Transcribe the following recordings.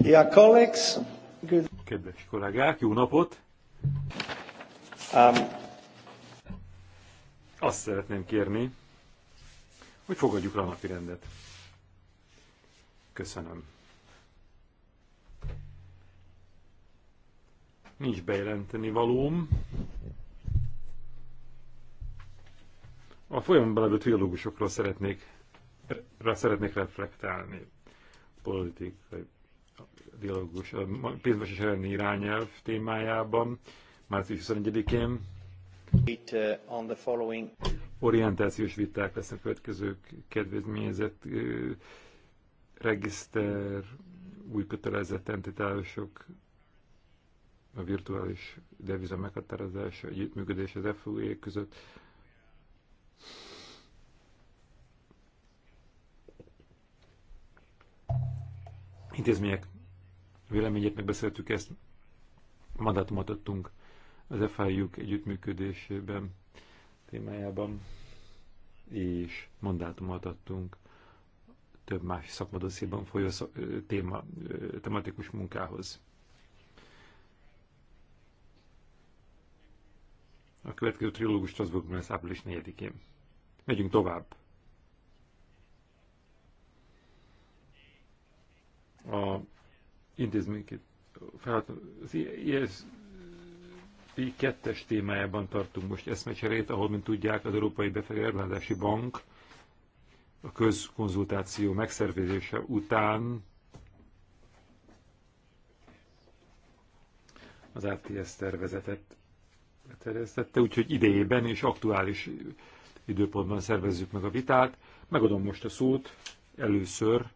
Dear colleagues, good. Kedves kollégák, jó napot! Um, Azt szeretném kérni, hogy fogadjuk le a napi rendet. Köszönöm. Nincs bejelenteni valóm. A folyamban levő trilógusokról szeretnék, rá szeretnék reflektálni politikai világos a pénzmosás elleni irányelv témájában március 21-én. Orientációs viták lesznek a következő kedvezményezett regiszter, új kötelezett entitások, a virtuális deviza meghatározása, együttműködés az FUE között. intézmények véleményét megbeszéltük, ezt mandátumot adtunk az FIU-k együttműködésében témájában, és mandátumot adtunk több más szakmadosszéban folyó téma, tematikus munkához. A következő trilógus Strasbourgban lesz április 4-én. Megyünk tovább. a intézményként az ISP 2 témájában tartunk most eszmecserét, ahol, mint tudják, az Európai Befektetési Bank a közkonzultáció megszervezése után az ATS tervezetet terjesztette, úgyhogy idejében és aktuális időpontban szervezzük meg a vitát. Megadom most a szót először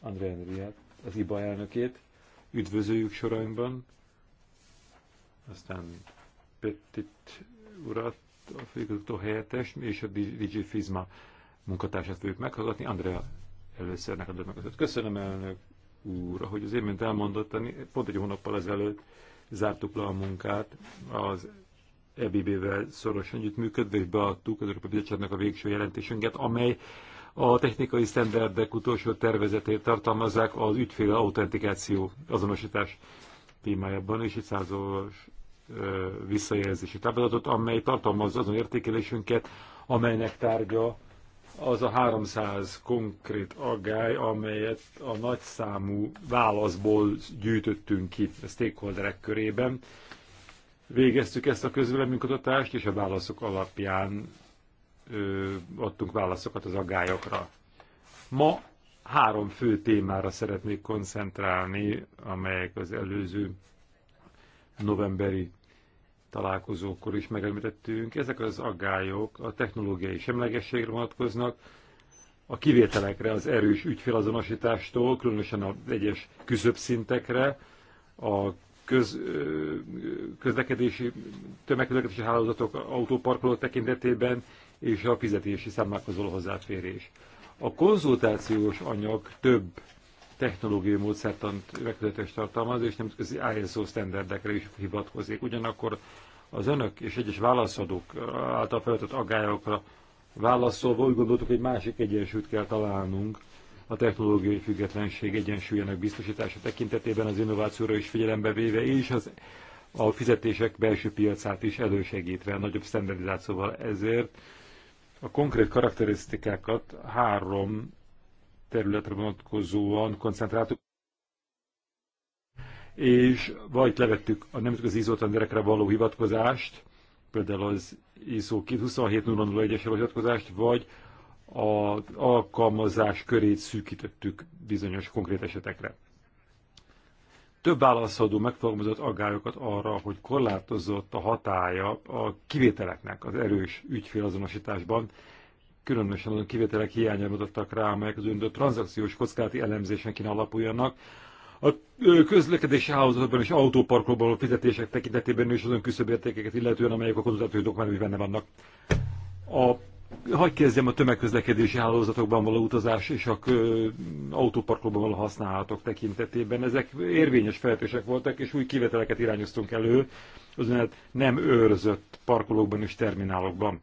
André Andriát, az IBA elnökét. Üdvözöljük sorainkban. Aztán Petit urat, a főigazgató helyettes, és a DJ Fizma munkatársát fogjuk meghallgatni. Andrea először neked meg az Köszönöm elnök úr, hogy az mint elmondottam, pont egy hónappal ezelőtt zártuk le a munkát az EBB-vel szorosan együttműködve, és beadtuk az Európai Bizottságnak a végső jelentésünket, amely a technikai standardek utolsó tervezetét tartalmazzák az ügyféle autentikáció azonosítás témájában, és egy százolás visszajelzési táblázatot, amely tartalmazza azon értékelésünket, amelynek tárgya az a 300 konkrét aggály, amelyet a nagyszámú válaszból gyűjtöttünk ki a stakeholderek körében. Végeztük ezt a közvéleménykutatást, és a válaszok alapján ö, adtunk válaszokat az aggályokra. Ma három fő témára szeretnék koncentrálni, amelyek az előző novemberi találkozókor is megemlítettünk. Ezek az aggályok a technológiai semlegességre vonatkoznak, a kivételekre az erős ügyfélazonosítástól, különösen az egyes küszöbszintekre, a köz, közlekedési, tömegközlekedési hálózatok autóparkoló tekintetében és a fizetési számlákhoz való hozzáférés. A konzultációs anyag több technológiai módszertant megközelítést tartalmaz, és nem az ISO standardekre is hivatkozik. Ugyanakkor az önök és egyes válaszadók által feltett aggályokra válaszolva úgy gondoltuk, hogy másik egyensúlyt kell találnunk a technológiai függetlenség egyensúlyának biztosítása tekintetében az innovációra is figyelembe véve, és az a fizetések belső piacát is elősegítve, nagyobb standardizációval ezért a konkrét karakterisztikákat három területre vonatkozóan koncentráltuk, és vagy levettük a nemzetközi izótenderekre való hivatkozást, például az ISO 27001 es hivatkozást, vagy az alkalmazás körét szűkítettük bizonyos konkrét esetekre több válaszadó megfogalmazott agályokat arra, hogy korlátozott a hatája a kivételeknek az erős ügyfélazonosításban, különösen azon kivételek hiányára mutattak rá, amelyek az önödött tranzakciós kockázati elemzésenkin alapuljanak. A közlekedési hálózatban és autóparkolóban a fizetések tekintetében is azon küszöbértékeket illetően, amelyek a konzultációs dokumentumban benne vannak. A Hagy kezdjem a tömegközlekedési hálózatokban való utazás és a autóparkolóban való használatok tekintetében. Ezek érvényes feltések voltak, és új kiveteleket irányoztunk elő, az nem őrzött parkolókban és terminálokban.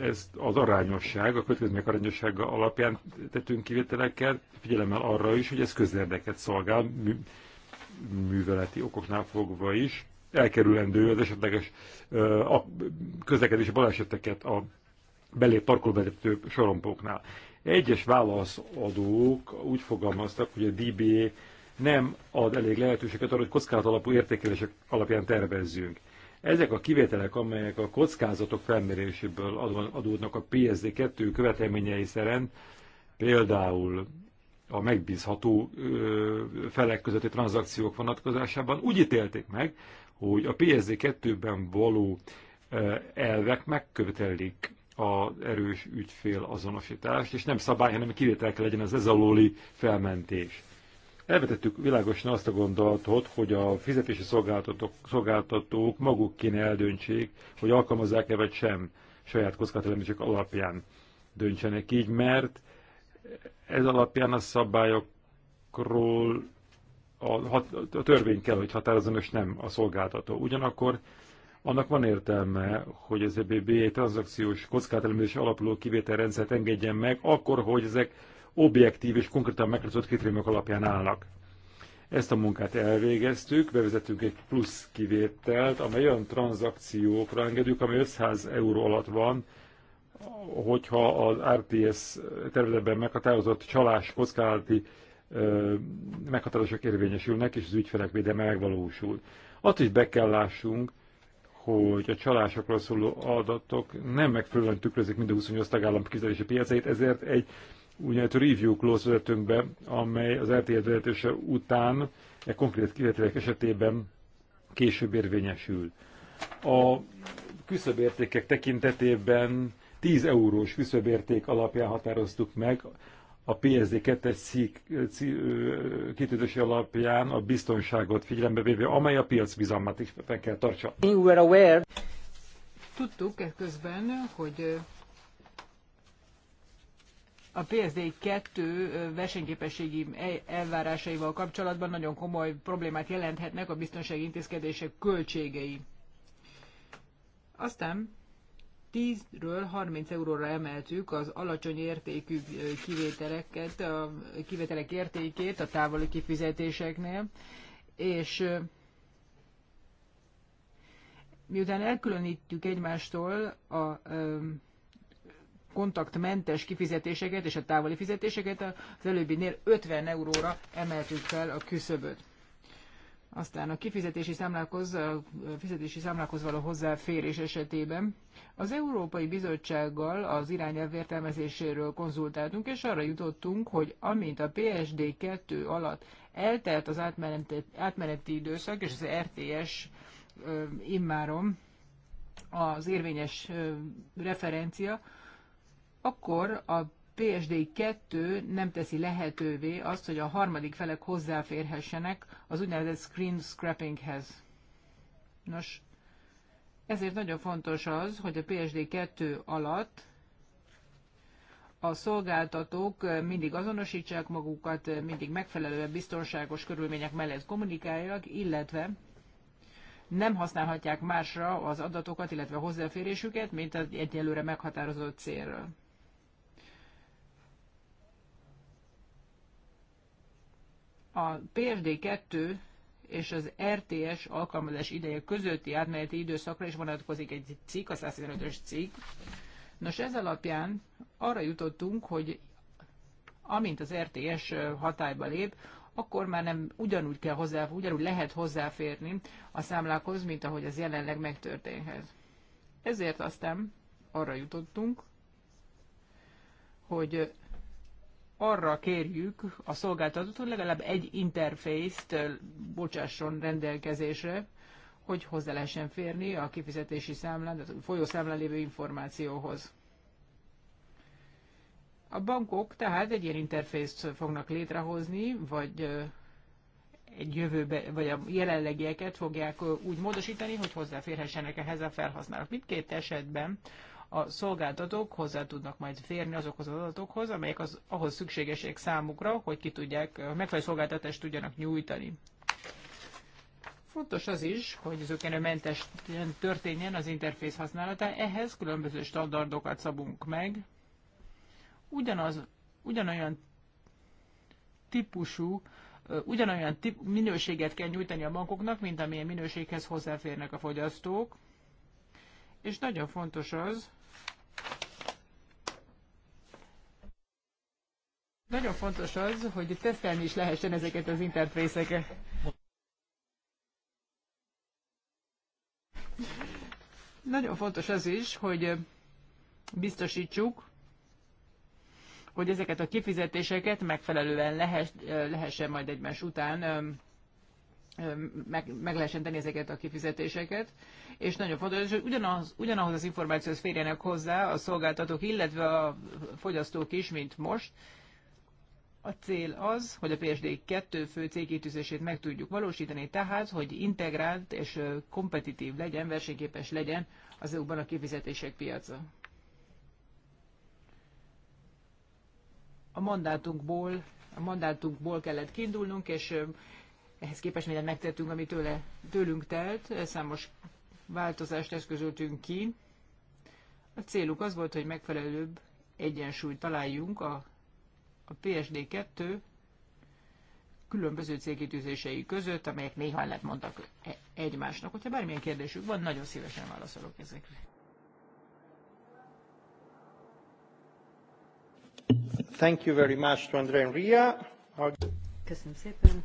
Ezt az arányosság, a kötvények arányossága alapján tettünk kivételeket, figyelemmel arra is, hogy ez közérdeket szolgál, műveleti okoknál fogva is elkerülendő az esetleges a közlekedési baleseteket a belép parkolóvezető sorompóknál. Egyes válaszadók úgy fogalmaztak, hogy a DBA nem ad elég lehetőséget arra, hogy kockázat alapú értékelések alapján tervezzünk. Ezek a kivételek, amelyek a kockázatok felméréséből adódnak a PSD2 követelményei szerint, például a megbízható felek közötti tranzakciók vonatkozásában úgy ítélték meg, hogy a PSD2-ben való e, elvek megkövetelik az erős ügyfél azonosítást, és nem szabály, hanem kivétel kell legyen az ez alóli felmentés. Elvetettük világosan azt a gondolatot, hogy a fizetési szolgáltatók, szolgáltatók maguk kéne eldöntsék, hogy alkalmazzák-e vagy sem saját kockázatelemzések alapján döntsenek így, mert ez alapján a szabályokról a, a, a törvény kell, hogy határozom, és nem a szolgáltató. Ugyanakkor annak van értelme, hogy az EBB egy tranzakciós kockátelemzés alapuló kivételrendszert engedjen meg, akkor, hogy ezek objektív és konkrétan meghatározott kritériumok alapján állnak. Ezt a munkát elvégeztük, bevezettünk egy plusz kivételt, amely olyan tranzakciókra engedjük, ami 500 euró alatt van, hogyha az RTS tervezetben meghatározott csalás kockázati meghatározások érvényesülnek, és az ügyfelek védelme megvalósul. Azt is be kell lássunk, hogy a csalásokról szóló adatok nem megfelelően tükrözik mind a 28 tagállam kizelési piacait, ezért egy úgynevezett review clause vezetünk be, amely az RTL után e konkrét kivetélek esetében később érvényesül. A küszöbértékek tekintetében 10 eurós küszöbérték alapján határoztuk meg a PSD 2-es szik kitűzési alapján a biztonságot figyelembe véve, amely a piac bizalmát is fel kell tartsa. Tudtuk e közben, hogy a PSD2 versenyképességi e, elvárásaival kapcsolatban nagyon komoly problémát jelenthetnek a biztonsági intézkedések költségei. Aztán 10-ről 30 euróra emeltük az alacsony értékű kivételeket, a kivételek értékét a távoli kifizetéseknél, és miután elkülönítjük egymástól a kontaktmentes kifizetéseket és a távoli fizetéseket, az előbbinél 50 euróra emeltük fel a küszöböt. Aztán a kifizetési számlákhoz, a fizetési számlákhoz való hozzáférés esetében az Európai Bizottsággal az irányelv értelmezéséről konzultáltunk, és arra jutottunk, hogy amint a PSD 2 alatt eltelt az átmeneti, átmeneti időszak, és az RTS immárom az érvényes referencia, akkor a PSD 2 nem teszi lehetővé azt, hogy a harmadik felek hozzáférhessenek az úgynevezett screen scrappinghez. Nos, ezért nagyon fontos az, hogy a PSD 2 alatt a szolgáltatók mindig azonosítsák magukat, mindig megfelelően biztonságos körülmények mellett kommunikáljak, illetve nem használhatják másra az adatokat, illetve hozzáférésüket, mint az egyelőre meghatározott célra. A pfd 2 és az RTS alkalmazás ideje közötti átmeneti időszakra is vonatkozik egy cikk, a 115-ös cikk. Nos, ez alapján arra jutottunk, hogy amint az RTS hatályba lép, akkor már nem ugyanúgy kell hozzá, ugyanúgy lehet hozzáférni a számlákhoz, mint ahogy az jelenleg megtörténhet. Ezért aztán arra jutottunk, hogy arra kérjük a szolgáltatót, hogy legalább egy interfészt bocsásson rendelkezésre, hogy hozzá lehessen férni a kifizetési számlán, a folyószámlán lévő információhoz. A bankok tehát egy ilyen interfészt fognak létrehozni, vagy egy jövőbe, vagy a jelenlegieket fogják úgy módosítani, hogy hozzáférhessenek ehhez a felhasználók. Mindkét esetben a szolgáltatók hozzá tudnak majd férni azokhoz az adatokhoz, amelyek az, ahhoz szükségesek számukra, hogy ki tudják, eh, megfelelő szolgáltatást tudjanak nyújtani. Fontos az is, hogy zökenőmentes történjen az interfész használata, ehhez különböző standardokat szabunk meg. Ugyanaz, ugyanolyan típusú, eh, ugyanolyan tip, minőséget kell nyújtani a bankoknak, mint amilyen minőséghez hozzáférnek a fogyasztók. És nagyon fontos az, Nagyon fontos az, hogy tesztelni is lehessen ezeket az interfészeket. Nagyon fontos az is, hogy biztosítsuk, hogy ezeket a kifizetéseket megfelelően lehess, lehessen majd egymás után meg, meg lehessen tenni ezeket a kifizetéseket, és nagyon fontos, hogy ugyanaz, ugyanahoz az információhoz férjenek hozzá a szolgáltatók, illetve a fogyasztók is, mint most, a cél az, hogy a PSD 2 fő célkitűzését meg tudjuk valósítani, tehát, hogy integrált és kompetitív legyen, versenyképes legyen az EU-ban a kifizetések piaca. A mandátunkból, a mandátunkból kellett kiindulnunk, és ehhez képest mindent megtettünk, ami tőle, tőlünk telt, számos változást eszközöltünk ki. A célunk az volt, hogy megfelelőbb egyensúlyt találjunk a a PSD2 különböző célkitűzései között, amelyek néha lett mondtak e- egymásnak. Hogyha bármilyen kérdésük van, nagyon szívesen válaszolok ezekre. Thank you very much to André and Ria. Köszönöm szépen.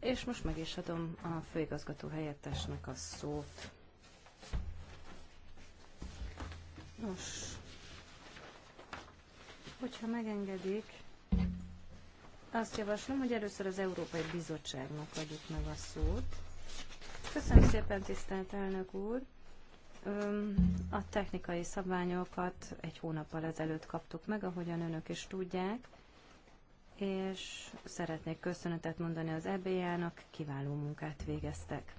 És most meg is adom a főigazgató helyettesnek a szót. Nos, Hogyha megengedik, azt javaslom, hogy először az Európai Bizottságnak adjuk meg a szót. Köszönöm szépen, tisztelt elnök úr! A technikai szabványokat egy hónappal ezelőtt kaptuk meg, ahogyan önök is tudják, és szeretnék köszönetet mondani az EBA-nak, kiváló munkát végeztek.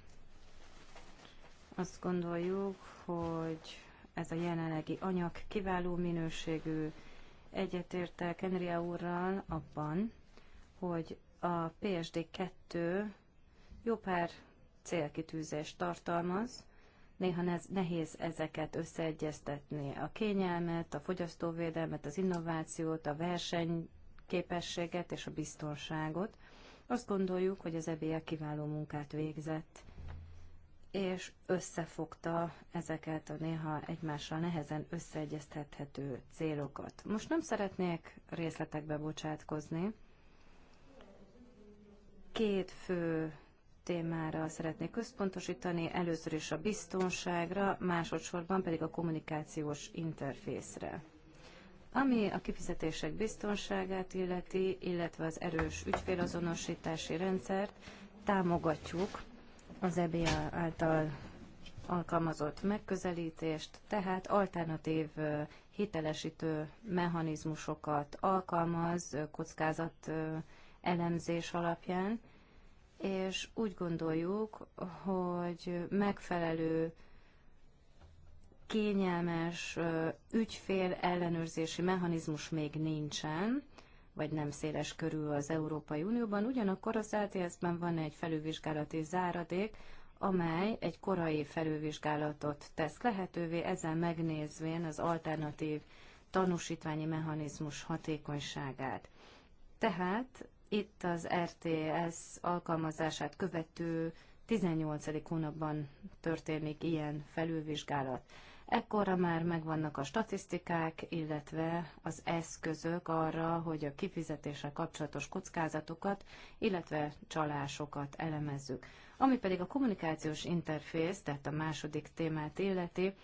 Azt gondoljuk, hogy ez a jelenlegi anyag kiváló minőségű, Egyetértek Enria úrral abban, hogy a PSD2 jó pár célkitűzést tartalmaz, néha ez, nehéz ezeket összeegyeztetni. A kényelmet, a fogyasztóvédelmet, az innovációt, a versenyképességet és a biztonságot. Azt gondoljuk, hogy az EBA kiváló munkát végzett és összefogta ezeket a néha egymással nehezen összeegyeztethető célokat. Most nem szeretnék részletekbe bocsátkozni. Két fő témára szeretnék központosítani, először is a biztonságra, másodszorban pedig a kommunikációs interfészre. Ami a kifizetések biztonságát illeti, illetve az erős ügyfélazonosítási rendszert, támogatjuk az EBA által alkalmazott megközelítést, tehát alternatív hitelesítő mechanizmusokat alkalmaz kockázat elemzés alapján, és úgy gondoljuk, hogy megfelelő kényelmes ügyfél ellenőrzési mechanizmus még nincsen, vagy nem széles körül az Európai Unióban. Ugyanakkor az LTS-ben van egy felülvizsgálati záradék, amely egy korai felülvizsgálatot tesz lehetővé, ezzel megnézvén az alternatív tanúsítványi mechanizmus hatékonyságát. Tehát itt az RTS alkalmazását követő 18. hónapban történik ilyen felülvizsgálat. Ekkora már megvannak a statisztikák, illetve az eszközök arra, hogy a kifizetése kapcsolatos kockázatokat, illetve csalásokat elemezzük. Ami pedig a kommunikációs interfész, tehát a második témát illeti,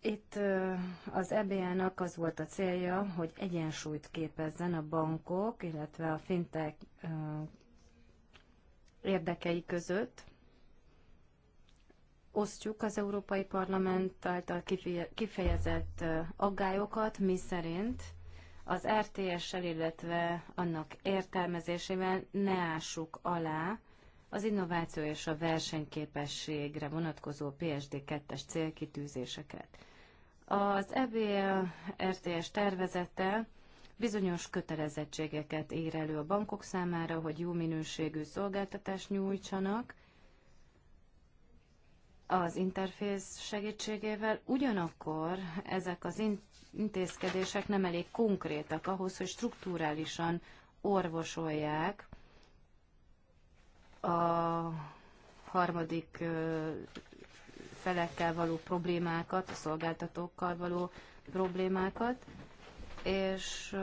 itt az EBA-nak az volt a célja, hogy egyensúlyt képezzen a bankok, illetve a fintek érdekei között, osztjuk az Európai Parlament által kifejezett aggályokat, mi szerint az RTS-sel, illetve annak értelmezésével ne ássuk alá az innováció és a versenyképességre vonatkozó PSD 2-es célkitűzéseket. Az EBL RTS tervezete bizonyos kötelezettségeket ír elő a bankok számára, hogy jó minőségű szolgáltatást nyújtsanak, az interfész segítségével, ugyanakkor ezek az intézkedések nem elég konkrétak ahhoz, hogy strukturálisan orvosolják a harmadik felekkel való problémákat, a szolgáltatókkal való problémákat, és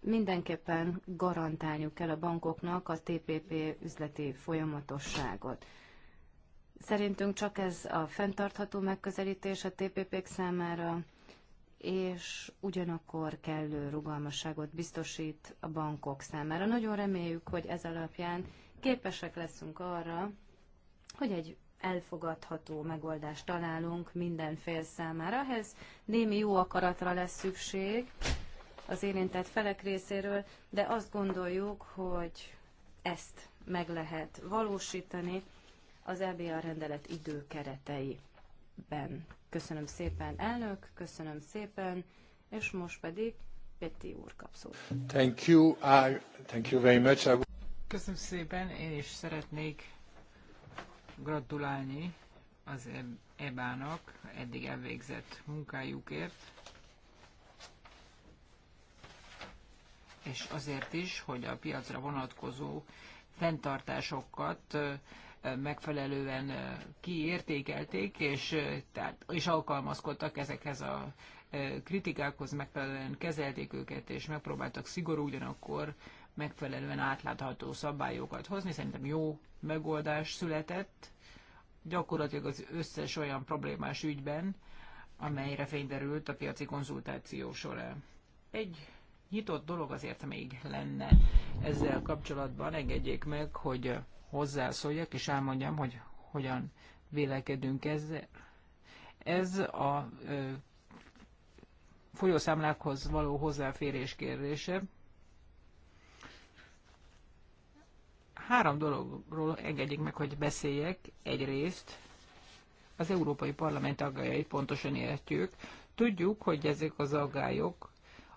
mindenképpen garantálniuk kell a bankoknak a TPP üzleti folyamatosságot. Szerintünk csak ez a fenntartható megközelítés a TPP-k számára, és ugyanakkor kellő rugalmasságot biztosít a bankok számára. Nagyon reméljük, hogy ez alapján képesek leszünk arra, hogy egy elfogadható megoldást találunk minden fél számára. Ehhez némi jó akaratra lesz szükség az érintett felek részéről, de azt gondoljuk, hogy ezt meg lehet valósítani, az EBA rendelet időkereteiben. Köszönöm szépen, elnök, köszönöm szépen, és most pedig Peti úr kap szót. Thank you, I, thank you very much. I... Köszönöm szépen, én is szeretnék gratulálni az EBA-nak eddig elvégzett munkájukért, és azért is, hogy a piacra vonatkozó fenntartásokat megfelelően kiértékelték, és, tehát, és alkalmazkodtak ezekhez a kritikákhoz, megfelelően kezelték őket, és megpróbáltak szigorú, ugyanakkor megfelelően átlátható szabályokat hozni. Szerintem jó megoldás született, gyakorlatilag az összes olyan problémás ügyben, amelyre fényderült a piaci konzultáció során. Egy nyitott dolog azért még lenne ezzel kapcsolatban. Engedjék meg, hogy hozzászóljak, és elmondjam, hogy hogyan vélekedünk ezzel. Ez a ö, folyószámlákhoz való hozzáférés kérdése. Három dologról engedjék meg, hogy beszéljek. Egyrészt az Európai Parlament aggályait pontosan értjük. Tudjuk, hogy ezek az aggályok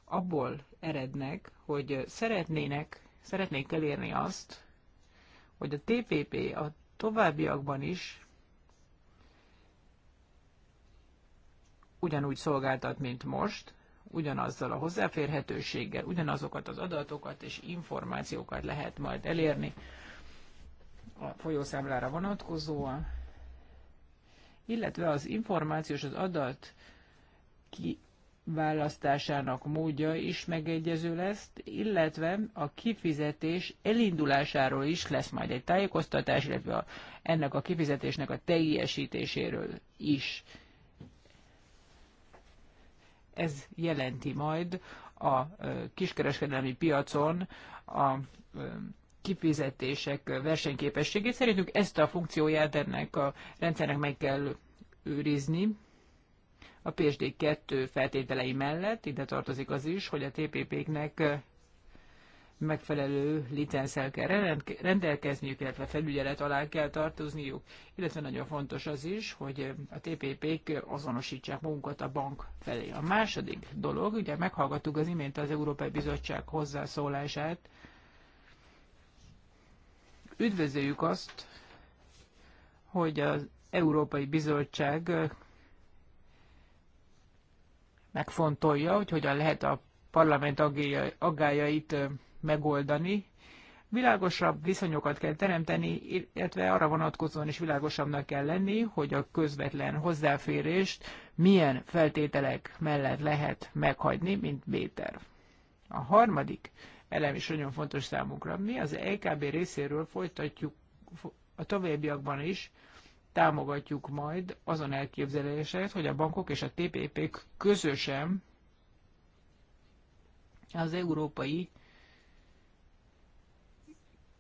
abból erednek, hogy szeretnének, szeretnék elérni azt, hogy a TPP a továbbiakban is ugyanúgy szolgáltat, mint most, ugyanazzal a hozzáférhetőséggel, ugyanazokat az adatokat és információkat lehet majd elérni a folyószámlára vonatkozóan, illetve az információs, az adat ki választásának módja is megegyező lesz, illetve a kifizetés elindulásáról is lesz majd egy tájékoztatás, illetve a, ennek a kifizetésnek a teljesítéséről is. Ez jelenti majd a kiskereskedelmi piacon a kifizetések versenyképességét. Szerintünk ezt a funkcióját ennek a rendszernek meg kell őrizni, a PSD2 feltételei mellett. Ide tartozik az is, hogy a TPP-knek megfelelő licenszel kell rendelkezniük, illetve felügyelet alá kell tartozniuk, illetve nagyon fontos az is, hogy a TPP-k azonosítsák magunkat a bank felé. A második dolog, ugye meghallgattuk az imént az Európai Bizottság hozzászólását, üdvözöljük azt, hogy az Európai Bizottság megfontolja, hogy hogyan lehet a parlament aggájait megoldani. Világosabb viszonyokat kell teremteni, illetve arra vonatkozóan is világosabbnak kell lenni, hogy a közvetlen hozzáférést milyen feltételek mellett lehet meghagyni, mint b A harmadik elem is nagyon fontos számunkra. Mi az EKB részéről folytatjuk a továbbiakban is támogatjuk majd azon elképzeléseket, hogy a bankok és a tpp közösen az európai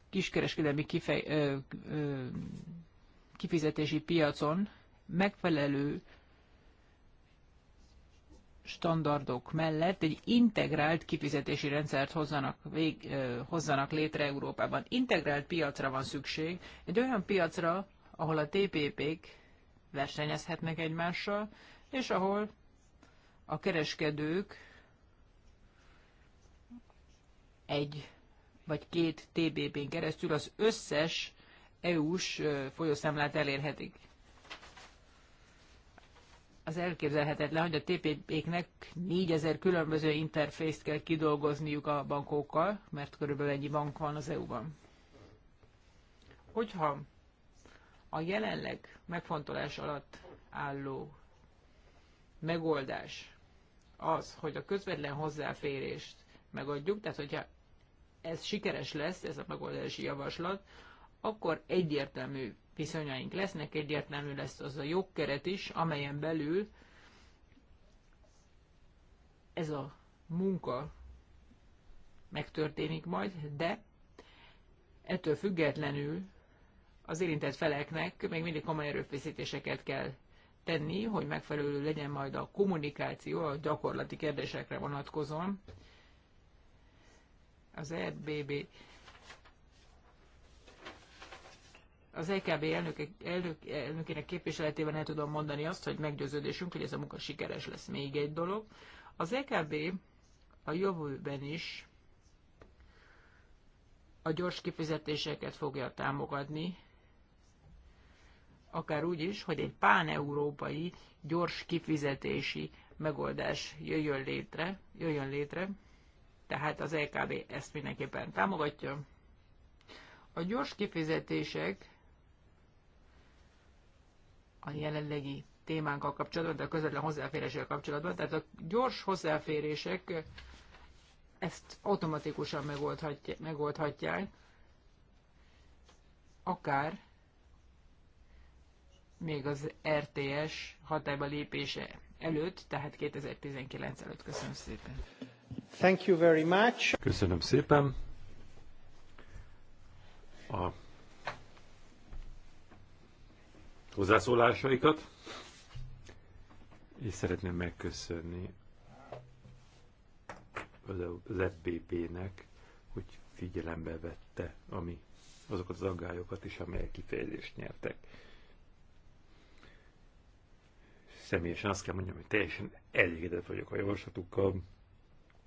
kiskereskedelmi kifej, ö, ö, kifizetési piacon megfelelő standardok mellett egy integrált kifizetési rendszert hozzanak, vég, ö, hozzanak létre Európában. Integrált piacra van szükség, egy olyan piacra, ahol a TPP-k versenyezhetnek egymással, és ahol a kereskedők egy vagy két TPP-n keresztül az összes EU-s folyószámlát elérhetik. Az elképzelhetetlen, hogy a TPP-knek 4000 különböző interfészt kell kidolgozniuk a bankokkal, mert körülbelül ennyi bank van az EU-ban. Hogyha a jelenleg megfontolás alatt álló megoldás az, hogy a közvetlen hozzáférést megadjuk, tehát hogyha ez sikeres lesz, ez a megoldási javaslat, akkor egyértelmű viszonyaink lesznek, egyértelmű lesz az a jogkeret is, amelyen belül ez a munka megtörténik majd, de ettől függetlenül az érintett feleknek még mindig komoly erőfeszítéseket kell tenni, hogy megfelelő legyen majd a kommunikáció a gyakorlati kérdésekre vonatkozóan. Az EBB az EKB elnöke, elnök, elnökének képviseletében el tudom mondani azt, hogy meggyőződésünk, hogy ez a munka sikeres lesz. Még egy dolog. Az EKB a jövőben is a gyors kifizetéseket fogja támogatni, akár úgy is, hogy egy páneurópai gyors kifizetési megoldás jöjjön létre, jöjjön létre, tehát az LKB e ezt mindenképpen támogatja. A gyors kifizetések a jelenlegi témánkkal kapcsolatban, de a közvetlen hozzáféréssel kapcsolatban, tehát a gyors hozzáférések ezt automatikusan megoldhatják, megoldhatják akár még az RTS hatályba lépése előtt, tehát 2019 előtt. Köszönöm szépen. Thank you very much. Köszönöm szépen. A hozzászólásaikat, és szeretném megköszönni az e FBP-nek, hogy figyelembe vette ami, azokat az aggályokat is, amelyek kifejezést nyertek személyesen azt kell mondjam, hogy teljesen elégedett vagyok a javaslatukkal.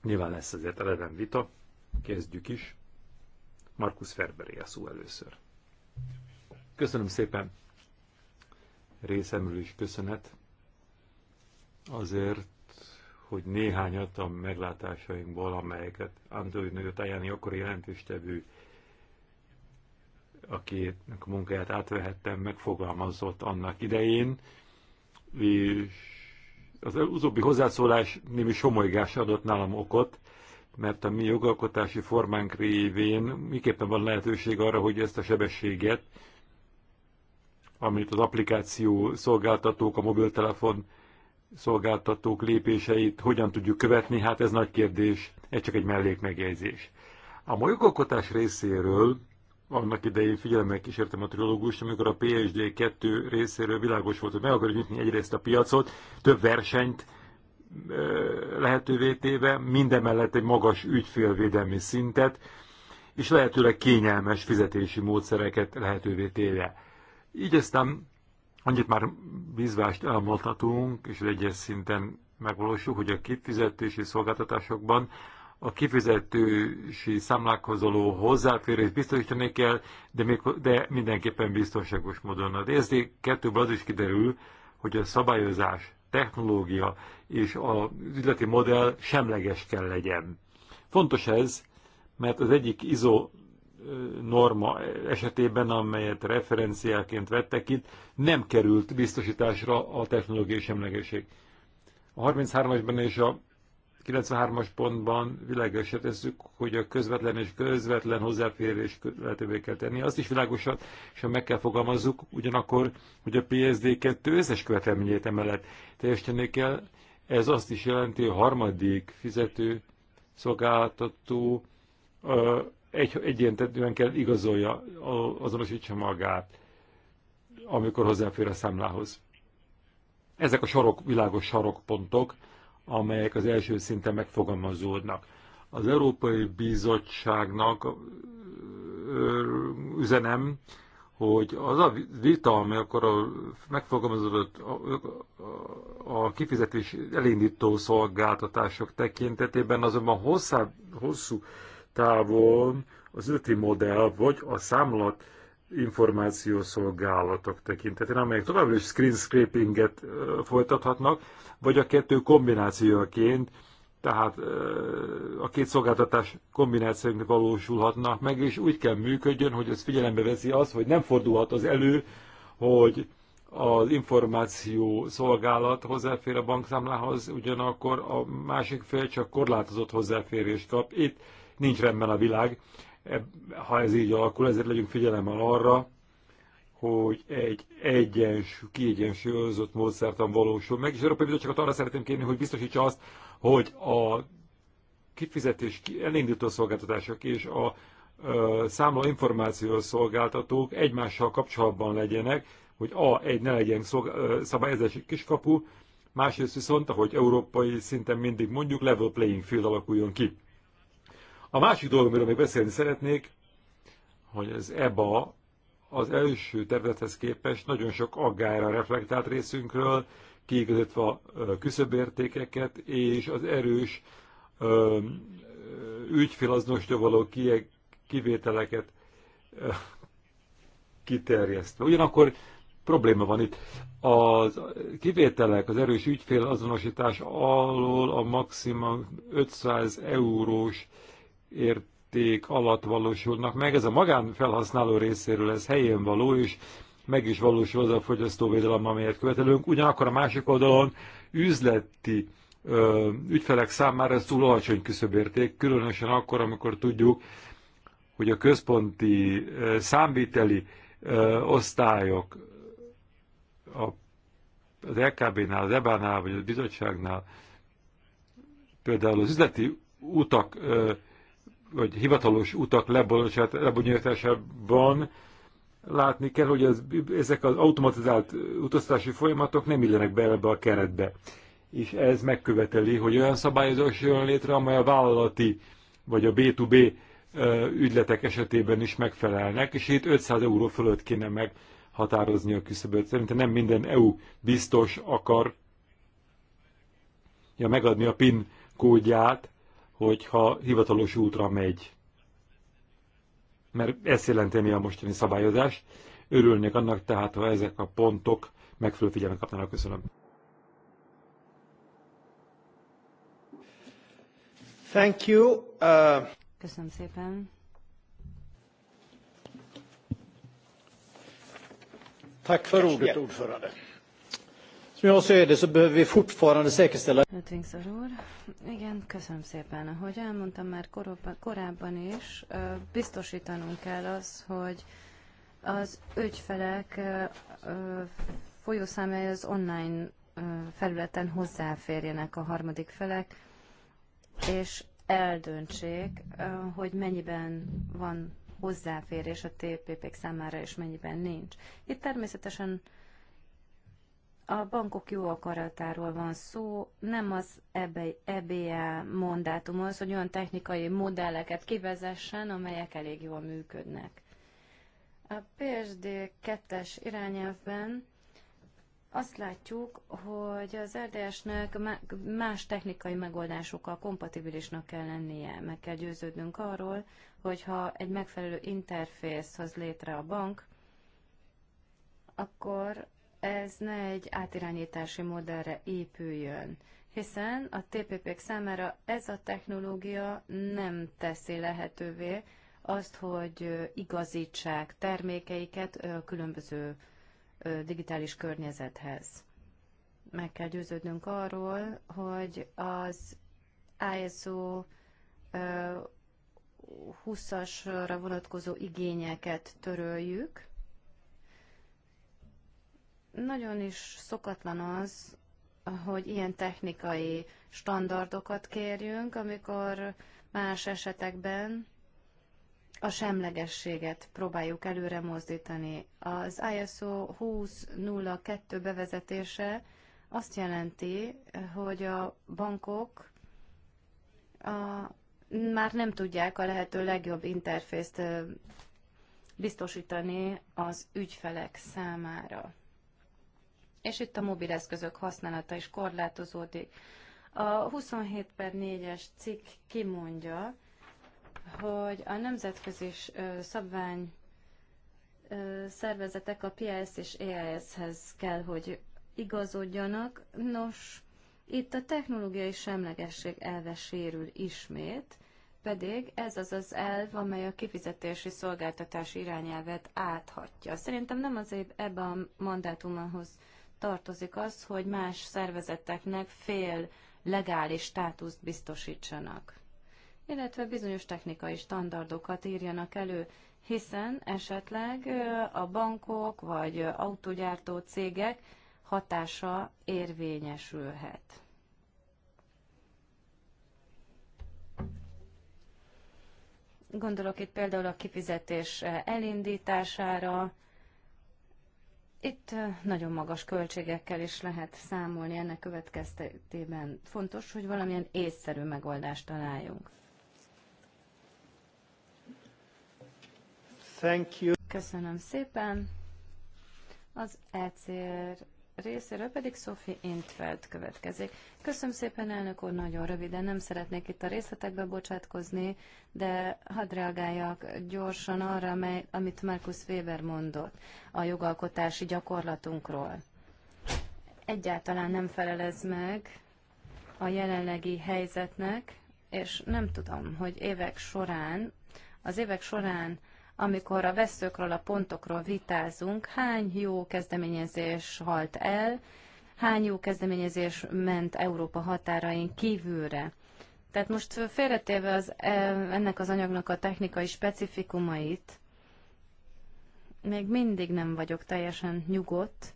Nyilván lesz azért eleven vita, kezdjük is. Markus Ferberé a szó először. Köszönöm szépen részemről is köszönet azért, hogy néhányat a meglátásainkból, amelyeket Antonio Tajani akkor jelentéstevő, akinek a munkáját átvehettem, megfogalmazott annak idején, és az utóbbi hozzászólás némi somolygás adott nálam okot, mert a mi jogalkotási formánk révén miképpen van lehetőség arra, hogy ezt a sebességet, amit az applikáció szolgáltatók, a mobiltelefon szolgáltatók lépéseit hogyan tudjuk követni, hát ez nagy kérdés, ez csak egy mellékmegjegyzés. A jogalkotás részéről annak idején figyelemmel kísértem a trilógust, amikor a PSD 2 részéről világos volt, hogy meg akarjuk nyitni egyrészt a piacot, több versenyt lehetővé téve, mindemellett egy magas ügyfélvédelmi szintet, és lehetőleg kényelmes fizetési módszereket lehetővé téve. Így aztán annyit már bizvást elmondhatunk, és egyes szinten megvalósul, hogy a kifizetési szolgáltatásokban a kifizetősi számlákhoz való biztosítani kell, de, még, de mindenképpen biztonságos módon. A DSD 2 az is kiderül, hogy a szabályozás, technológia és az üzleti modell semleges kell legyen. Fontos ez, mert az egyik ISO norma esetében, amelyet referenciáként vettek itt, nem került biztosításra a technológiai semlegeség. A 33-asban és a 93-as pontban világosra tesszük, hogy a közvetlen és közvetlen hozzáférés lehetővé kell tenni. Azt is világosan ha meg kell fogalmazzuk, ugyanakkor, hogy a PSD 2 összes követelményét emellett teljesíteni kell. Ez azt is jelenti, hogy a harmadik fizető szolgáltató egy, egyértelműen kell igazolja, azonosítsa magát, amikor hozzáfér a számlához. Ezek a sarok, világos sarokpontok, amelyek az első szinten megfogalmazódnak. Az Európai Bizottságnak üzenem, hogy az a vita, amely akkor a, megfogalmazódott a, kifizetés elindító szolgáltatások tekintetében, azonban hosszá, hosszú távon az öti modell, vagy a számlat információszolgálatok tekintetében, amelyek továbbra is screen scrapinget folytathatnak, vagy a kettő kombinációjaként, tehát a két szolgáltatás kombinációként valósulhatnak meg, és úgy kell működjön, hogy ez figyelembe veszi az, hogy nem fordulhat az elő, hogy az információ szolgálat hozzáfér a bankszámlához, ugyanakkor a másik fél csak korlátozott hozzáférést kap. Itt nincs rendben a világ, ha ez így alakul, ezért legyünk figyelemmel arra, hogy egy egyens, kiegyensúlyozott módszertan valósul meg, és az Európai Bizottságot arra szeretném kérni, hogy biztosítsa azt, hogy a kifizetés elindító szolgáltatások és a számla információs szolgáltatók egymással kapcsolatban legyenek, hogy A, egy ne legyen szabályozási kiskapu, másrészt viszont, ahogy európai szinten mindig mondjuk, level playing field alakuljon ki. A másik dolog, amiről még beszélni szeretnék, hogy az EBA az első tervezethez képest nagyon sok aggára reflektált részünkről, kiigazítva a küszöbértékeket és az erős ügyfélazonosra való kivételeket kiterjesztve. Ugyanakkor probléma van itt. A kivételek, az erős azonosítás alól a maximum 500 eurós ért érték alatt valósulnak meg. Ez a magánfelhasználó részéről ez helyén való, és meg is valósul az a fogyasztóvédelem, amelyet követelünk. Ugyanakkor a másik oldalon üzleti ö, ügyfelek számára ez túl alacsony küszöbérték, különösen akkor, amikor tudjuk, hogy a központi ö, számviteli ö, osztályok a, az LKB-nál, az EBA-nál, vagy a bizottságnál, például az üzleti utak ö, vagy hivatalos utak lebonyolításában látni kell, hogy az, ezek az automatizált utaztási folyamatok nem illenek be ebbe a keretbe. És ez megköveteli, hogy olyan szabályozás jön létre, amely a vállalati vagy a B2B ügyletek esetében is megfelelnek, és itt 500 euró fölött kéne meghatározni a küszöböt. Szerintem nem minden EU biztos akar ja, megadni a PIN kódját, hogyha hivatalos útra megy. Mert ezt jelenteni a mostani szabályozás. Örülnék annak tehát, ha ezek a pontok megfelelő figyelmet kapnának. Köszönöm. Thank you. Uh... Köszönöm szépen. Tack för ordet, ordförande. Som jag ser det så behöver vi fortfarande säkerställa... úr, igen, köszönöm szépen. Ahogy elmondtam már korábban is, biztosítanunk kell az, hogy az ügyfelek folyószámai az online felületen hozzáférjenek a harmadik felek, és eldöntsék, hogy mennyiben van hozzáférés a TPP-k számára, és mennyiben nincs. Itt természetesen a bankok jó akaratáról van szó, nem az EBA e mondátum az, hogy olyan technikai modelleket kivezessen, amelyek elég jól működnek. A PSD 2-es irányelvben azt látjuk, hogy az RDS-nek más technikai megoldásokkal kompatibilisnak kell lennie. Meg kell győződnünk arról, hogyha egy megfelelő interfész hoz létre a bank, akkor ez ne egy átirányítási modellre épüljön, hiszen a TPP-k számára ez a technológia nem teszi lehetővé azt, hogy igazítsák termékeiket a különböző digitális környezethez. Meg kell győződnünk arról, hogy az ISO 20-asra vonatkozó igényeket töröljük, nagyon is szokatlan az, hogy ilyen technikai standardokat kérjünk, amikor más esetekben a semlegességet próbáljuk előre mozdítani. Az ISO 20.02 bevezetése azt jelenti, hogy a bankok a, már nem tudják a lehető legjobb interfészt biztosítani az ügyfelek számára és itt a mobileszközök használata is korlátozódik. A 27 per 4-es cikk kimondja, hogy a nemzetközi szabvány szervezetek a PIS és EIS-hez kell, hogy igazodjanak. Nos, itt a technológiai semlegesség elve sérül ismét, pedig ez az az elv, amely a kifizetési szolgáltatás irányelvet áthatja. Szerintem nem azért ebben a mandátumhoz tartozik az, hogy más szervezeteknek fél legális státuszt biztosítsanak, illetve bizonyos technikai standardokat írjanak elő, hiszen esetleg a bankok vagy autogyártó cégek hatása érvényesülhet. Gondolok itt például a kifizetés elindítására, itt nagyon magas költségekkel is lehet számolni, ennek következtében fontos, hogy valamilyen észszerű megoldást találjunk. Thank you. Köszönöm szépen. Az ECR részéről pedig Sophie Intfeld következik. Köszönöm szépen, elnök úr, nagyon röviden, nem szeretnék itt a részletekbe bocsátkozni, de hadd reagáljak gyorsan arra, amely, amit Markus Weber mondott a jogalkotási gyakorlatunkról. Egyáltalán nem felelez meg a jelenlegi helyzetnek, és nem tudom, hogy évek során, az évek során amikor a veszőkről, a pontokról vitázunk, hány jó kezdeményezés halt el, hány jó kezdeményezés ment Európa határain kívülre. Tehát most félretéve az, e, ennek az anyagnak a technikai specifikumait, még mindig nem vagyok teljesen nyugodt,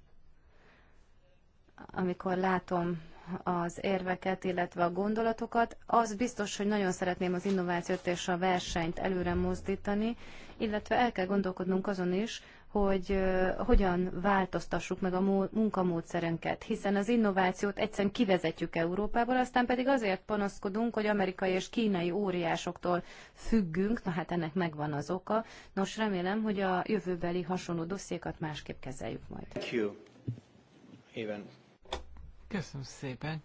amikor látom az érveket, illetve a gondolatokat. Az biztos, hogy nagyon szeretném az innovációt és a versenyt előre mozdítani, illetve el kell gondolkodnunk azon is, hogy hogyan változtassuk meg a munkamódszerünket, hiszen az innovációt egyszerűen kivezetjük Európából, aztán pedig azért panaszkodunk, hogy amerikai és kínai óriásoktól függünk, na hát ennek megvan az oka. Nos, remélem, hogy a jövőbeli hasonló dossziékat másképp kezeljük majd. Thank you. Even. Köszönöm szépen.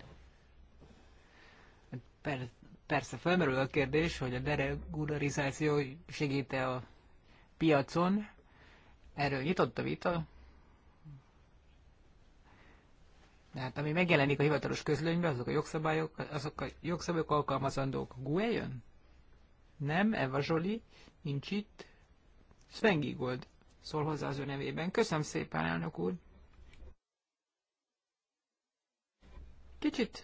Per, persze felmerül a kérdés, hogy a deregularizáció segíte a piacon. Erről nyitott a vita. De hát ami megjelenik a hivatalos közlönyben, azok a jogszabályok, azok a jogszabályok alkalmazandók. Gue jön? Nem, Eva Zsoli, nincs itt. Sven Gigold szól hozzá az ő nevében. Köszönöm szépen, elnök úr. Kicsit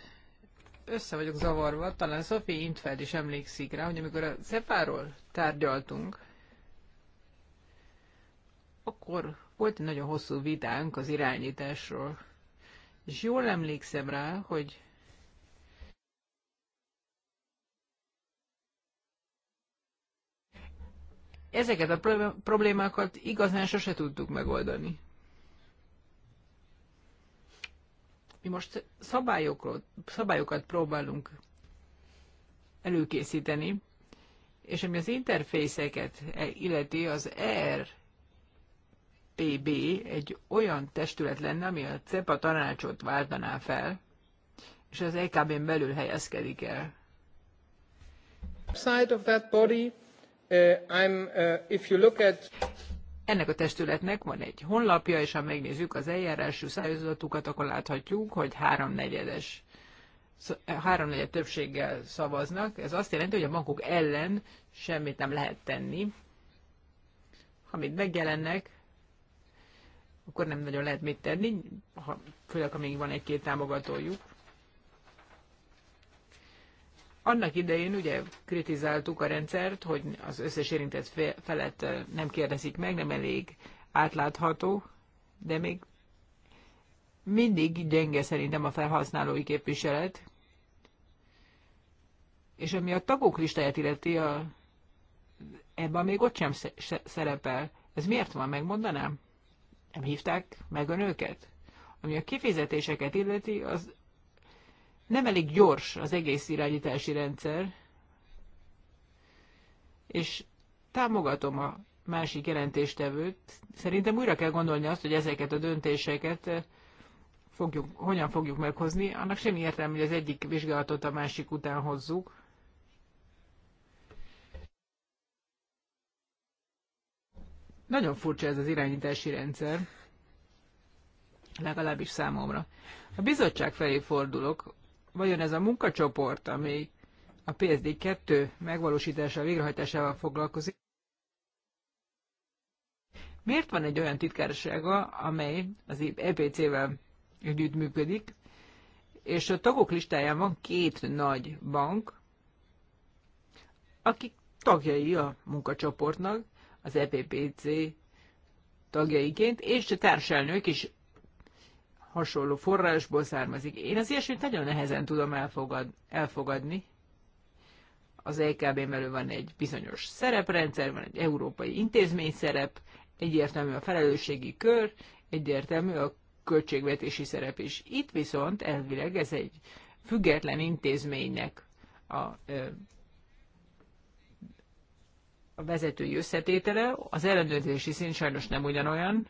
össze vagyok zavarva, talán Sophie Intfeld is emlékszik rá, hogy amikor a Szefáról tárgyaltunk, akkor volt egy nagyon hosszú vitánk az irányításról. És jól emlékszem rá, hogy ezeket a problémákat igazán sose tudtuk megoldani. Mi most szabályokról, szabályokat próbálunk előkészíteni, és ami az interfészeket illeti, az RPB egy olyan testület lenne, ami a CEPA tanácsot váltaná fel, és az EKB-n belül helyezkedik el. Side of that body, uh, I'm, uh, if you look at... Ennek a testületnek van egy honlapja, és ha megnézzük az eljárású szájózatukat, akkor láthatjuk, hogy háromnegyedes háromnegyed többséggel szavaznak. Ez azt jelenti, hogy a bankok ellen semmit nem lehet tenni. Ha még megjelennek, akkor nem nagyon lehet mit tenni, ha, főleg, ha még van egy-két támogatójuk. Annak idején ugye kritizáltuk a rendszert, hogy az összes érintett felett nem kérdezik meg, nem elég átlátható, de még mindig gyenge szerintem a felhasználói képviselet. És ami a tagok listáját illeti, a, ebben még ott sem szerepel. Ez miért van, megmondanám? Nem hívták meg a nőket? Ami a kifizetéseket illeti, az nem elég gyors az egész irányítási rendszer, és támogatom a másik jelentéstevőt. Szerintem újra kell gondolni azt, hogy ezeket a döntéseket eh, fogjuk, hogyan fogjuk meghozni. Annak semmi értelme, hogy az egyik vizsgálatot a másik után hozzuk. Nagyon furcsa ez az irányítási rendszer, legalábbis számomra. A bizottság felé fordulok, vajon ez a munkacsoport, ami a PSD2 megvalósítása, végrehajtásával foglalkozik, miért van egy olyan titkársága, amely az EPC-vel együttműködik, és a tagok listáján van két nagy bank, akik tagjai a munkacsoportnak, az EPPC tagjaiként, és a társelnők is hasonló forrásból származik. Én az ilyesmit nagyon nehezen tudom elfogad, elfogadni. Az EKB-n belül van egy bizonyos szereprendszer, van egy európai intézmény szerep, egyértelmű a felelősségi kör, egyértelmű a költségvetési szerep is. Itt viszont elvileg ez egy független intézménynek a, a vezetői összetétele, az ellenőrzési szint sajnos nem ugyanolyan,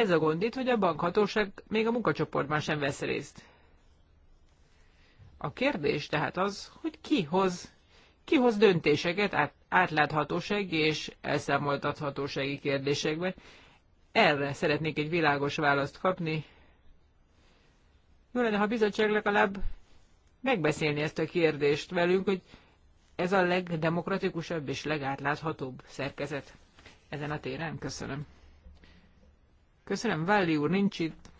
ez a gond itt, hogy a bankhatóság még a munkacsoportban sem vesz részt. A kérdés tehát az, hogy ki hoz, ki hoz döntéseket át, átláthatósági és elszámoltathatósági kérdésekben. Erre szeretnék egy világos választ kapni. Jó lenne, ha a bizottság legalább megbeszélni ezt a kérdést velünk, hogy ez a legdemokratikusabb és legátláthatóbb szerkezet ezen a téren. Köszönöm. Köszönöm, Valli úr nincs itt.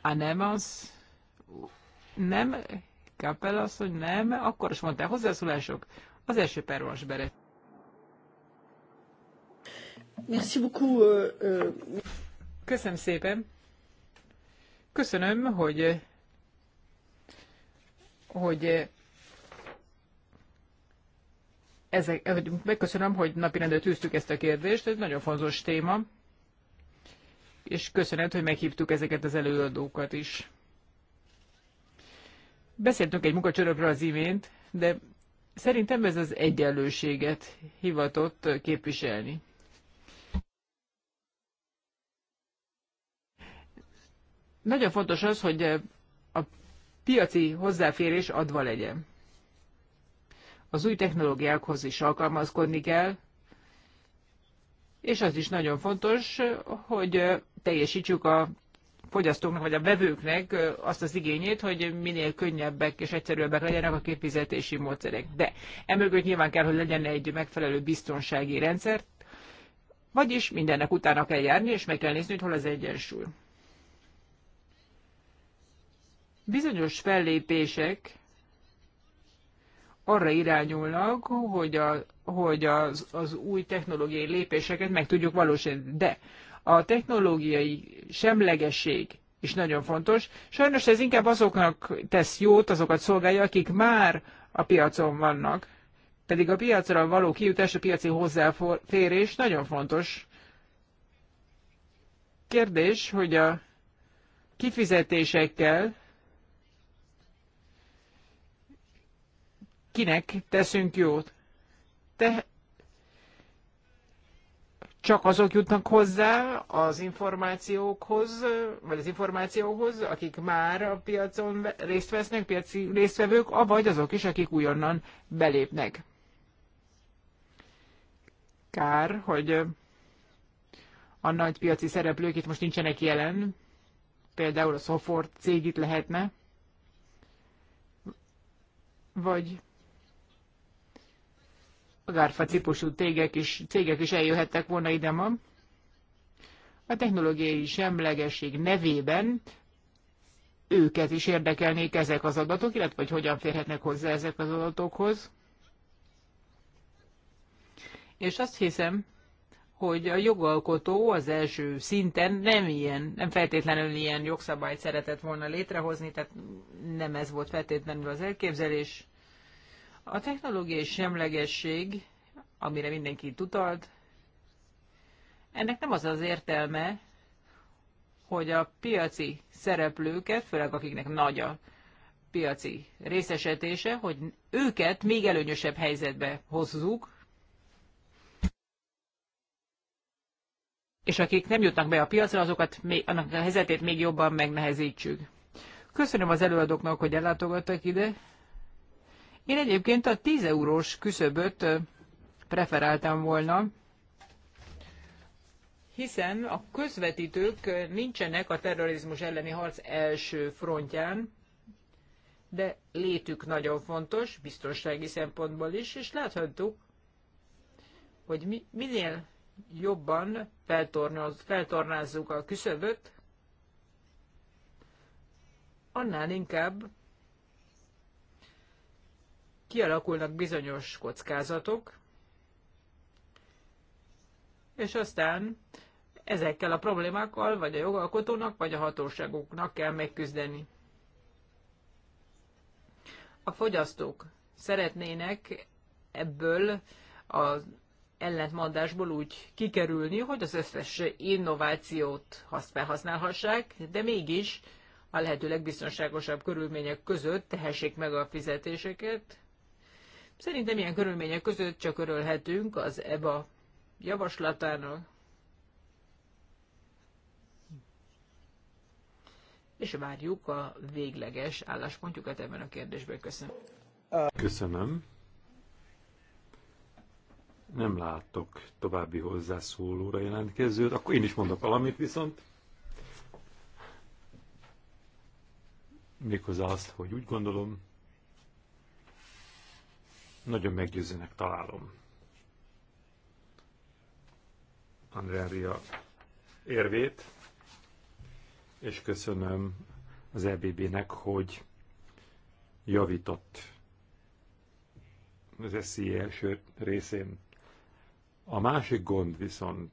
A nem az. Nem, Kapel azt, hogy nem. Akkor is mondtál hozzászólások. Az első pervas beret. Merci beaucoup. Euh, euh. Köszönöm szépen. Köszönöm, hogy hogy ezek, eh, megköszönöm, hogy napirendre tűztük ezt a kérdést, ez nagyon fontos téma, és köszönet, hogy meghívtuk ezeket az előadókat is. Beszéltünk egy munkacsörökről az imént, de szerintem ez az egyenlőséget hivatott képviselni. Nagyon fontos az, hogy a piaci hozzáférés adva legyen az új technológiákhoz is alkalmazkodni kell, és az is nagyon fontos, hogy teljesítsük a fogyasztóknak vagy a vevőknek azt az igényét, hogy minél könnyebbek és egyszerűbbek legyenek a kifizetési módszerek. De emögött nyilván kell, hogy legyen egy megfelelő biztonsági rendszer, vagyis mindennek utána kell járni, és meg kell nézni, hogy hol az egyensúly. Bizonyos fellépések arra irányulnak, hogy, a, hogy az, az új technológiai lépéseket meg tudjuk valósítani. De a technológiai semlegesség is nagyon fontos. Sajnos ez inkább azoknak tesz jót, azokat szolgálja, akik már a piacon vannak. Pedig a piacra való kijutás, a piaci hozzáférés nagyon fontos. Kérdés, hogy a kifizetésekkel kinek teszünk jót. Te csak azok jutnak hozzá az információkhoz, vagy az információhoz, akik már a piacon részt vesznek, piaci résztvevők, avagy azok is, akik újonnan belépnek. Kár, hogy a nagy piaci szereplők itt most nincsenek jelen, például a Sofort cég itt lehetne, vagy az típusú tégek is, cégek is eljöhettek volna ide ma. A technológiai semlegesség nevében őket is érdekelnék ezek az adatok, illetve hogy hogyan férhetnek hozzá ezek az adatokhoz. És azt hiszem, hogy a jogalkotó az első szinten nem ilyen, nem feltétlenül ilyen jogszabályt szeretett volna létrehozni, tehát nem ez volt feltétlenül az elképzelés. A technológiai semlegesség, amire mindenki utalt, ennek nem az az értelme, hogy a piaci szereplőket, főleg akiknek nagy a piaci részesetése, hogy őket még előnyösebb helyzetbe hozzuk, és akik nem jutnak be a piacra, azokat még, annak a helyzetét még jobban megnehezítsük. Köszönöm az előadóknak, hogy ellátogattak ide. Én egyébként a 10 eurós küszöböt preferáltam volna, hiszen a közvetítők nincsenek a terrorizmus elleni harc első frontján, de létük nagyon fontos, biztonsági szempontból is, és láthattuk, hogy mi, minél jobban feltornázzuk a küszöböt, annál inkább kialakulnak bizonyos kockázatok, és aztán ezekkel a problémákkal vagy a jogalkotónak, vagy a hatóságoknak kell megküzdeni. A fogyasztók szeretnének ebből az ellentmondásból úgy kikerülni, hogy az összes innovációt felhasználhassák, de mégis a lehető legbiztonságosabb körülmények között tehessék meg a fizetéseket, Szerintem ilyen körülmények között csak örülhetünk az EBA javaslatának, és várjuk a végleges álláspontjukat ebben a kérdésben. Köszönöm. Köszönöm. Nem látok további hozzászólóra jelentkezőt, akkor én is mondok valamit viszont. Méghozzá azt, hogy úgy gondolom, nagyon meggyőzőnek találom. Andrea Ria érvét, és köszönöm az EBB-nek, hogy javított az SZI első részén. A másik gond viszont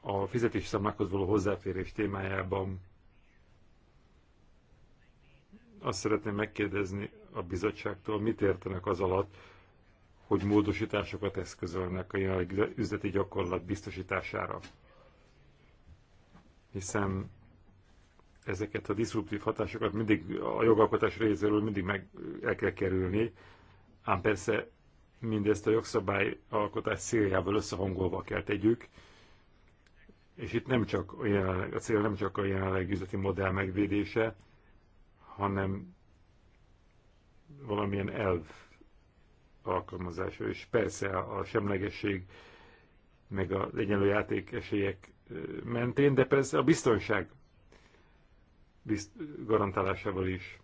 a fizetési számlákhoz való hozzáférés témájában azt szeretném megkérdezni a bizottságtól, mit értenek az alatt, hogy módosításokat eszközölnek a jelenlegi üzleti gyakorlat biztosítására. Hiszen ezeket a diszruptív hatásokat mindig a jogalkotás részéről mindig meg el kell kerülni, ám persze mindezt a jogszabályalkotás céljával összehangolva kell tegyük, és itt nem csak a, jelenleg, a cél nem csak a jelenleg üzleti modell megvédése, hanem valamilyen elv alkalmazása, és persze a semlegesség meg a legyenlő játék esélyek mentén, de persze a biztonság bizt garantálásával is.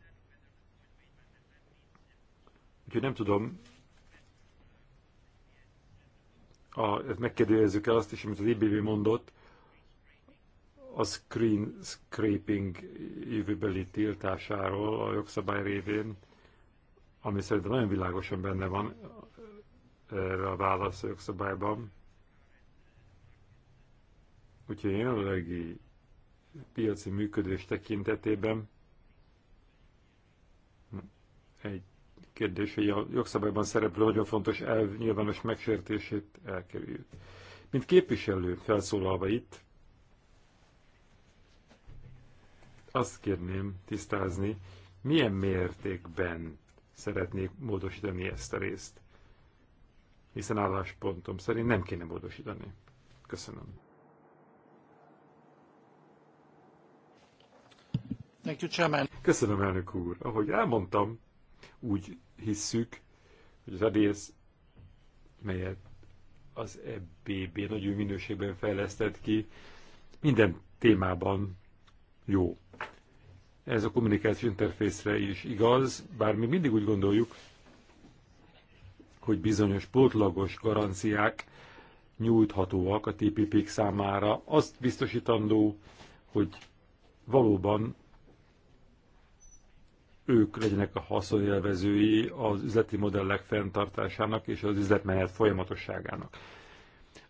Úgyhogy nem tudom, a, hát megkérdőjezzük el azt is, amit az IBB mondott, a screen scraping jövőbeli tiltásáról a jogszabály révén, ami szerintem nagyon világosan benne van erre a válasz jogszabályban. Úgyhogy a jelenlegi piaci működés tekintetében egy kérdés, hogy a jogszabályban szereplő nagyon fontos elv nyilvános megsértését elkerüljük. Mint képviselő felszólalva itt, azt kérném tisztázni, milyen mértékben szeretnék módosítani ezt a részt, hiszen álláspontom szerint nem kéne módosítani. Köszönöm. Köszönöm, elnök úr. Ahogy elmondtam, úgy hisszük, hogy az rész, melyet az EBB nagyon minőségben fejlesztett ki, minden témában jó. Ez a kommunikáció interfészre is igaz, bár mi mindig úgy gondoljuk, hogy bizonyos pótlagos garanciák nyújthatóak a TPP-k számára. Azt biztosítandó, hogy valóban ők legyenek a haszonélvezői az üzleti modellek fenntartásának és az üzletmenet folyamatosságának.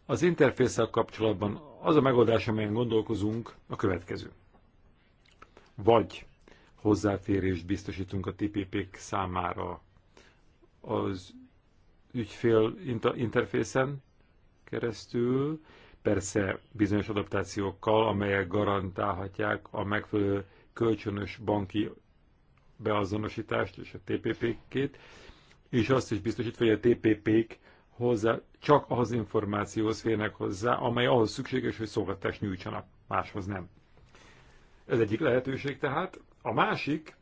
Az interfészek kapcsolatban az a megoldás, amelyen gondolkozunk, a következő vagy hozzáférést biztosítunk a TPP-k számára az ügyfél interfészen keresztül, persze bizonyos adaptációkkal, amelyek garantálhatják a megfelelő kölcsönös banki beazonosítást és a TPP-két, és azt is biztosítva, hogy a TPP-k hozzá, csak az információhoz férnek hozzá, amely ahhoz szükséges, hogy szolgáltást nyújtsanak, máshoz nem. Ez egyik lehetőség tehát. A másik,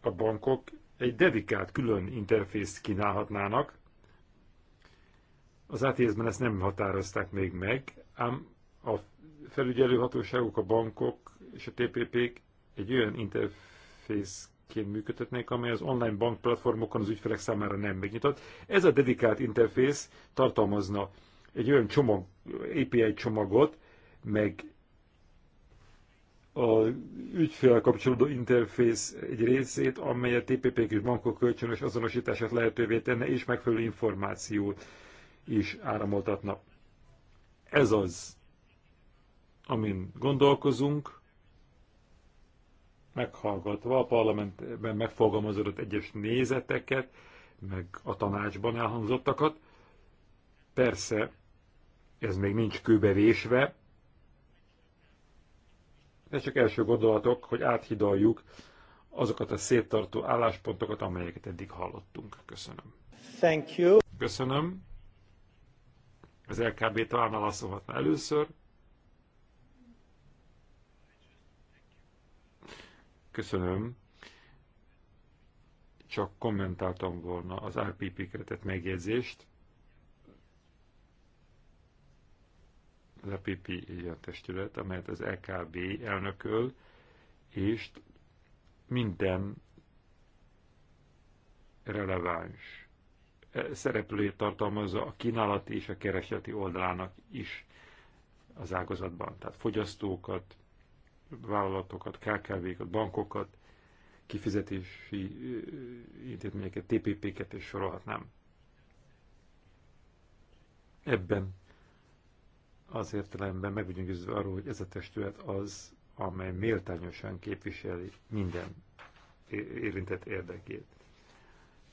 a bankok egy dedikált külön interfészt kínálhatnának. Az ATS-ben ezt nem határozták még meg, ám a felügyelőhatóságok, a bankok és a TPP-k egy olyan interfészként működhetnek, amely az online bank platformokon az ügyfelek számára nem megnyitott. Ez a dedikált interfész tartalmazna egy olyan csomag, API csomagot, meg a ügyfél kapcsolódó interfész egy részét, amely a tpp és bankok kölcsönös azonosítását lehetővé tenne, és megfelelő információt is áramoltatna. Ez az, amin gondolkozunk, meghallgatva a parlamentben megfogalmazott egyes nézeteket, meg a tanácsban elhangzottakat. Persze, ez még nincs kőbevésve, ez csak első gondolatok, hogy áthidaljuk azokat a széttartó álláspontokat, amelyeket eddig hallottunk. Köszönöm. Thank you. Köszönöm. Az LKB talán válaszolhatna először. Köszönöm. Csak kommentáltam volna az RPP keretet megjegyzést. az APP egy testület, amelyet az LKB e elnököl, és minden releváns e, szereplőjét tartalmazza a kínálati és a keresleti oldalának is az ágazatban. Tehát fogyasztókat, vállalatokat, KKV-kat, bankokat, kifizetési e, intézményeket, TPP-ket és sorolhatnám. Ebben az értelemben meg vagyunk győződve arról, hogy ez a testület az, amely méltányosan képviseli minden érintett érdekét.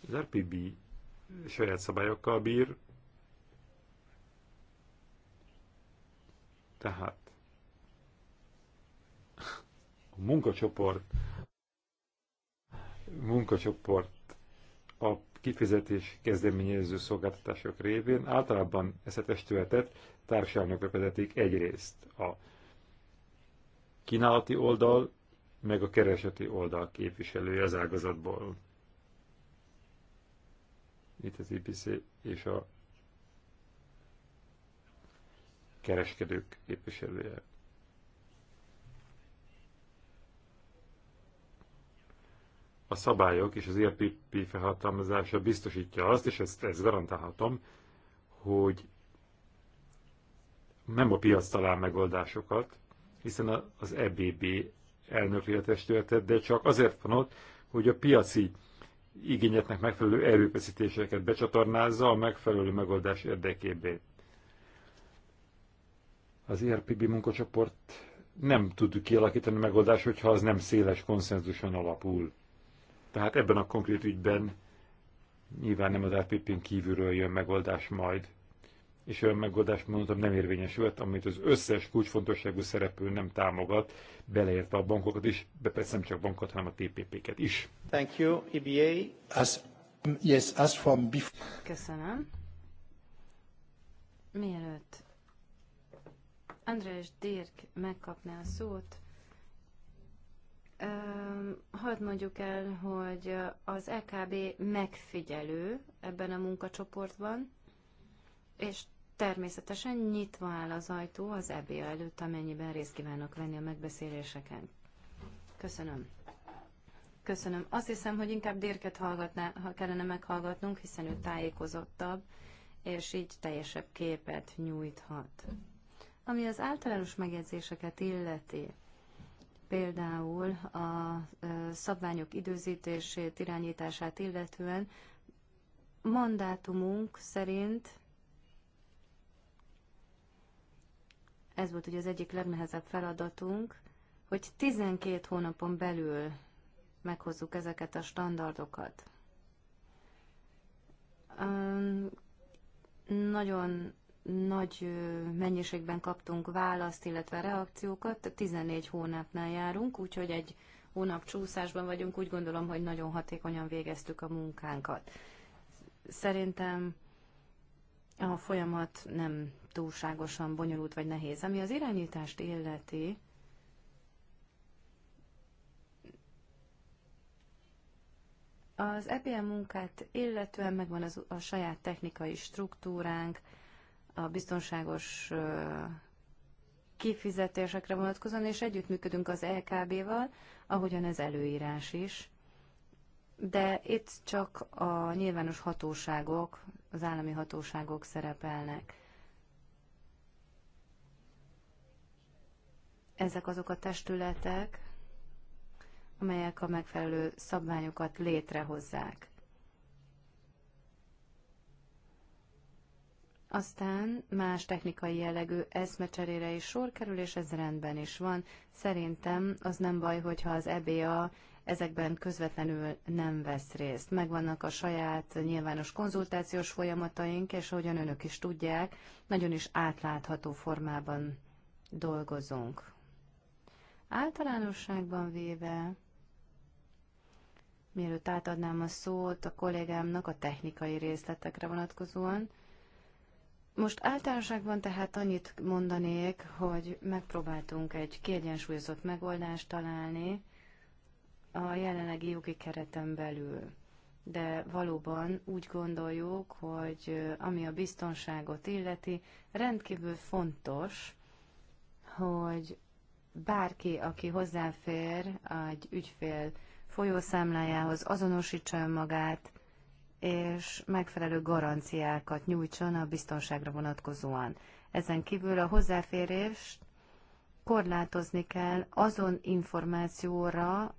Az RPB saját szabályokkal bír, tehát a munkacsoport munkacsoport a kifizetés kezdeményező szolgáltatások révén általában ezt a testületet társadalmakra vezetik egyrészt a kínálati oldal, meg a kereseti oldal képviselője az ágazatból. Itt az IPC és a kereskedők képviselője. A szabályok és az IPP felhatalmazása biztosítja azt, és ezt, ezt garantálhatom, hogy nem a piac talál megoldásokat, hiszen az EBB elnökli a testületet, de csak azért van ott, hogy a piaci igényetnek megfelelő erőpeszítéseket becsatornázza a megfelelő megoldás érdekében. Az IRPB e munkacsoport nem tud kialakítani megoldást, hogyha az nem széles konszenzuson alapul. Tehát ebben a konkrét ügyben nyilván nem az e RPP-n kívülről jön megoldás majd, és olyan megoldást mondtam nem érvényesült, amit az összes kulcsfontosságú szereplő nem támogat, beleértve a bankokat is, de persze nem csak bankokat, hanem a TPP-ket is. Thank you, EBA. As, yes, as from before. Köszönöm. Mielőtt András Dirk megkapná a szót, hadd mondjuk el, hogy az LKB e megfigyelő ebben a munkacsoportban, és Természetesen nyitva áll az ajtó az EBA előtt, amennyiben részt kívánok venni a megbeszéléseken. Köszönöm. Köszönöm. Azt hiszem, hogy inkább Dirket hallgatná, ha kellene meghallgatnunk, hiszen ő tájékozottabb, és így teljesebb képet nyújthat. Ami az általános megjegyzéseket illeti, például a szabványok időzítését, irányítását illetően, mandátumunk szerint ez volt ugye az egyik legnehezebb feladatunk, hogy 12 hónapon belül meghozzuk ezeket a standardokat. Nagyon nagy mennyiségben kaptunk választ, illetve reakciókat, 14 hónapnál járunk, úgyhogy egy hónap csúszásban vagyunk, úgy gondolom, hogy nagyon hatékonyan végeztük a munkánkat. Szerintem a folyamat nem túlságosan bonyolult vagy nehéz. Ami az irányítást illeti, az EPM munkát illetően megvan az, a saját technikai struktúránk, a biztonságos kifizetésekre vonatkozóan, és együttműködünk az LKB-val, e ahogyan ez előírás is. De itt csak a nyilvános hatóságok az állami hatóságok szerepelnek. Ezek azok a testületek, amelyek a megfelelő szabványokat létrehozzák. Aztán más technikai jellegű eszmecserére is sor kerül, és ez rendben is van. Szerintem az nem baj, hogyha az EBA ezekben közvetlenül nem vesz részt. Megvannak a saját nyilvános konzultációs folyamataink, és ahogyan önök is tudják, nagyon is átlátható formában dolgozunk. Általánosságban véve, mielőtt átadnám a szót a kollégámnak a technikai részletekre vonatkozóan, most általánosságban tehát annyit mondanék, hogy megpróbáltunk egy kiegyensúlyozott megoldást találni, a jelenlegi jogi kereten belül. De valóban úgy gondoljuk, hogy ami a biztonságot illeti, rendkívül fontos, hogy bárki, aki hozzáfér egy ügyfél folyószámlájához, azonosítsa önmagát, és megfelelő garanciákat nyújtson a biztonságra vonatkozóan. Ezen kívül a hozzáférést korlátozni kell azon információra,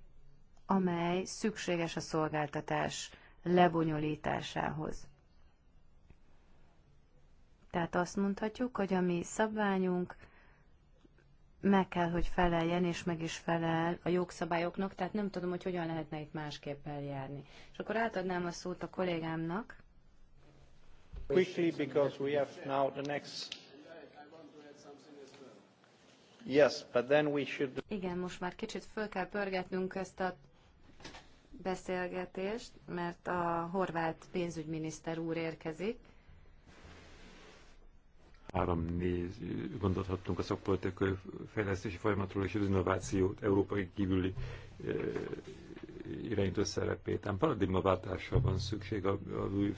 amely szükséges a szolgáltatás lebonyolításához. Tehát azt mondhatjuk, hogy a mi szabványunk meg kell, hogy feleljen, és meg is felel a jogszabályoknak, tehát nem tudom, hogy hogyan lehetne itt másképp eljárni. És akkor átadnám a szót a kollégámnak. Quickly, because we have now the next... Yes, but then we should... Igen, most már kicsit föl kell pörgetnünk ezt a beszélgetést, mert a horvát pénzügyminiszter úr érkezik. Három néz, gondolhattunk a szakpolitikai fejlesztési folyamatról és az innovációt európai kívüli e, irányító szerepét. Ám paradigmaváltásra van szükség a, a új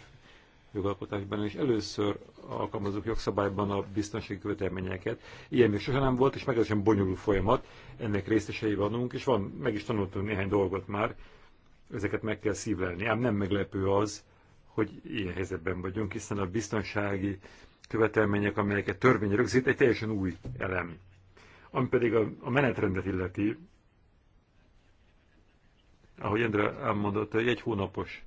jogalkotásban, és először alkalmazunk jogszabályban a biztonsági követelményeket. Ilyen még sosem nem volt, és meg sem bonyolult folyamat. Ennek részesei vanunk, és van, meg is tanultunk néhány dolgot már, ezeket meg kell szívelni. Ám nem meglepő az, hogy ilyen helyzetben vagyunk, hiszen a biztonsági követelmények, amelyeket törvény rögzít, egy teljesen új elem. Ami pedig a, a menetrendet illeti, ahogy Endre elmondott, hogy egy hónapos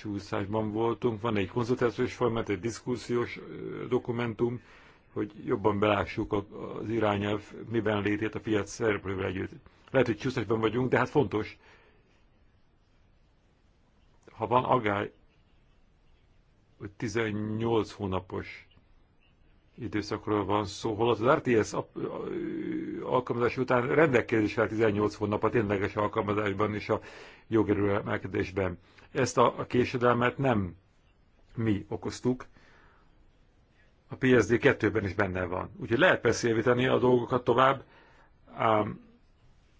csúszásban voltunk, van egy konzultációs folyamat, egy diszkusziós dokumentum, hogy jobban belássuk az irányelv miben létét a piac szereplővel együtt. Lehet, hogy csúszásban vagyunk, de hát fontos, ha van agály, hogy 18 hónapos időszakról van szó, holott az RTS alkalmazás után rendelkezésre 18 hónap a tényleges alkalmazásban és a jogerő Ezt a, a késedelmet nem mi okoztuk, a PSD 2-ben is benne van. Úgyhogy lehet persze a dolgokat tovább, ám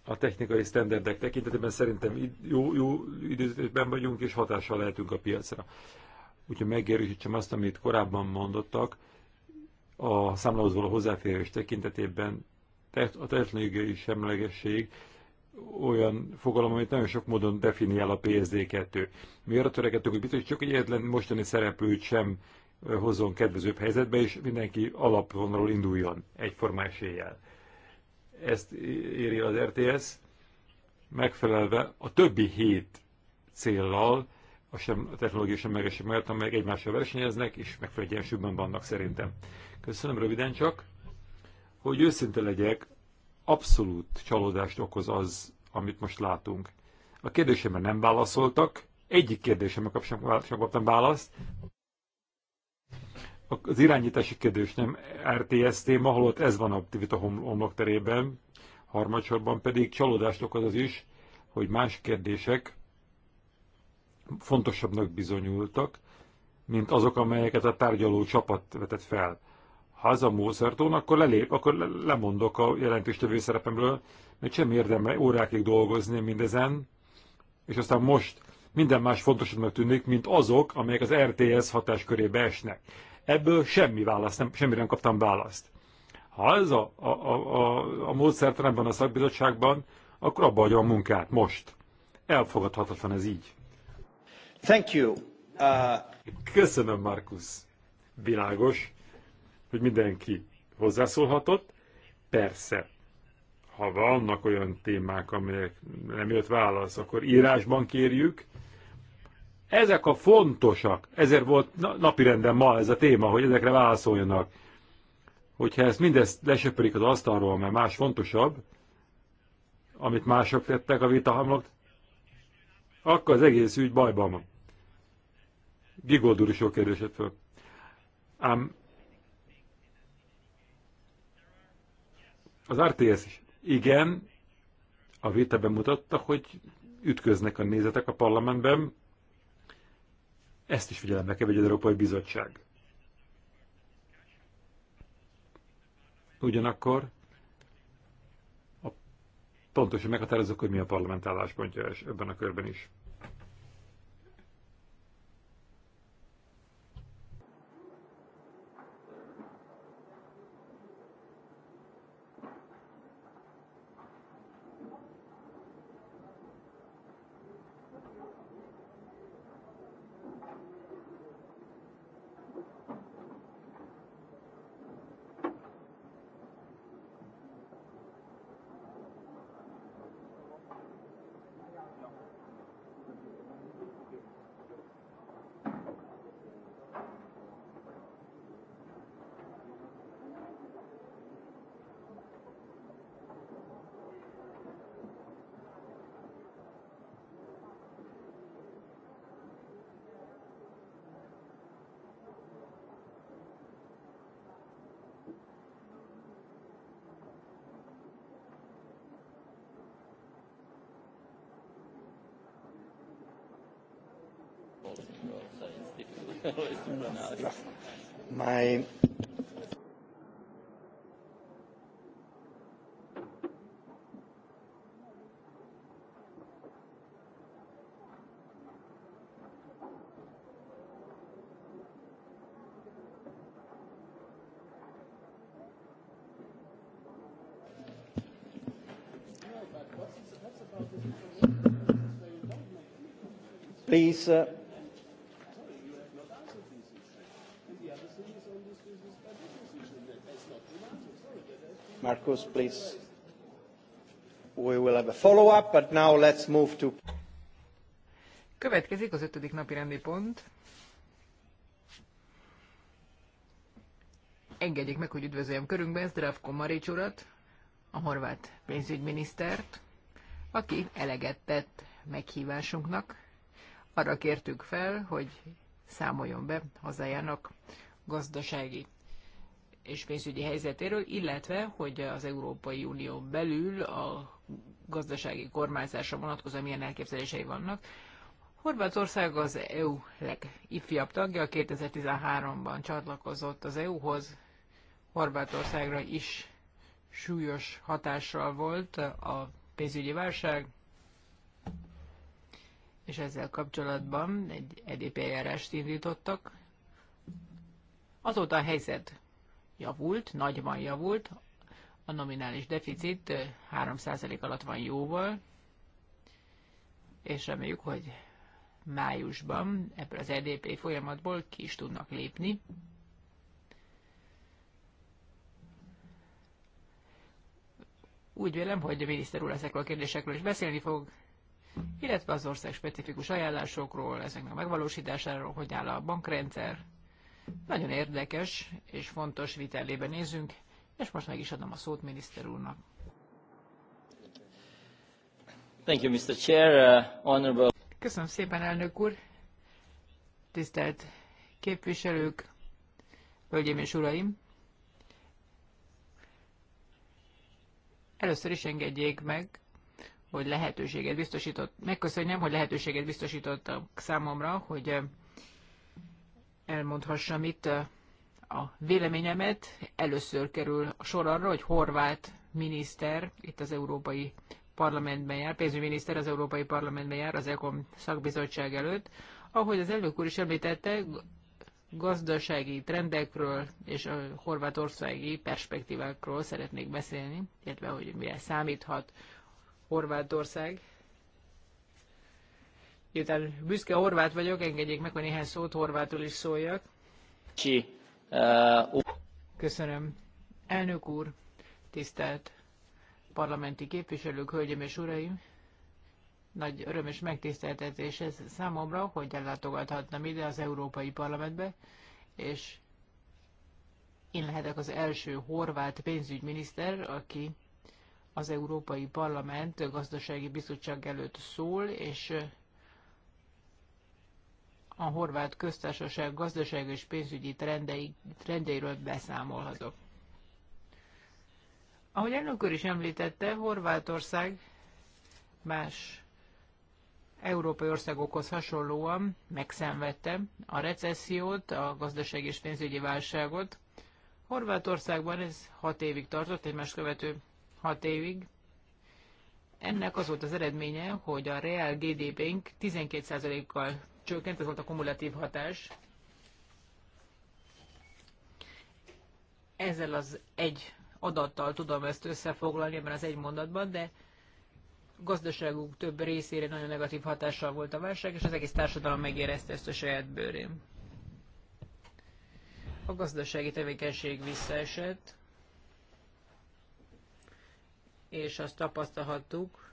a technikai standardek tekintetében szerintem jó, jó időzítésben vagyunk, és hatással lehetünk a piacra. Úgyhogy megerősítsem azt, amit korábban mondottak, a számlához való hozzáférés tekintetében a technológiai semlegesség olyan fogalom, amit nagyon sok módon definiál a PSD2. Mi arra törekedtünk, hogy biztos, hogy csak egy egyetlen mostani szereplőt sem hozzon kedvezőbb helyzetbe, és mindenki alapvonalról induljon egyformás éjjel ezt írja az RTS, megfelelve a többi hét céllal, a, sem, a technológia semleges mellett, amelyek egymással versenyeznek, és megfelelő egyensúlyban vannak szerintem. Köszönöm röviden csak, hogy őszinte legyek, abszolút csalódást okoz az, amit most látunk. A kérdésemre nem válaszoltak, egyik kérdésemre kapcsolatban kaptam választ, az irányítási kérdés nem RTS téma, holott ez van a vita terében? harmadsorban pedig csalódást okoz az is, hogy más kérdések fontosabbnak bizonyultak, mint azok, amelyeket a tárgyaló csapat vetett fel. Ha az a Mozarton, akkor lelép, akkor lemondok a tevő szerepemről, mert sem érdemre órákig dolgozni mindezen, és aztán most minden más fontosabbnak tűnik, mint azok, amelyek az RTS hatáskörébe esnek ebből semmi választ, nem, semmire nem kaptam választ. Ha ez a, a, a, a ebben a szakbizottságban, akkor abba hagyom a munkát, most. Elfogadhatatlan ez így. Thank you. Uh... Köszönöm, Markus. Világos, hogy mindenki hozzászólhatott. Persze, ha vannak olyan témák, amelyek nem jött válasz, akkor írásban kérjük, ezek a fontosak, ezért volt napirenden ma ez a téma, hogy ezekre válaszoljanak. Hogyha ezt mindezt lesöpörik az asztalról, mert más fontosabb, amit mások tettek a vitahamlott, akkor az egész ügy bajban van. Gigold úr is jó kérdésed föl. Ám az RTS is. Igen, a vita bemutatta, hogy ütköznek a nézetek a parlamentben, ezt is figyelembe kell vegye az Európai Bizottság. Ugyanakkor a pontosan meghatározok, hogy mi a parlament álláspontja ebben a körben is. My Please, uh, course, please, we will have a follow-up, but now let's move to... Következik az ötödik napi rendi pont. Engedjék meg, hogy üdvözöljem körünkben Zdravko Marics urat, a horvát pénzügyminisztert, aki eleget tett meghívásunknak. Arra kértük fel, hogy számoljon be hazájának gazdasági és pénzügyi helyzetéről, illetve hogy az Európai Unió belül a gazdasági kormányzásra vonatkozóan milyen elképzelései vannak. Horvátország az EU legifjabb tagja, 2013-ban csatlakozott az EU-hoz, Horvátországra is súlyos hatással volt a pénzügyi válság, és ezzel kapcsolatban egy EDP járást indítottak. Azóta a helyzet javult, nagyban javult, a nominális deficit 3% alatt van jóval, és reméljük, hogy májusban ebből az EDP folyamatból ki is tudnak lépni. Úgy vélem, hogy a miniszter úr ezekről a kérdésekről is beszélni fog, illetve az ország specifikus ajánlásokról, ezeknek a megvalósításáról, hogy áll a bankrendszer, nagyon érdekes és fontos vitellébe nézünk, és most meg is adom a szót miniszter úrnak. Thank you, Mr. Chair, uh, honorable... Köszönöm szépen, elnök úr, tisztelt képviselők, hölgyeim és uraim! Először is engedjék meg, hogy lehetőséget biztosított, megköszönjem, hogy lehetőséget biztosítottak számomra, hogy uh, elmondhassam itt a véleményemet. Először kerül a sor arra, hogy horvát miniszter itt az Európai Parlamentben jár, pénzügyminiszter az Európai Parlamentben jár az EKOM szakbizottság előtt. Ahogy az elnök úr is említette, gazdasági trendekről és a horvátországi perspektívákról szeretnék beszélni, illetve hogy mire számíthat Horvátország Miután büszke horvát vagyok, engedjék meg, hogy néhány szót horvátul is szóljak. Ki? Uh, Köszönöm. Elnök úr, tisztelt parlamenti képviselők, hölgyeim és uraim! Nagy öröm és megtiszteltetés ez számomra, hogy ellátogathatnám ide az Európai Parlamentbe, és én lehetek az első horvát pénzügyminiszter, aki az Európai Parlament gazdasági bizottság előtt szól, és a horvát köztársaság gazdaság és pénzügyi trendei, trendeiről beszámolhatok. Ahogy elnök úr is említette, Horvátország más európai országokhoz hasonlóan megszenvedte a recessziót, a gazdaság és pénzügyi válságot. Horvátországban ez hat évig tartott, egymás követő hat évig. Ennek az volt az eredménye, hogy a real GDP-nk 12%-kal csökkent, ez volt a kumulatív hatás. Ezzel az egy adattal tudom ezt összefoglalni ebben az egy mondatban, de gazdaságunk több részére nagyon negatív hatással volt a válság, és az egész társadalom megérezte ezt a saját bőrén. A gazdasági tevékenység visszaesett, és azt tapasztalhattuk,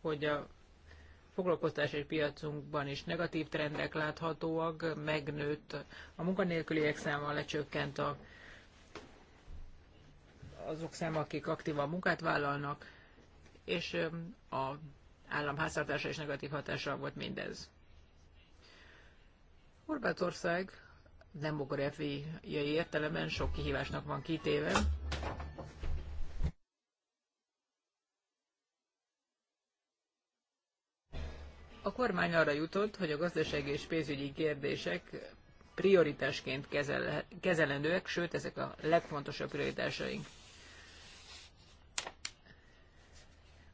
hogy a foglalkoztási piacunkban is negatív trendek láthatóak, megnőtt a munkanélküliek száma, lecsökkent a, azok száma, akik aktívan munkát vállalnak, és a állam háztartása is negatív hatással volt mindez. Horvátország demográfiai értelemben sok kihívásnak van kitéve, A kormány arra jutott, hogy a gazdasági és pénzügyi kérdések prioritásként kezel, kezelendőek, sőt, ezek a legfontosabb prioritásaink.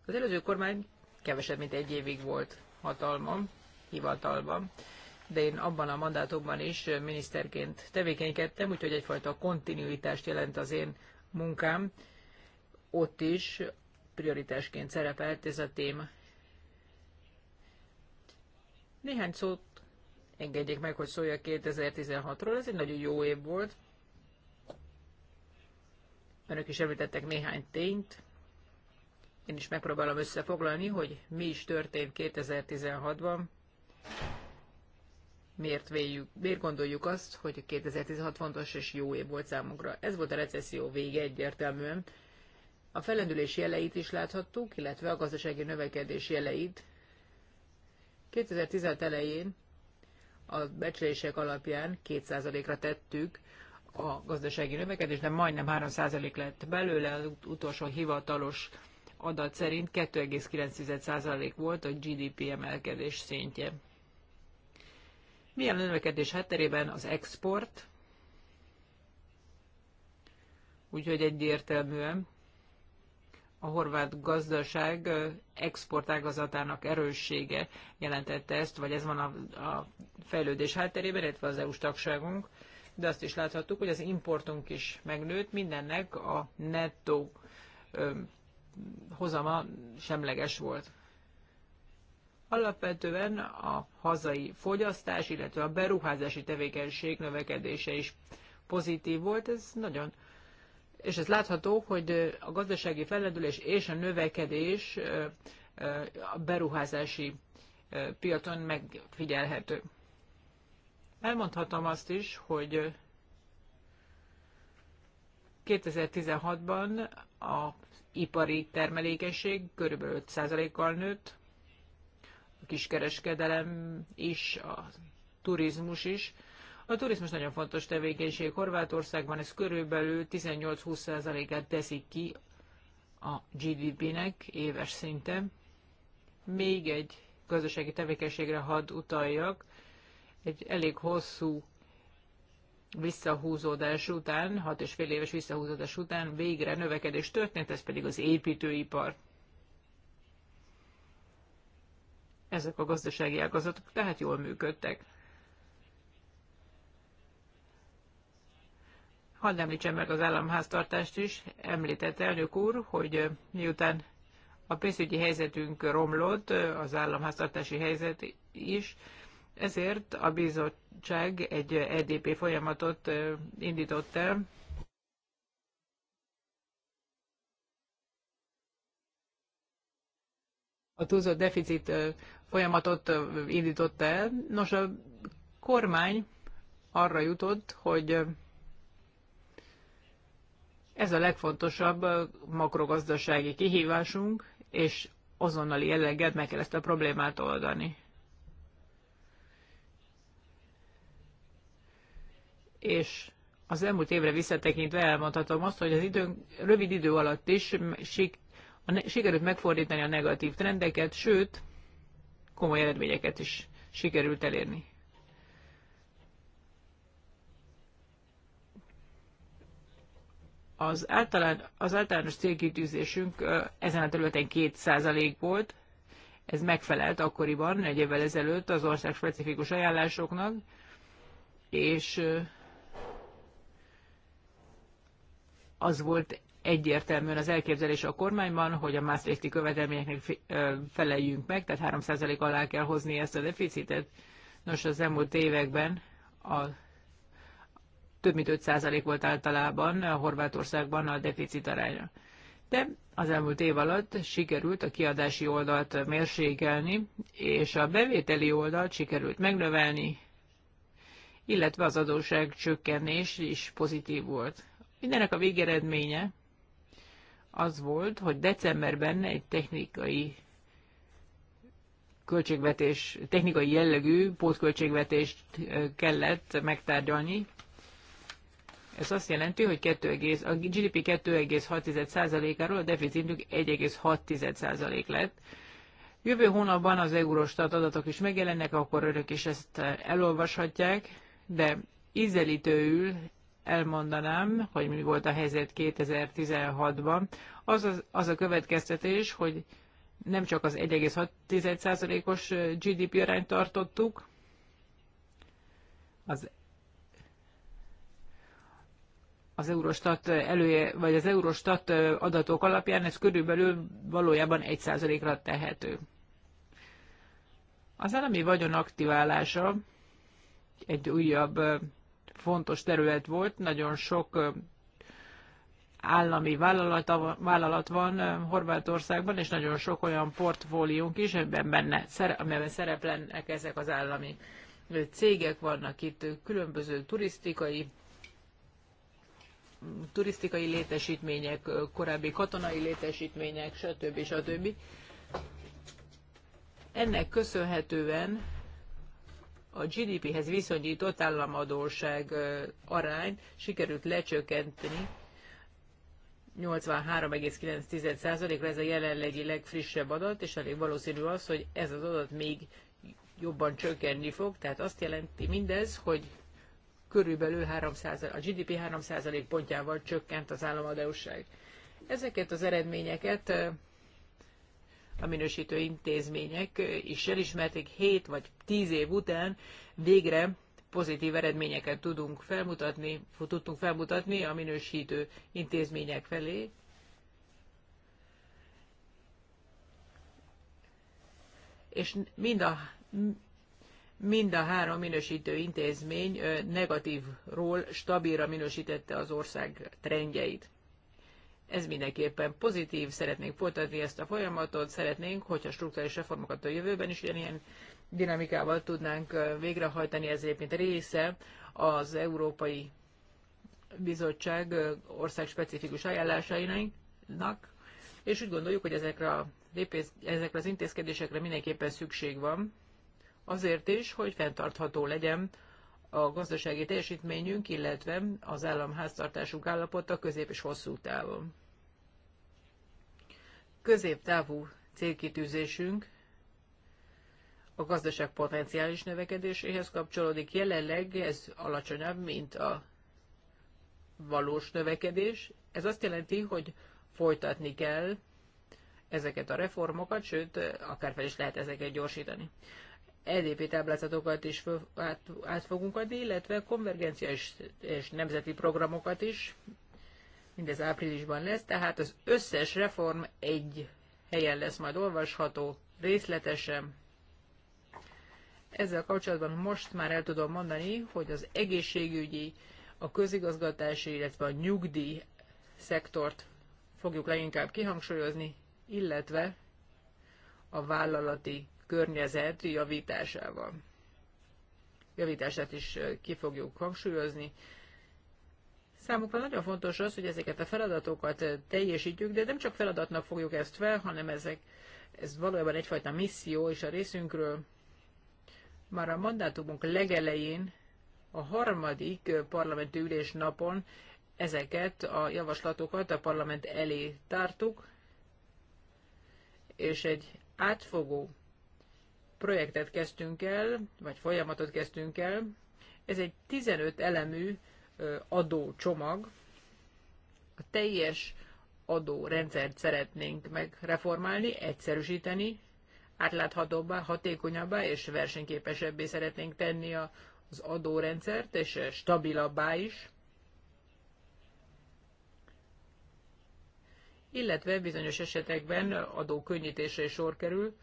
Az előző kormány kevesebb, mint egy évig volt hatalmam, hivatalban, de én abban a mandátumban is miniszterként tevékenykedtem, úgyhogy egyfajta kontinuitást jelent az én munkám. Ott is prioritásként szerepelt ez a téma. Néhány szót engedjék meg, hogy szóljak 2016-ról. Ez egy nagyon jó év volt. Önök is említettek néhány tényt. Én is megpróbálom összefoglalni, hogy mi is történt 2016-ban. Miért, véljük, miért gondoljuk azt, hogy 2016 fontos és jó év volt számunkra? Ez volt a recesszió vége egyértelműen. A felendülés jeleit is láthattuk, illetve a gazdasági növekedés jeleit, 2010 elején a becslések alapján 2%-ra tettük a gazdasági növekedést, de majdnem 3% lett belőle. Az utolsó hivatalos adat szerint 2,9% volt a GDP emelkedés szintje. Milyen növekedés hátterében az export? Úgyhogy egyértelműen a horvát gazdaság exportágazatának erőssége jelentette ezt, vagy ez van a, a fejlődés hátterében, illetve az EU-s tagságunk, de azt is láthattuk, hogy az importunk is megnőtt, mindennek a nettó ö, hozama semleges volt. Alapvetően a hazai fogyasztás, illetve a beruházási tevékenység növekedése is pozitív volt, ez nagyon és ez látható, hogy a gazdasági fellendülés és a növekedés a beruházási piacon megfigyelhető. Elmondhatom azt is, hogy 2016-ban a ipari termelékenység kb. 5%-kal nőtt, a kiskereskedelem is, a turizmus is a turizmus nagyon fontos tevékenység Horvátországban, ez körülbelül 18-20%-át teszik ki a GDP-nek éves szinten. Még egy gazdasági tevékenységre hadd utaljak. Egy elég hosszú visszahúzódás után, hat és fél éves visszahúzódás után végre növekedés történt, ez pedig az építőipar. Ezek a gazdasági ágazatok tehát jól működtek. Hadd említsem meg az államháztartást is, említett elnök úr, hogy miután a pénzügyi helyzetünk romlott, az államháztartási helyzet is, ezért a bizottság egy EDP folyamatot indított el, a túlzott deficit folyamatot indította el. Nos, a kormány arra jutott, hogy ez a legfontosabb makrogazdasági kihívásunk, és azonnali jelleggel meg kell ezt a problémát oldani. És az elmúlt évre visszatekintve elmondhatom azt, hogy az időn, rövid idő alatt is sik, a ne, sikerült megfordítani a negatív trendeket, sőt, komoly eredményeket is sikerült elérni. Az, általán, az általános célkitűzésünk ezen a területen 2% volt, ez megfelelt akkoriban, egy évvel ezelőtt az ország specifikus ajánlásoknak, és az volt egyértelműen az elképzelés a kormányban, hogy a Maastrichti követelményeknek feleljünk meg, tehát 3% alá kell hozni ezt a deficitet. Nos, az elmúlt években a több mint 5% volt általában a Horvátországban a deficit aránya. De az elmúlt év alatt sikerült a kiadási oldalt mérsékelni, és a bevételi oldalt sikerült megnövelni, illetve az adóság csökkenés is pozitív volt. Mindenek a végeredménye az volt, hogy decemberben egy technikai költségvetés, technikai jellegű pótköltségvetést eh, kellett megtárgyalni, ez azt jelenti, hogy 2, a GDP 2,6%-áról a deficitünk 1,6% lett. Jövő hónapban az Eurostat adatok is megjelennek, akkor örök is ezt elolvashatják, de ízelítőül elmondanám, hogy mi volt a helyzet 2016-ban. Az, az, az a következtetés, hogy nem csak az 1,6%-os GDP arányt tartottuk, az az Eurostat elője, vagy az Eurostat adatok alapján ez körülbelül valójában 1%-ra tehető. Az állami vagyon aktiválása egy újabb fontos terület volt, nagyon sok állami vállalata, vállalat van Horvátországban, és nagyon sok olyan portfóliónk is, amiben, benne, amiben szereplenek ezek az állami cégek vannak itt, különböző turisztikai turisztikai létesítmények, korábbi katonai létesítmények, stb. stb. Ennek köszönhetően a GDP-hez viszonyított államadóság arány sikerült lecsökkenteni 83,9%-ra, ez a jelenlegi legfrissebb adat, és elég valószínű az, hogy ez az adat még jobban csökkenni fog, tehát azt jelenti mindez, hogy körülbelül 3%, a GDP 3% pontjával csökkent az államadóság. Ezeket az eredményeket a minősítő intézmények is elismerték 7 vagy 10 év után végre pozitív eredményeket tudunk felmutatni, tudtunk felmutatni a minősítő intézmények felé. És mind a mind a három minősítő intézmény negatívról stabilra minősítette az ország trendjeit. Ez mindenképpen pozitív, szeretnénk folytatni ezt a folyamatot, szeretnénk, hogyha struktúrális reformokat a jövőben is ilyen dinamikával tudnánk végrehajtani, ez egyébként része az Európai Bizottság ország-specifikus ajánlásainak, és úgy gondoljuk, hogy ezekre, a lépés, ezekre az intézkedésekre mindenképpen szükség van, azért is, hogy fenntartható legyen a gazdasági teljesítményünk, illetve az államháztartásunk állapota közép és hosszú távon. Középtávú célkitűzésünk a gazdaság potenciális növekedéséhez kapcsolódik. Jelenleg ez alacsonyabb, mint a valós növekedés. Ez azt jelenti, hogy folytatni kell ezeket a reformokat, sőt, akár fel is lehet ezeket gyorsítani. LDP e táblázatokat is át, át fogunk adni, illetve konvergencia és, és nemzeti programokat is. Mindez áprilisban lesz, tehát az összes reform egy helyen lesz majd olvasható részletesen. Ezzel kapcsolatban most már el tudom mondani, hogy az egészségügyi, a közigazgatási, illetve a nyugdíj szektort fogjuk leginkább kihangsúlyozni, illetve a vállalati környezet javításával. Javítását is ki fogjuk hangsúlyozni. Számukra nagyon fontos az, hogy ezeket a feladatokat teljesítjük, de nem csak feladatnak fogjuk ezt fel, hanem ezek, ez valójában egyfajta misszió is a részünkről. Már a mandátumunk legelején, a harmadik parlamenti ülés napon ezeket a javaslatokat a parlament elé tártuk, és egy átfogó projektet kezdtünk el, vagy folyamatot kezdtünk el. Ez egy 15 elemű adócsomag. A teljes adórendszert szeretnénk megreformálni, egyszerűsíteni, átláthatóbbá, hatékonyabbá és versenyképesebbé szeretnénk tenni az adórendszert, és stabilabbá is. Illetve bizonyos esetekben adókönnyítésre is sor kerül,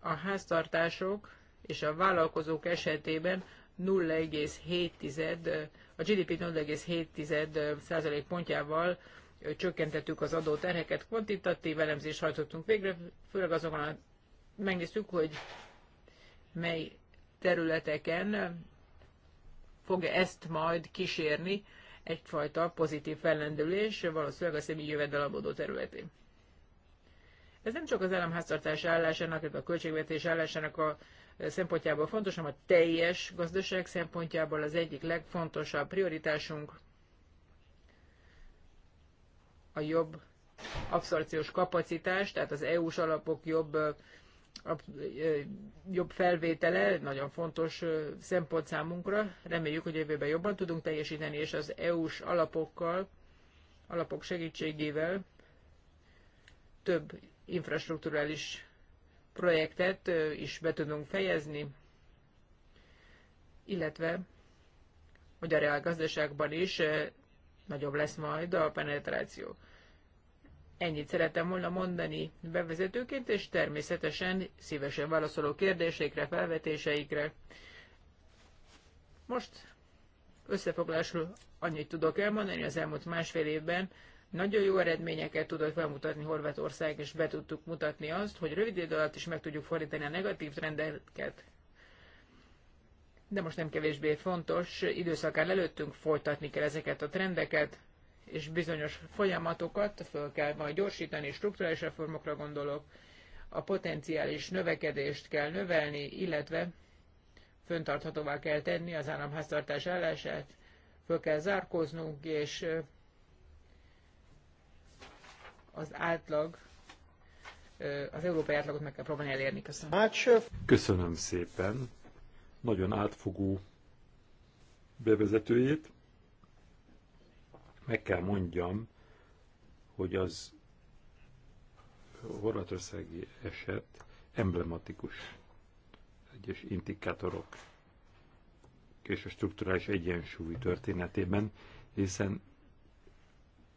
a háztartások és a vállalkozók esetében 0,7 a GDP 0,7 százalék pontjával csökkentettük az adóterheket, kvantitatív elemzést hajtottunk végre, főleg azonban megnéztük, hogy mely területeken fog ezt majd kísérni egyfajta pozitív fellendülés, valószínűleg a személyi jövedelemadó területén. Ez nem csak az államháztartás állásának, a költségvetés állásának a e, szempontjából fontos, hanem a teljes gazdaság szempontjából az egyik legfontosabb prioritásunk a jobb abszorciós kapacitás, tehát az EU-s alapok jobb, e, e, jobb felvétele, nagyon fontos szempont számunkra. Reméljük, hogy jövőben jobban tudunk teljesíteni, és az EU-s alapokkal, alapok segítségével több infrastruktúrális projektet is be tudunk fejezni, illetve hogy a reálgazdaságban is nagyobb lesz majd a penetráció. Ennyit szeretem volna mondani bevezetőként, és természetesen szívesen válaszolok kérdésekre, felvetéseikre. Most összefoglásul annyit tudok elmondani, az elmúlt másfél évben nagyon jó eredményeket tudott felmutatni Horvátország, és be tudtuk mutatni azt, hogy rövid idő alatt is meg tudjuk fordítani a negatív trendeket. De most nem kevésbé fontos, időszakán előttünk folytatni kell ezeket a trendeket, és bizonyos folyamatokat föl kell majd gyorsítani, strukturális reformokra gondolok, a potenciális növekedést kell növelni, illetve föntarthatóvá kell tenni az államháztartás állását, föl kell zárkóznunk, és az átlag, az európai átlagot meg kell próbálni elérni. Köszönöm. Köszönöm szépen. Nagyon átfogó bevezetőjét. Meg kell mondjam, hogy az horvátországi eset emblematikus egyes indikátorok és a strukturális egyensúly történetében, hiszen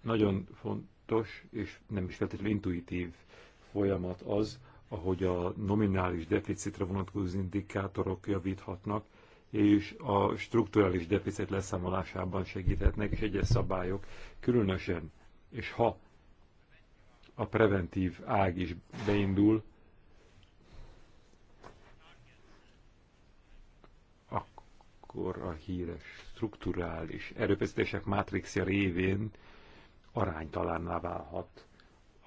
nagyon font, tudatos és nem is feltétlenül intuitív folyamat az, ahogy a nominális deficitre vonatkozó indikátorok javíthatnak, és a strukturális deficit leszámolásában segíthetnek, és egyes szabályok, különösen, és ha a preventív ág is beindul, akkor a híres strukturális erőfeszítések mátrixja révén aránytalanná válhat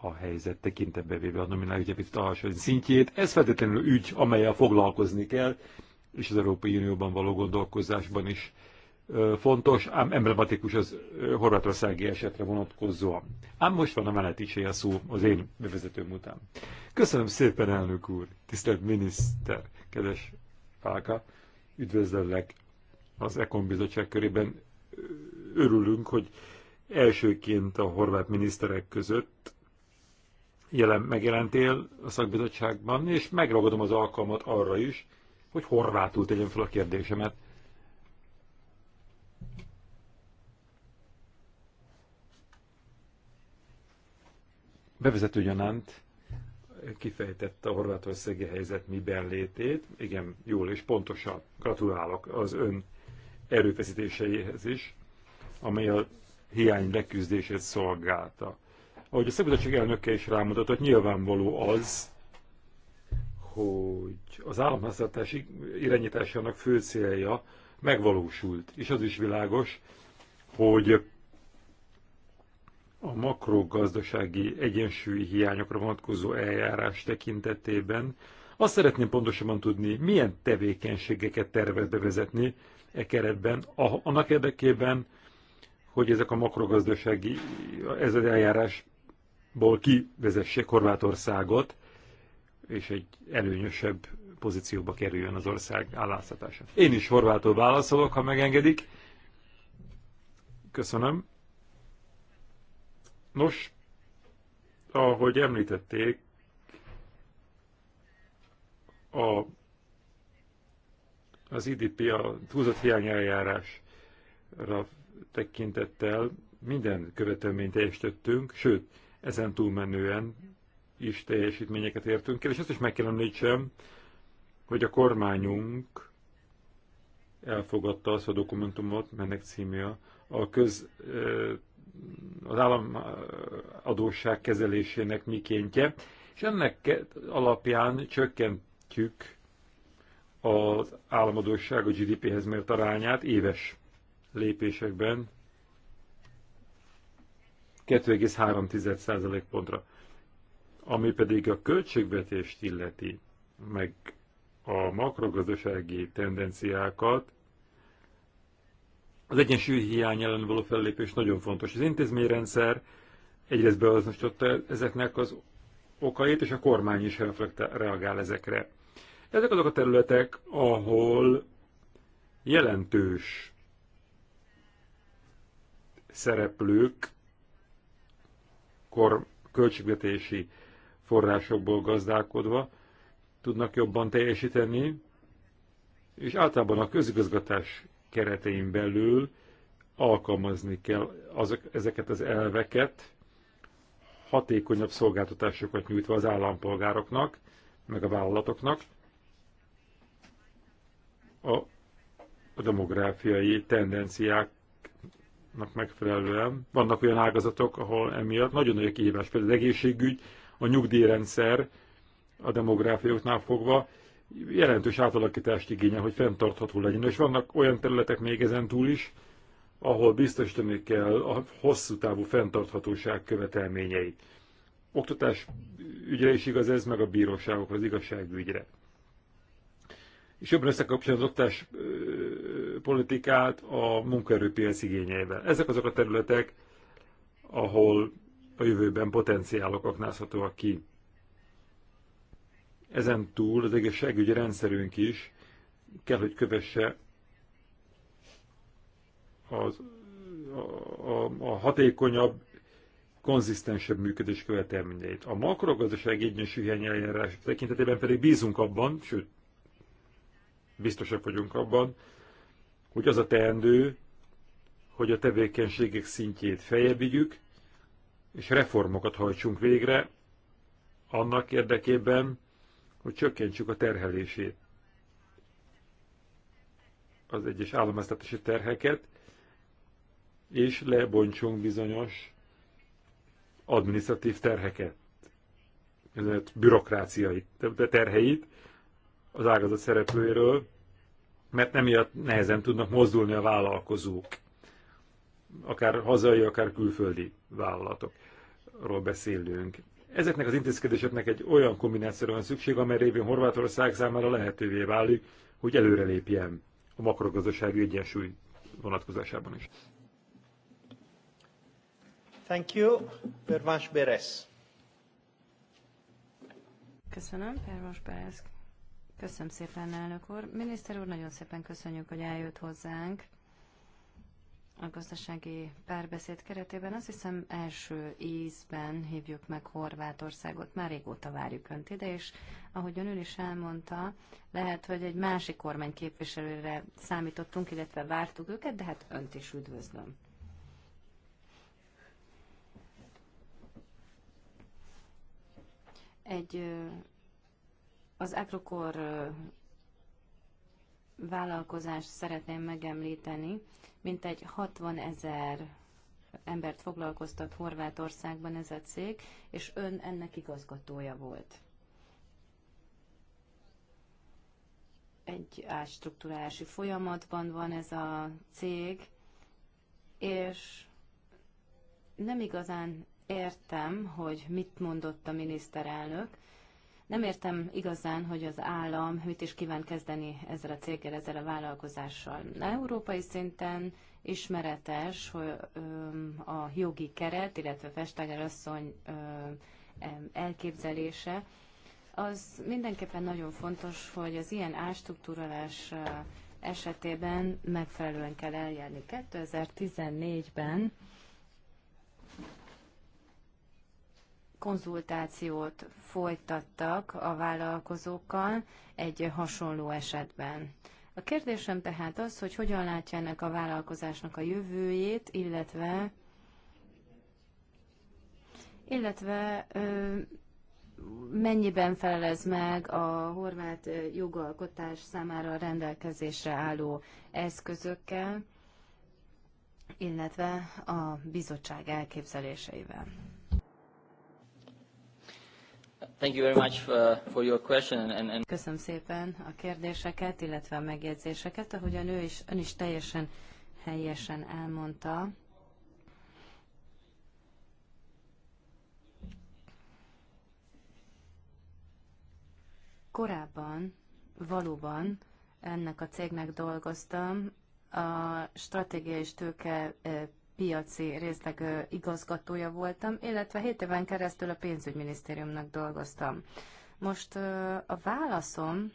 a helyzet tekintetbe véve a nominál deficit alsó szintjét. Ez feltétlenül ügy, amelyel foglalkozni kell, és az Európai Unióban való gondolkozásban is fontos, ám emblematikus az horvátországi esetre vonatkozóan. Ám most van a a szó az én bevezetőm után. Köszönöm szépen, elnök úr, tisztelt miniszter, kedves Fálka, üdvözlöllek az Ekon Bizottság körében. Örülünk, hogy elsőként a horvát miniszterek között jelen, megjelentél a szakbizottságban, és megragadom az alkalmat arra is, hogy horvátul tegyem fel a kérdésemet. Bevezető gyanánt kifejtette a horvátországi helyzet miben létét. Igen, jól és pontosan gratulálok az ön erőfeszítéseihez is, amely a hiány leküzdését szolgálta. Ahogy a szabadság elnöke is rámutatott, nyilvánvaló az, hogy az államháztartás irányításának fő célja megvalósult, és az is világos, hogy a makrogazdasági egyensúlyi hiányokra vonatkozó eljárás tekintetében azt szeretném pontosabban tudni, milyen tevékenységeket tervez bevezetni e keretben, annak érdekében, hogy ezek a makrogazdasági, ez az eljárásból kivezessék Horvátországot, és egy előnyösebb pozícióba kerüljön az ország álláztatása. Én is horvátul válaszolok, ha megengedik. Köszönöm. Nos, ahogy említették, a, az IDP a túlzott hiány eljárásra tekintettel minden követelményt teljesítettünk, sőt, ezen túlmenően is teljesítményeket értünk el, és azt is meg kell említsem, hogy a kormányunk elfogadta azt a dokumentumot, mennek címja, a köz, az állam adósság kezelésének mikéntje, és ennek alapján csökkentjük az államadóság a GDP-hez mért arányát éves lépésekben 2,3 pontra. Ami pedig a költségvetést illeti, meg a makrogazdasági tendenciákat, az hiány ellen való fellépés nagyon fontos. Az intézményrendszer egyrészt beazonosította ezeknek az okait, és a kormány is reagál ezekre. Ezek azok a területek, ahol jelentős szereplők kor, költségvetési forrásokból gazdálkodva tudnak jobban teljesíteni, és általában a közigazgatás keretein belül alkalmazni kell azok, ezeket az elveket, hatékonyabb szolgáltatásokat nyújtva az állampolgároknak, meg a vállalatoknak, a demográfiai tendenciák megfelelően. Vannak olyan ágazatok, ahol emiatt nagyon nagy a kihívás, például az egészségügy, a nyugdíjrendszer, a demográfióknál fogva jelentős átalakítást igényel, hogy fenntartható legyen. És vannak olyan területek még ezen túl is, ahol biztosítani kell a hosszú távú fenntarthatóság követelményeit. Oktatás ügyre is igaz ez, meg a bíróságokra, az igazságügyre. És jobban összekapcsolni az oktatás politikát a munkaerőpiac igényeivel. Ezek azok a területek, ahol a jövőben potenciálok aknázhatóak ki. Ezen túl az egészségügyi rendszerünk is kell, hogy kövesse az, a, a, a hatékonyabb, konzisztensebb működés követelményeit. A makrogazdaság egyensú eljárás tekintetében pedig bízunk abban, sőt, biztosak vagyunk abban, hogy az a teendő, hogy a tevékenységek szintjét feljebb vigyük, és reformokat hajtsunk végre annak érdekében, hogy csökkentsük a terhelését. Az egyes államháztatási terheket, és lebontsunk bizonyos administratív terheket, bürokráciai terheit az ágazat szereplőiről, mert emiatt nehezen tudnak mozdulni a vállalkozók, akár hazai, akár külföldi vállalatokról beszélünk. Ezeknek az intézkedéseknek egy olyan kombinációra van szükség, amely révén Horvátország számára lehetővé válik, hogy előrelépjen a makrogazdasági egyensúly vonatkozásában is. Thank you. Pervans Beres. Köszönöm, Pervas Beresk. Köszönöm szépen, elnök úr. Miniszter úr, nagyon szépen köszönjük, hogy eljött hozzánk a gazdasági párbeszéd keretében. Azt hiszem első ízben hívjuk meg Horvátországot, már régóta várjuk Önt ide, és ahogy ön is elmondta, lehet, hogy egy másik kormány képviselőre számítottunk, illetve vártuk őket, de hát Önt is üdvözlöm. Egy az Agrokor vállalkozást szeretném megemlíteni. mint egy 60 ezer embert foglalkoztat Horvátországban ez a cég, és ön ennek igazgatója volt. Egy átstruktúrási folyamatban van ez a cég, és nem igazán értem, hogy mit mondott a miniszterelnök, nem értem igazán, hogy az állam mit is kíván kezdeni ezzel a céggel, ezzel a vállalkozással. Európai szinten ismeretes hogy a jogi keret, illetve Vestager asszony elképzelése, az mindenképpen nagyon fontos, hogy az ilyen ástruktúralás esetében megfelelően kell eljárni. 2014-ben konzultációt folytattak a vállalkozókkal egy hasonló esetben. A kérdésem tehát az, hogy hogyan látja ennek a vállalkozásnak a jövőjét, illetve illetve mennyiben felelez meg a horvát jogalkotás számára a rendelkezésre álló eszközökkel, illetve a bizottság elképzeléseivel. Köszönöm szépen a kérdéseket, illetve a megjegyzéseket, ahogyan ő is, ön is teljesen helyesen elmondta. Korábban valóban ennek a cégnek dolgoztam, a stratégiai és tőke eh, piaci részleg igazgatója voltam, illetve 7 éven keresztül a pénzügyminisztériumnak dolgoztam. Most a válaszom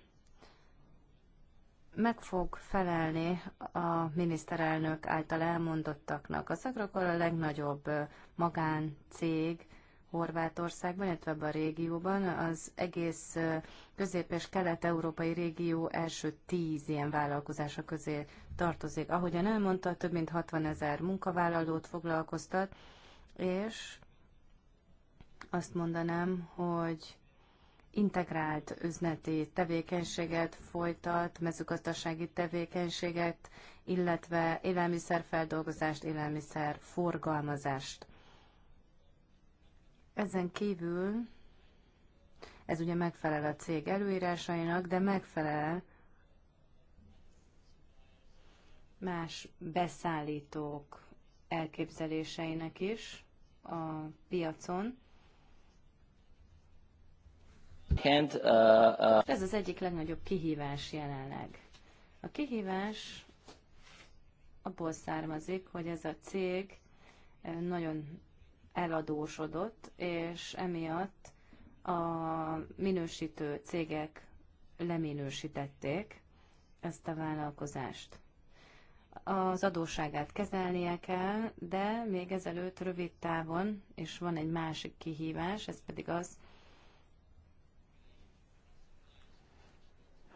meg fog felelni a miniszterelnök által elmondottaknak. Az Agrokor a legnagyobb magáncég Horvátországban, illetve ebben a régióban. Az egész közép- és kelet-európai régió első tíz ilyen vállalkozása közé tartozik. Ahogyan elmondta, több mint 60 ezer munkavállalót foglalkoztat, és azt mondanám, hogy integrált üzleti tevékenységet folytat, mezőgazdasági tevékenységet, illetve élelmiszerfeldolgozást, élelmiszer forgalmazást ezen kívül ez ugye megfelel a cég előírásainak, de megfelel más beszállítók elképzeléseinek is a piacon. And, uh, uh... Ez az egyik legnagyobb kihívás jelenleg. A kihívás abból származik, hogy ez a cég eh, nagyon eladósodott, és emiatt a minősítő cégek leminősítették ezt a vállalkozást. Az adósságát kezelnie kell, de még ezelőtt rövid távon, és van egy másik kihívás, ez pedig az,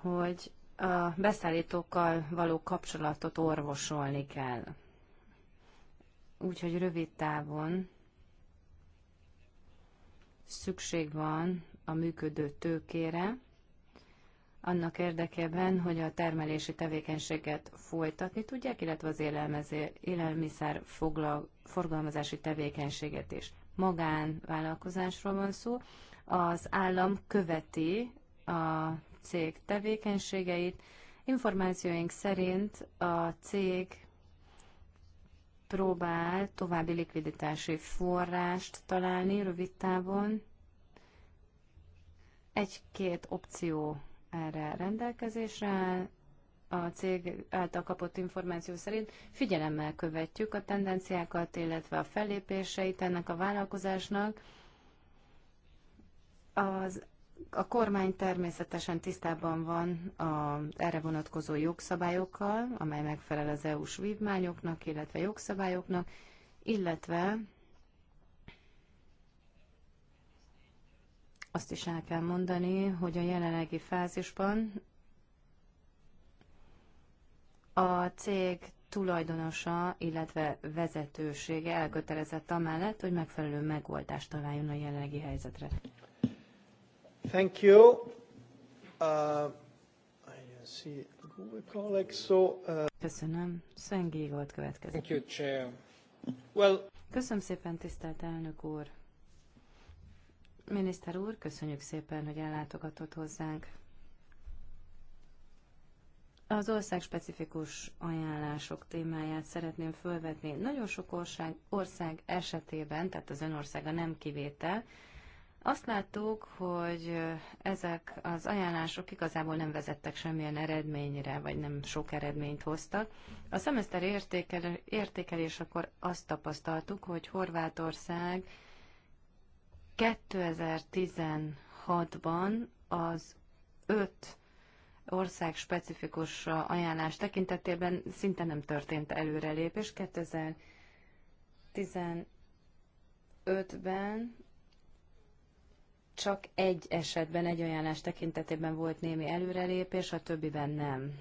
hogy a beszállítókkal való kapcsolatot orvosolni kell. Úgyhogy rövid távon szükség van a működő tőkére, annak érdekében, hogy a termelési tevékenységet folytatni tudják, illetve az élelmiszer forgalmazási tevékenységet is. Magánvállalkozásról van szó. Az állam követi a cég tevékenységeit. Információink szerint a cég próbál további likviditási forrást találni rövid távon. Egy-két opció erre rendelkezésre áll. A cég által kapott információ szerint figyelemmel követjük a tendenciákat, illetve a fellépéseit ennek a vállalkozásnak. Az a kormány természetesen tisztában van a erre vonatkozó jogszabályokkal, amely megfelel az EU-s vívmányoknak, illetve jogszabályoknak, illetve azt is el kell mondani, hogy a jelenlegi fázisban a cég tulajdonosa, illetve vezetősége elkötelezett amellett, hogy megfelelő megoldást találjon a jelenlegi helyzetre. Thank you. Uh, I see Google colleagues, so, uh... Köszönöm. Szengi volt következő. Thank you, Chair. Well... Köszönöm szépen, tisztelt elnök úr. Miniszter úr, köszönjük szépen, hogy ellátogatott hozzánk. Az ország specifikus ajánlások témáját szeretném fölvetni. Nagyon sok ország, ország esetében, tehát az önországa nem kivétel, azt láttuk, hogy ezek az ajánlások igazából nem vezettek semmilyen eredményre, vagy nem sok eredményt hoztak. A szemeszter értékel, akkor azt tapasztaltuk, hogy Horvátország 2016-ban az öt ország specifikus ajánlás tekintetében szinte nem történt előrelépés. 2015-ben csak egy esetben, egy ajánlás tekintetében volt némi előrelépés, a többiben nem.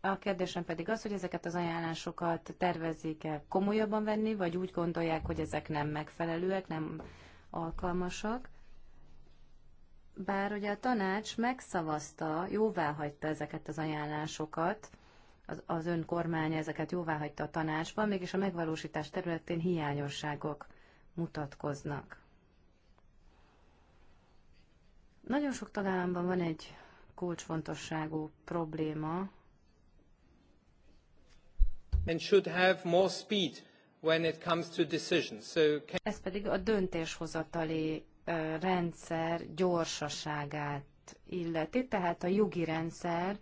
A kérdésem pedig az, hogy ezeket az ajánlásokat tervezik-e komolyabban venni, vagy úgy gondolják, hogy ezek nem megfelelőek, nem alkalmasak. Bár ugye a tanács megszavazta, jóváhagyta ezeket az ajánlásokat, az, az ön kormánya ezeket jóváhagyta a tanácsban, mégis a megvalósítás területén hiányosságok mutatkoznak. Nagyon sok tagállamban van egy kulcsfontosságú probléma. And should have more speed when it comes to decisions. So can... Ez pedig a döntéshozatali rendszer gyorsaságát illeti, tehát a jogi rendszer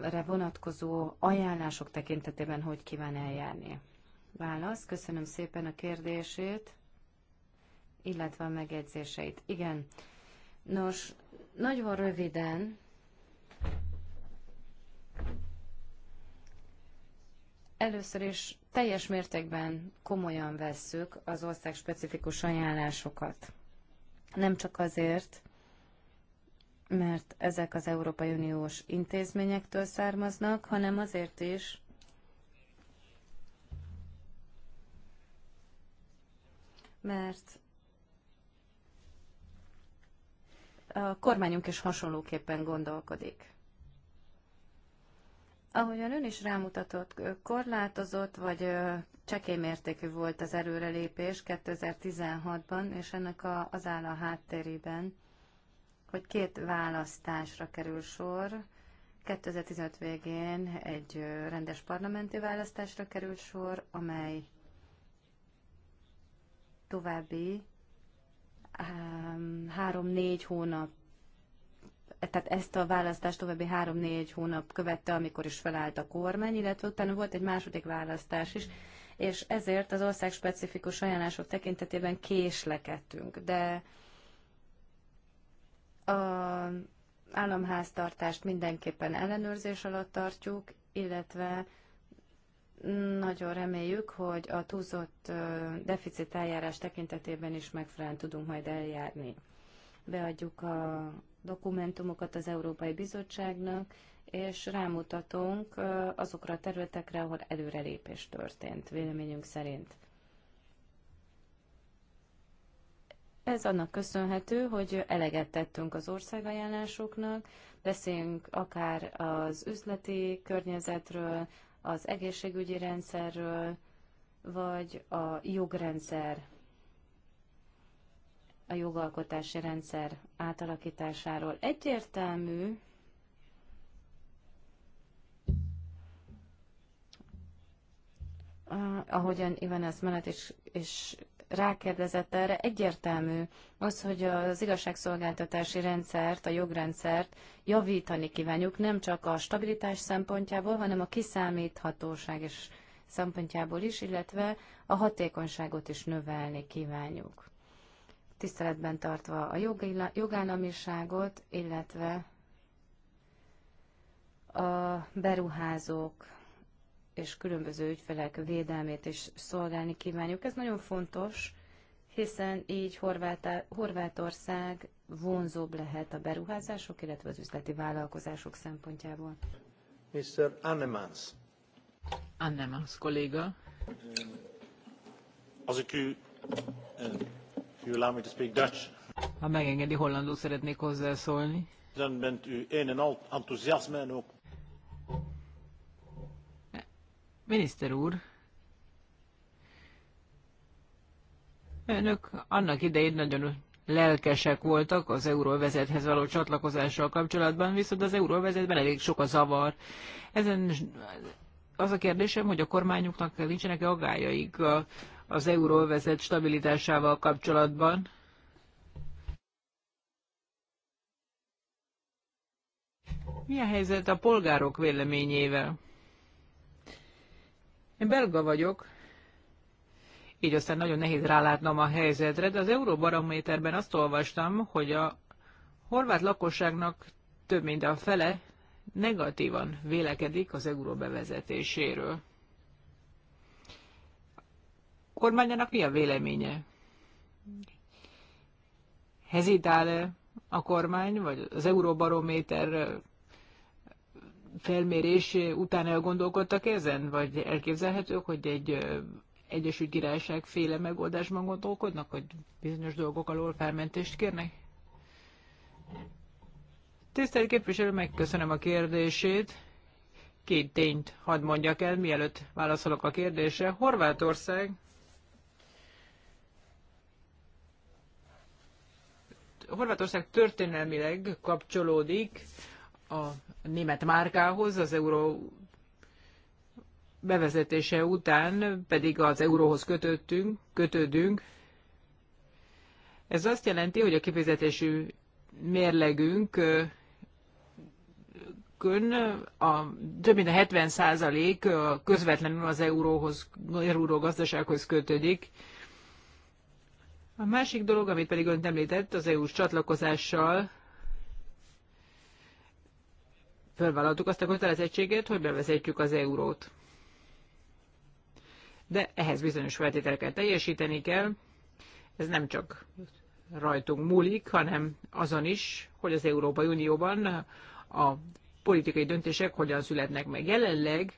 re vonatkozó ajánlások tekintetében hogy kíván eljárni? Válasz, köszönöm szépen a kérdését illetve a megjegyzéseit. Igen. Nos, nagyon röviden először is teljes mértékben komolyan vesszük az ország specifikus ajánlásokat. Nem csak azért, mert ezek az Európai Uniós intézményektől származnak, hanem azért is, mert A kormányunk is hasonlóképpen gondolkodik. Ahogyan ön is rámutatott, korlátozott vagy csekély mértékű volt az erőrelépés 2016-ban, és ennek a, az áll a háttérében, hogy két választásra kerül sor. 2015 végén egy rendes parlamenti választásra került sor, amely további három-négy hónap tehát ezt a választást további három-négy hónap követte, amikor is felállt a kormány, illetve utána volt egy második választás is, és ezért az ország specifikus ajánlások tekintetében késlekedtünk. De a államháztartást mindenképpen ellenőrzés alatt tartjuk, illetve nagyon reméljük, hogy a túlzott deficit eljárás tekintetében is megfelelően tudunk majd eljárni. Beadjuk a dokumentumokat az Európai Bizottságnak, és rámutatunk azokra a területekre, ahol előrelépés történt, véleményünk szerint. Ez annak köszönhető, hogy eleget tettünk az országajánlásoknak, beszéljünk akár az üzleti környezetről, az egészségügyi rendszerről, vagy a jogrendszer, a jogalkotási rendszer átalakításáról. Egyértelmű, ahogyan Ivan Eszmenet is, is rákérdezett erre, egyértelmű az, hogy az igazságszolgáltatási rendszert, a jogrendszert javítani kívánjuk, nem csak a stabilitás szempontjából, hanem a kiszámíthatóság és szempontjából is, illetve a hatékonyságot is növelni kívánjuk. Tiszteletben tartva a jogállamiságot, illetve a beruházók és különböző ügyfelek védelmét is szolgálni kívánjuk. Ez nagyon fontos, hiszen így Horvátország vonzóbb lehet a beruházások, illetve az üzleti vállalkozások szempontjából. Mr. Annemans. Annemans kolléga. Az a you allow me to speak Dutch. Ha megengedi, hollandul szeretnék hozzászólni. Dan bent u een en al enthousiasme en ook Miniszter úr, önök annak idején nagyon lelkesek voltak az euróvezethez való csatlakozással kapcsolatban, viszont az euróvezetben elég sok a zavar. Ezen az a kérdésem, hogy a kormányoknak nincsenek-e aggájaik az euróvezet stabilitásával kapcsolatban? Mi a helyzet a polgárok véleményével? Én belga vagyok, így aztán nagyon nehéz rálátnom a helyzetre, de az Euróbarométerben azt olvastam, hogy a horvát lakosságnak több mint a fele negatívan vélekedik az euró bevezetéséről. A kormányának mi a véleménye? Hezitál-e a kormány, vagy az Euróbarométer felmérés után elgondolkodtak ezen, vagy elképzelhetők, hogy egy Egyesült Királyság féle megoldásban gondolkodnak, hogy bizonyos dolgok alól felmentést kérnek? Tisztelt képviselő, megköszönöm a kérdését. Két tényt hadd mondjak el, mielőtt válaszolok a kérdésre. Horvátország Horvátország történelmileg kapcsolódik a német márkához, az euró bevezetése után pedig az euróhoz kötöttünk, kötődünk. Ez azt jelenti, hogy a kifizetési mérlegünk kön a, több mint a 70 százalék közvetlenül az euróhoz, euró gazdasághoz kötődik. A másik dolog, amit pedig önt említett, az EU-s csatlakozással fölvállaltuk azt a kötelezettséget, hogy bevezetjük az eurót. De ehhez bizonyos feltételeket teljesíteni kell. Ez nem csak rajtunk múlik, hanem azon is, hogy az Európai Unióban a politikai döntések hogyan születnek meg. Jelenleg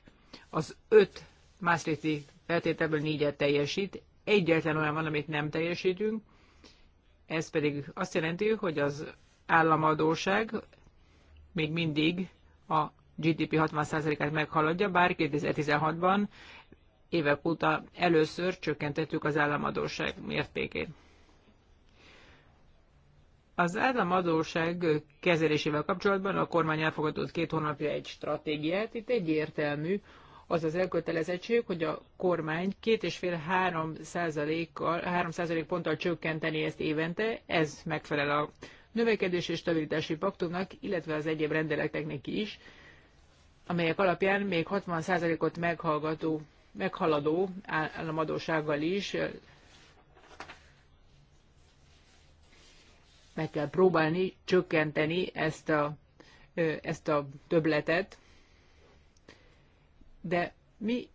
az öt Maastrichti feltételből négyet teljesít, egyetlen olyan van, amit nem teljesítünk, ez pedig azt jelenti, hogy az államadóság még mindig a GDP 60%-át meghaladja, bár 2016-ban évek óta először csökkentettük az államadóság mértékét. Az államadóság kezelésével kapcsolatban a kormány elfogadott két hónapja egy stratégiát. Itt egyértelmű az az elkötelezettség, hogy a kormány 2,5-3 százalék ponttal csökkenteni ezt évente. Ez megfelel a növekedés és stabilitási paktumnak, illetve az egyéb rendeleteknek is, amelyek alapján még 60%-ot meghallgató, meghaladó államadósággal is meg kell próbálni csökkenteni ezt a, ezt a töbletet, de mi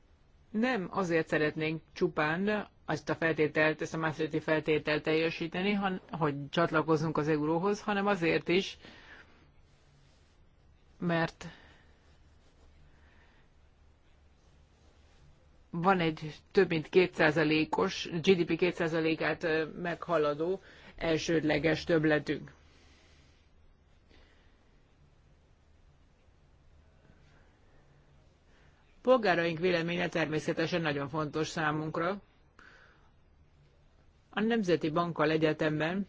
nem azért szeretnénk csupán azt a feltételt, ezt a Maastrichti feltételt teljesíteni, han, hogy csatlakozzunk az euróhoz, hanem azért is, mert van egy több mint kétszázalékos, os GDP kétszázalékát át meghaladó elsődleges többletünk. Polgáraink véleménye természetesen nagyon fontos számunkra, a Nemzeti Bankkal egyetemben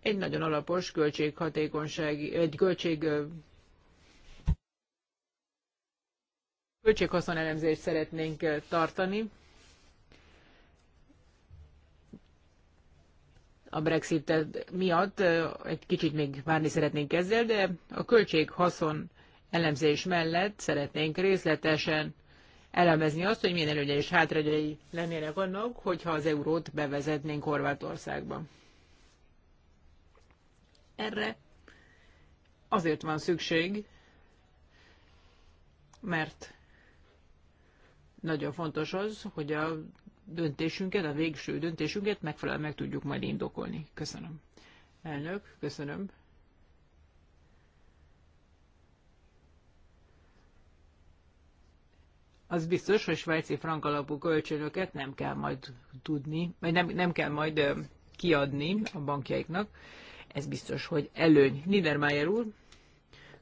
egy nagyon alapos költséghatékonysági, egy költség költséghaszon elemzést szeretnénk tartani. A Brexit miatt egy kicsit még várni szeretnénk ezzel, de a költséghaszon elemzés mellett szeretnénk részletesen elemezni azt, hogy milyen előnyei és hátrányai lennének annak, hogyha az eurót bevezetnénk Horvátországba. Erre azért van szükség, mert nagyon fontos az, hogy a döntésünket, a végső döntésünket megfelelően meg tudjuk majd indokolni. Köszönöm. Elnök, köszönöm. az biztos, hogy svájci frank alapú kölcsönöket nem kell majd tudni, vagy nem, nem kell majd kiadni a bankjaiknak. Ez biztos, hogy előny. Niedermayer úr,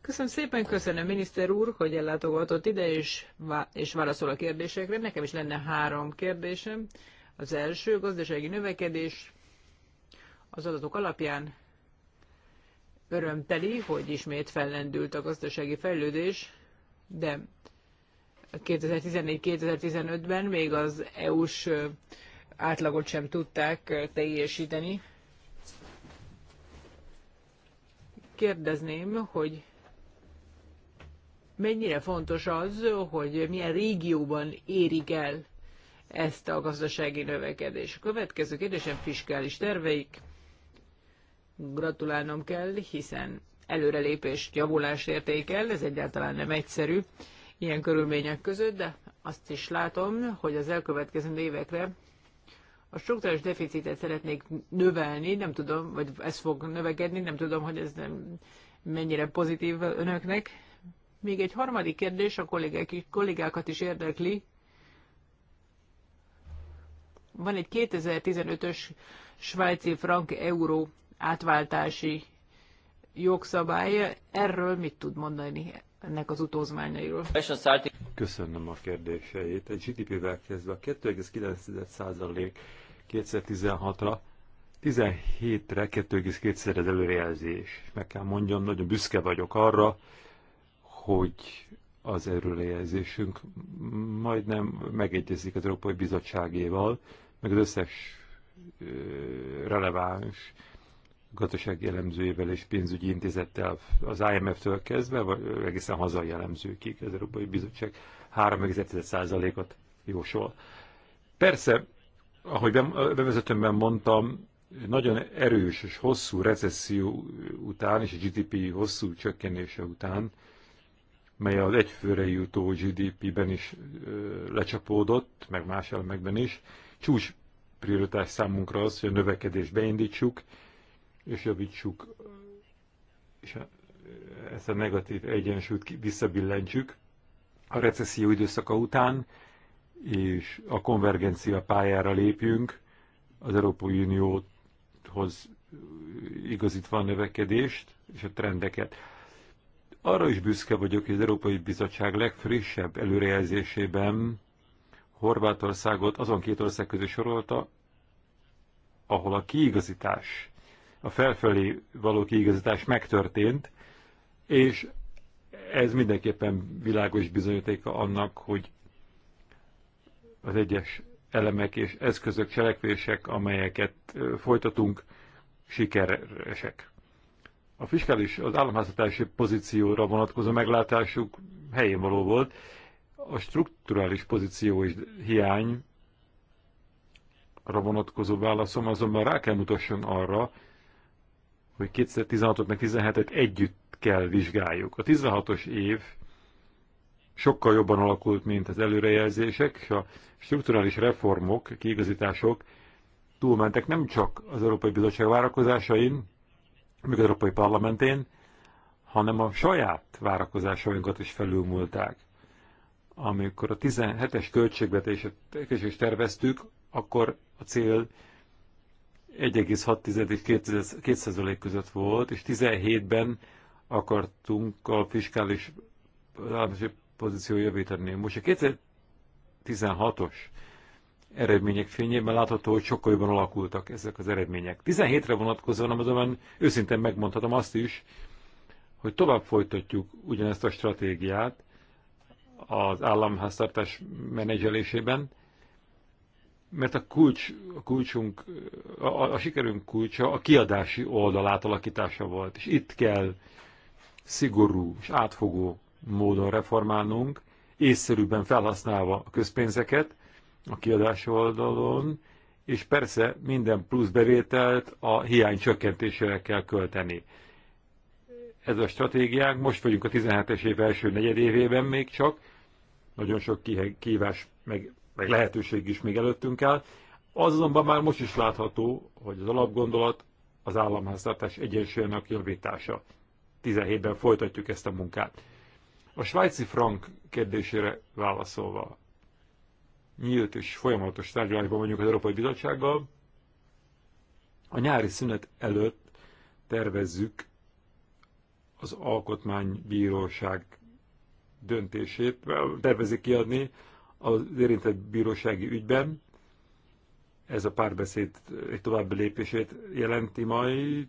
köszönöm szépen, köszönöm miniszter úr, hogy ellátogatott ide, és, és válaszol a kérdésekre. Nekem is lenne három kérdésem. Az első, gazdasági növekedés. Az adatok alapján örömteli, hogy ismét fellendült a gazdasági fejlődés, de 2014-2015-ben még az EU-s átlagot sem tudták teljesíteni. Kérdezném, hogy mennyire fontos az, hogy milyen régióban érik el ezt a gazdasági növekedés. A következő kérdésem fiskális terveik. Gratulálnom kell, hiszen előrelépést, javulást értékel, ez egyáltalán nem egyszerű ilyen körülmények között, de azt is látom, hogy az elkövetkező évekre a struktúrás deficitet szeretnék növelni, nem tudom, vagy ez fog növekedni, nem tudom, hogy ez nem mennyire pozitív önöknek. Még egy harmadik kérdés a kollégák, kollégákat is érdekli. Van egy 2015-ös svájci frank euró átváltási jogszabály. Erről mit tud mondani? ennek az utózmányairól. Köszönöm a kérdéseit. A GDP-vel kezdve a 2,9% 2016-ra 17-re 2,2-szeres előrejelzés. Meg kell mondjam, nagyon büszke vagyok arra, hogy az előrejelzésünk majdnem megegyezik az Európai Bizottságéval, meg az összes releváns gazdasági jellemzőjével és pénzügyi intézettel az IMF-től kezdve, vagy egészen hazai jellemzőkig az Európai Bizottság 3,1%-ot jósol. Persze, ahogy bevezetőmben mondtam, nagyon erős és hosszú recesszió után, és a GDP hosszú csökkenése után, mely az egyfőre jutó GDP-ben is lecsapódott, meg más elemekben is, csúcs prioritás számunkra az, hogy a növekedést beindítsuk, és javítsuk, és ezt a negatív egyensúlyt visszabillentsük a recesszió időszaka után, és a konvergencia pályára lépjünk, az Európai Unióhoz igazítva a növekedést és a trendeket. Arra is büszke vagyok, hogy az Európai Bizottság legfrissebb előrejelzésében Horvátországot azon két ország közé sorolta, ahol a kiigazítás a felfelé való kiigazítás megtörtént, és ez mindenképpen világos bizonyítéka annak, hogy az egyes elemek és eszközök, cselekvések, amelyeket folytatunk, sikeresek. A fiskális, az államháztatási pozícióra vonatkozó meglátásuk helyén való volt. A strukturális pozíció és hiányra vonatkozó válaszom azonban rá kell mutasson arra, hogy 2016-ot meg 2017 et együtt kell vizsgáljuk. A 16-os év sokkal jobban alakult, mint az előrejelzések, és a strukturális reformok, kiigazítások túlmentek nem csak az Európai Bizottság várakozásain, még az Európai Parlamentén, hanem a saját várakozásainkat is felülmúlták. Amikor a 17-es költségvetést terveztük, akkor a cél 1,6-2% között volt, és 17-ben akartunk a fiskális állami pozíció javítani. Most a 2016-os eredmények fényében látható, hogy sokkal jobban alakultak ezek az eredmények. 17-re vonatkozóan azonban őszintén megmondhatom azt is, hogy tovább folytatjuk ugyanezt a stratégiát az államháztartás menedzselésében, mert a, kulcs, a kulcsunk, a, a sikerünk kulcsa a kiadási oldal átalakítása volt, és itt kell szigorú és átfogó módon reformálnunk, észszerűbben felhasználva a közpénzeket a kiadási oldalon, és persze minden plusz bevételt a hiány csökkentésére kell költeni. Ez a stratégiánk, most vagyunk a 17-es év első negyedévében még csak, nagyon sok kihívás meg meg lehetőség is még előttünk áll. Az azonban már most is látható, hogy az alapgondolat az államháztartás egyensúlyának javítása. 17-ben folytatjuk ezt a munkát. A svájci frank kérdésére válaszolva, nyílt és folyamatos tárgyalásban vagyunk az Európai Bizottsággal. A nyári szünet előtt tervezzük az Alkotmánybíróság döntését, tervezik kiadni az érintett bírósági ügyben. Ez a párbeszéd egy további lépését jelenti majd.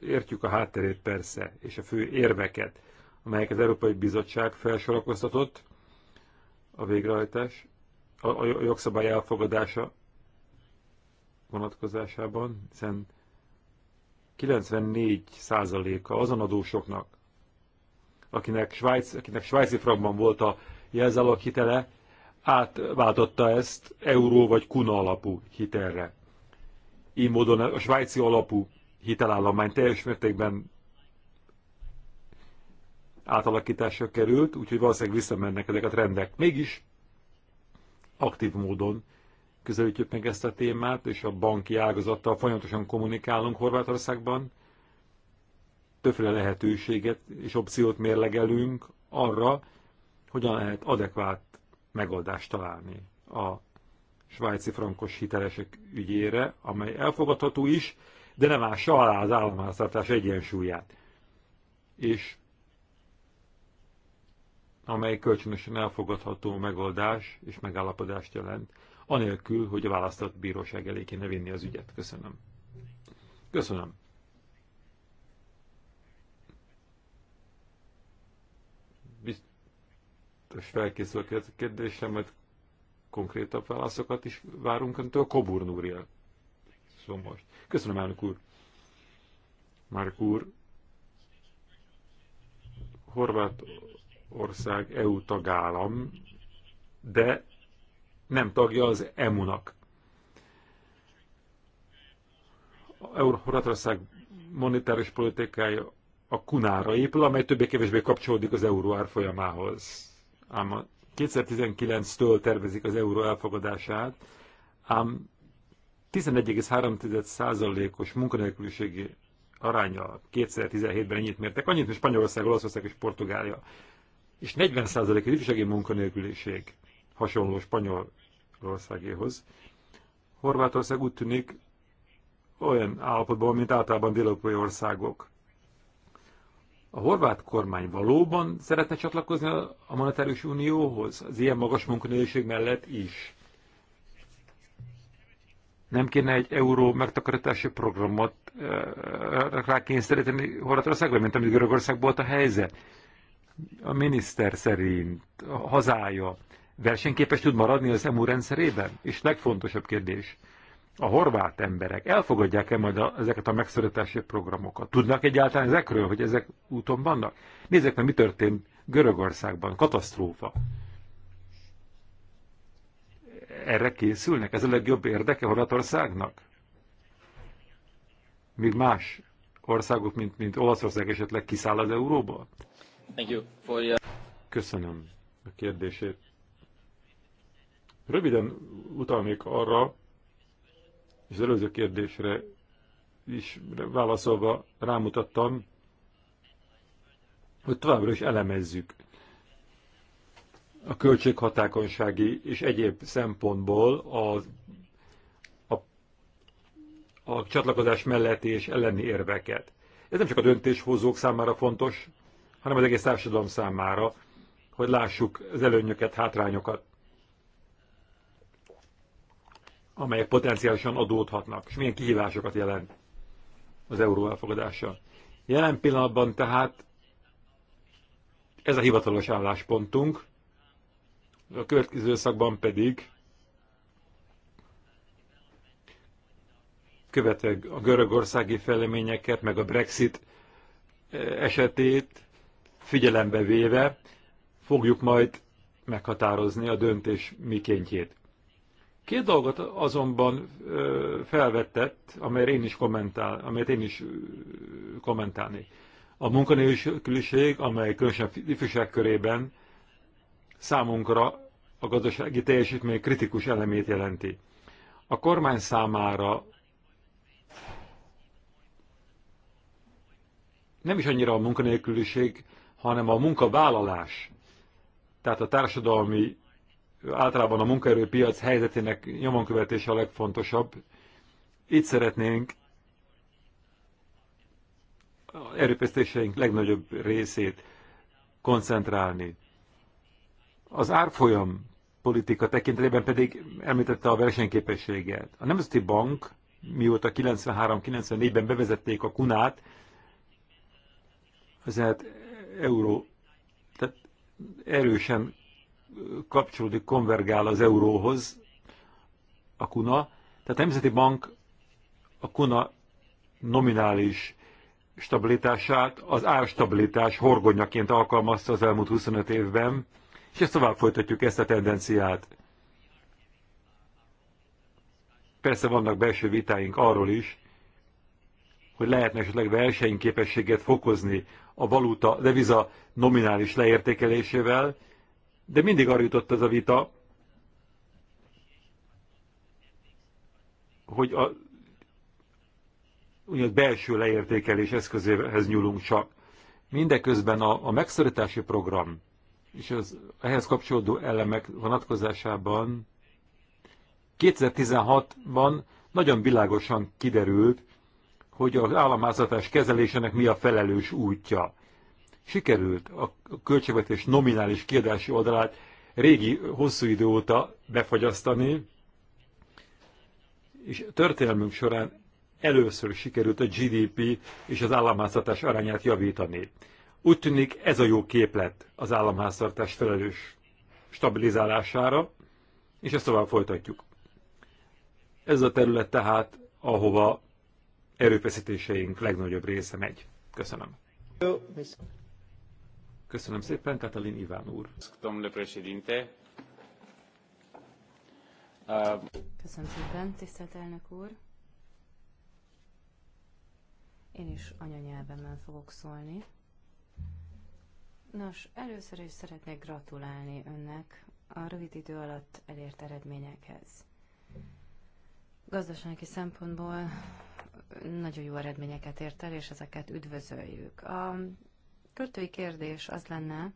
Értjük a hátterét persze, és a fő érveket, amelyek az Európai Bizottság felsorakoztatott a végrehajtás, a jogszabály elfogadása vonatkozásában, hiszen 94%-a azon adósoknak, akinek, Svájc, akinek svájci frankban volt a jelzálog hitele, átváltotta ezt euró vagy kuna alapú hitelre. Így módon a svájci alapú hitelállomány teljes mértékben átalakításra került, úgyhogy valószínűleg visszamennek ezek a trendek. Mégis aktív módon közelítjük meg ezt a témát, és a banki ágazattal folyamatosan kommunikálunk Horvátországban. Többféle lehetőséget és opciót mérlegelünk arra, hogyan lehet adekvát megoldást találni a svájci frankos hitelesek ügyére, amely elfogadható is, de nem ássa alá az államháztartás egyensúlyát, és amely kölcsönösen elfogadható megoldás és megállapodást jelent, anélkül, hogy a választott bíróság elé kéne vinni az ügyet. Köszönöm. Köszönöm. felkészülök a kérdésre, mert konkrétabb válaszokat is várunk, amitől a Koburn úr Szóval most. Köszönöm, elnök úr. Márk úr, Horvátország EU tagállam, de nem tagja az EMU-nak. Horvátország monetáris politikája a kunára épül, amely többé-kevésbé kapcsolódik az euró árfolyamához ám a 2019-től tervezik az euró elfogadását, ám 11,3%-os munkanélküliségi aránya 2017-ben ennyit mértek, annyit, mint Spanyolország, Olaszország és Portugália. És 40% az ifjúsági munkanélküliség hasonló Spanyolországéhoz. Horvátország úgy tűnik olyan állapotban, mint általában dél országok a horvát kormány valóban szeretne csatlakozni a monetáris unióhoz, az ilyen magas munkanélőség mellett is? Nem kéne egy euró megtakarítási programot eh, rákényszeríteni Horvátországban, mint amit Görögország volt a helyzet? A miniszter szerint a hazája versenyképes tud maradni az EMU rendszerében? És legfontosabb kérdés, a horvát emberek elfogadják-e majd a, ezeket a megszületési programokat? Tudnak egyáltalán ezekről, hogy ezek úton vannak? Nézzék meg, mi történt Görögországban. Katasztrófa. Erre készülnek? Ez a legjobb érdeke Horvátországnak? Míg más országok, mint, mint Olaszország esetleg kiszáll az euróból? Köszönöm a kérdését. Röviden utalnék arra, az előző kérdésre is válaszolva rámutattam, hogy továbbra is elemezzük a költséghatákonysági és egyéb szempontból a, a, a csatlakozás melletti és elleni érveket. Ez nem csak a döntéshozók számára fontos, hanem az egész társadalom számára, hogy lássuk az előnyöket, hátrányokat amelyek potenciálisan adódhatnak, és milyen kihívásokat jelent az euró elfogadása. Jelen pillanatban tehát ez a hivatalos álláspontunk, a következő szakban pedig követve a görögországi fejleményeket, meg a Brexit e, esetét figyelembe véve fogjuk majd meghatározni a döntés mikéntjét. Két dolgot azonban felvetett, amelyet én is, kommentál, amelyet én is kommentálni. A munkanélküliség, amely különösen ifjúság körében számunkra a gazdasági teljesítmény kritikus elemét jelenti. A kormány számára nem is annyira a munkanélküliség, hanem a munkavállalás, tehát a társadalmi általában a munkaerőpiac helyzetének nyomonkövetése a legfontosabb. Itt szeretnénk erőpesztéseink legnagyobb részét koncentrálni. Az árfolyam politika tekintetében pedig említette a versenyképességet. A Nemzeti Bank, mióta 93-94-ben bevezették a kunát, ezért hát euró, tehát erősen kapcsolódik, konvergál az euróhoz a kuna. Tehát a Nemzeti Bank a kuna nominális stabilitását az árstabilitás horgonyaként alkalmazta az elmúlt 25 évben, és ezt tovább folytatjuk ezt a tendenciát. Persze vannak belső vitáink arról is, hogy lehetne esetleg versenyképességet fokozni a valuta deviza nominális leértékelésével, de mindig arra jutott ez a vita, hogy a úgynevezett belső leértékelés eszközéhez nyúlunk csak. Mindeközben a, a megszorítási program és az ehhez kapcsolódó elemek vonatkozásában 2016-ban nagyon világosan kiderült, hogy az államházatás kezelésének mi a felelős útja sikerült a költségvetés nominális kiadási oldalát régi hosszú idő óta befagyasztani, és történelmünk során először sikerült a GDP és az államháztartás arányát javítani. Úgy tűnik ez a jó képlet az államháztartás felelős stabilizálására, és ezt tovább folytatjuk. Ez a terület tehát, ahova erőfeszítéseink legnagyobb része megy. Köszönöm. Köszönöm szépen, Katalin Iván úr. Köszönöm szépen, tisztelt elnök úr. Én is anyanyelvemmel fogok szólni. Nos, először is szeretnék gratulálni önnek a rövid idő alatt elért eredményekhez. Gazdasági szempontból nagyon jó eredményeket ért el, és ezeket üdvözöljük. A költői kérdés az lenne,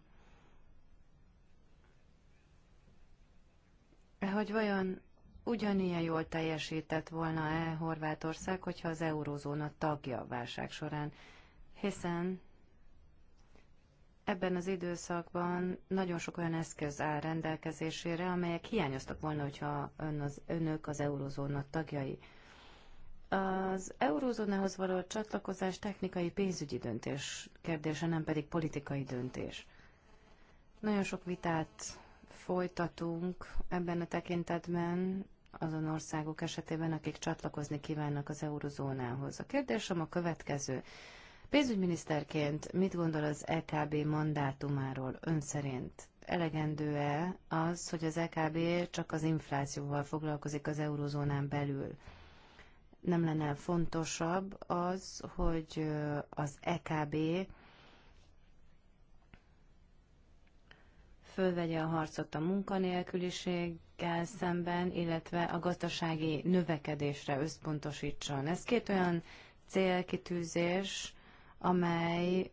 hogy vajon ugyanilyen jól teljesített volna-e Horvátország, hogyha az eurózóna tagja a válság során, hiszen ebben az időszakban nagyon sok olyan eszköz áll rendelkezésére, amelyek hiányoztak volna, hogyha ön az, önök az eurózóna tagjai. Az eurózónához való csatlakozás technikai pénzügyi döntés kérdése, nem pedig politikai döntés. Nagyon sok vitát folytatunk ebben a tekintetben azon országok esetében, akik csatlakozni kívánnak az eurozónához. A kérdésem a következő. Pénzügyminiszterként mit gondol az EKB mandátumáról ön szerint? Elegendő-e az, hogy az EKB csak az inflációval foglalkozik az eurozónán belül? nem lenne fontosabb az, hogy az EKB fölvegye a harcot a munkanélküliséggel szemben, illetve a gazdasági növekedésre összpontosítson. Ez két olyan célkitűzés, amely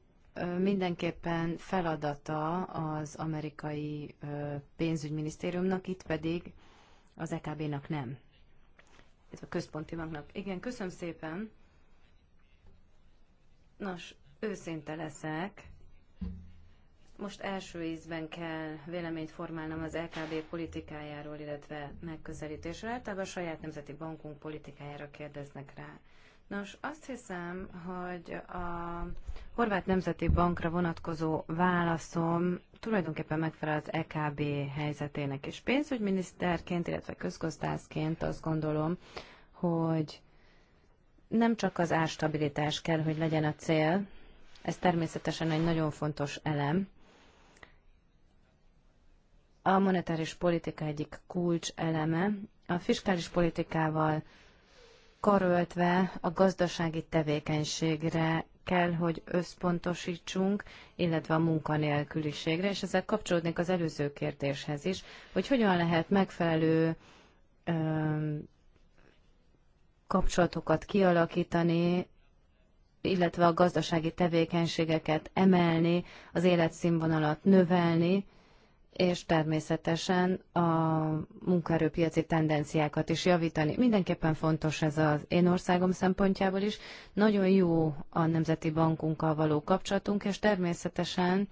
mindenképpen feladata az amerikai pénzügyminisztériumnak, itt pedig az EKB-nak nem ez a központi banknak. Igen, köszönöm szépen. Nos, őszinte leszek. Most első ízben kell véleményt formálnom az LKB politikájáról, illetve megközelítésről. Általában a saját nemzeti bankunk politikájára kérdeznek rá. Nos, azt hiszem, hogy a Horvát Nemzeti Bankra vonatkozó válaszom tulajdonképpen megfelel az EKB helyzetének és pénzügyminiszterként, illetve közgazdászként azt gondolom, hogy nem csak az árstabilitás kell, hogy legyen a cél, ez természetesen egy nagyon fontos elem. A monetáris politika egyik kulcs eleme. A fiskális politikával karöltve a gazdasági tevékenységre kell, hogy összpontosítsunk, illetve a munkanélküliségre, és ezzel kapcsolódnék az előző kérdéshez is, hogy hogyan lehet megfelelő ö, kapcsolatokat kialakítani, illetve a gazdasági tevékenységeket emelni, az életszínvonalat növelni, és természetesen a munkaerőpiaci tendenciákat is javítani. Mindenképpen fontos ez az én országom szempontjából is. Nagyon jó a Nemzeti Bankunkkal való kapcsolatunk, és természetesen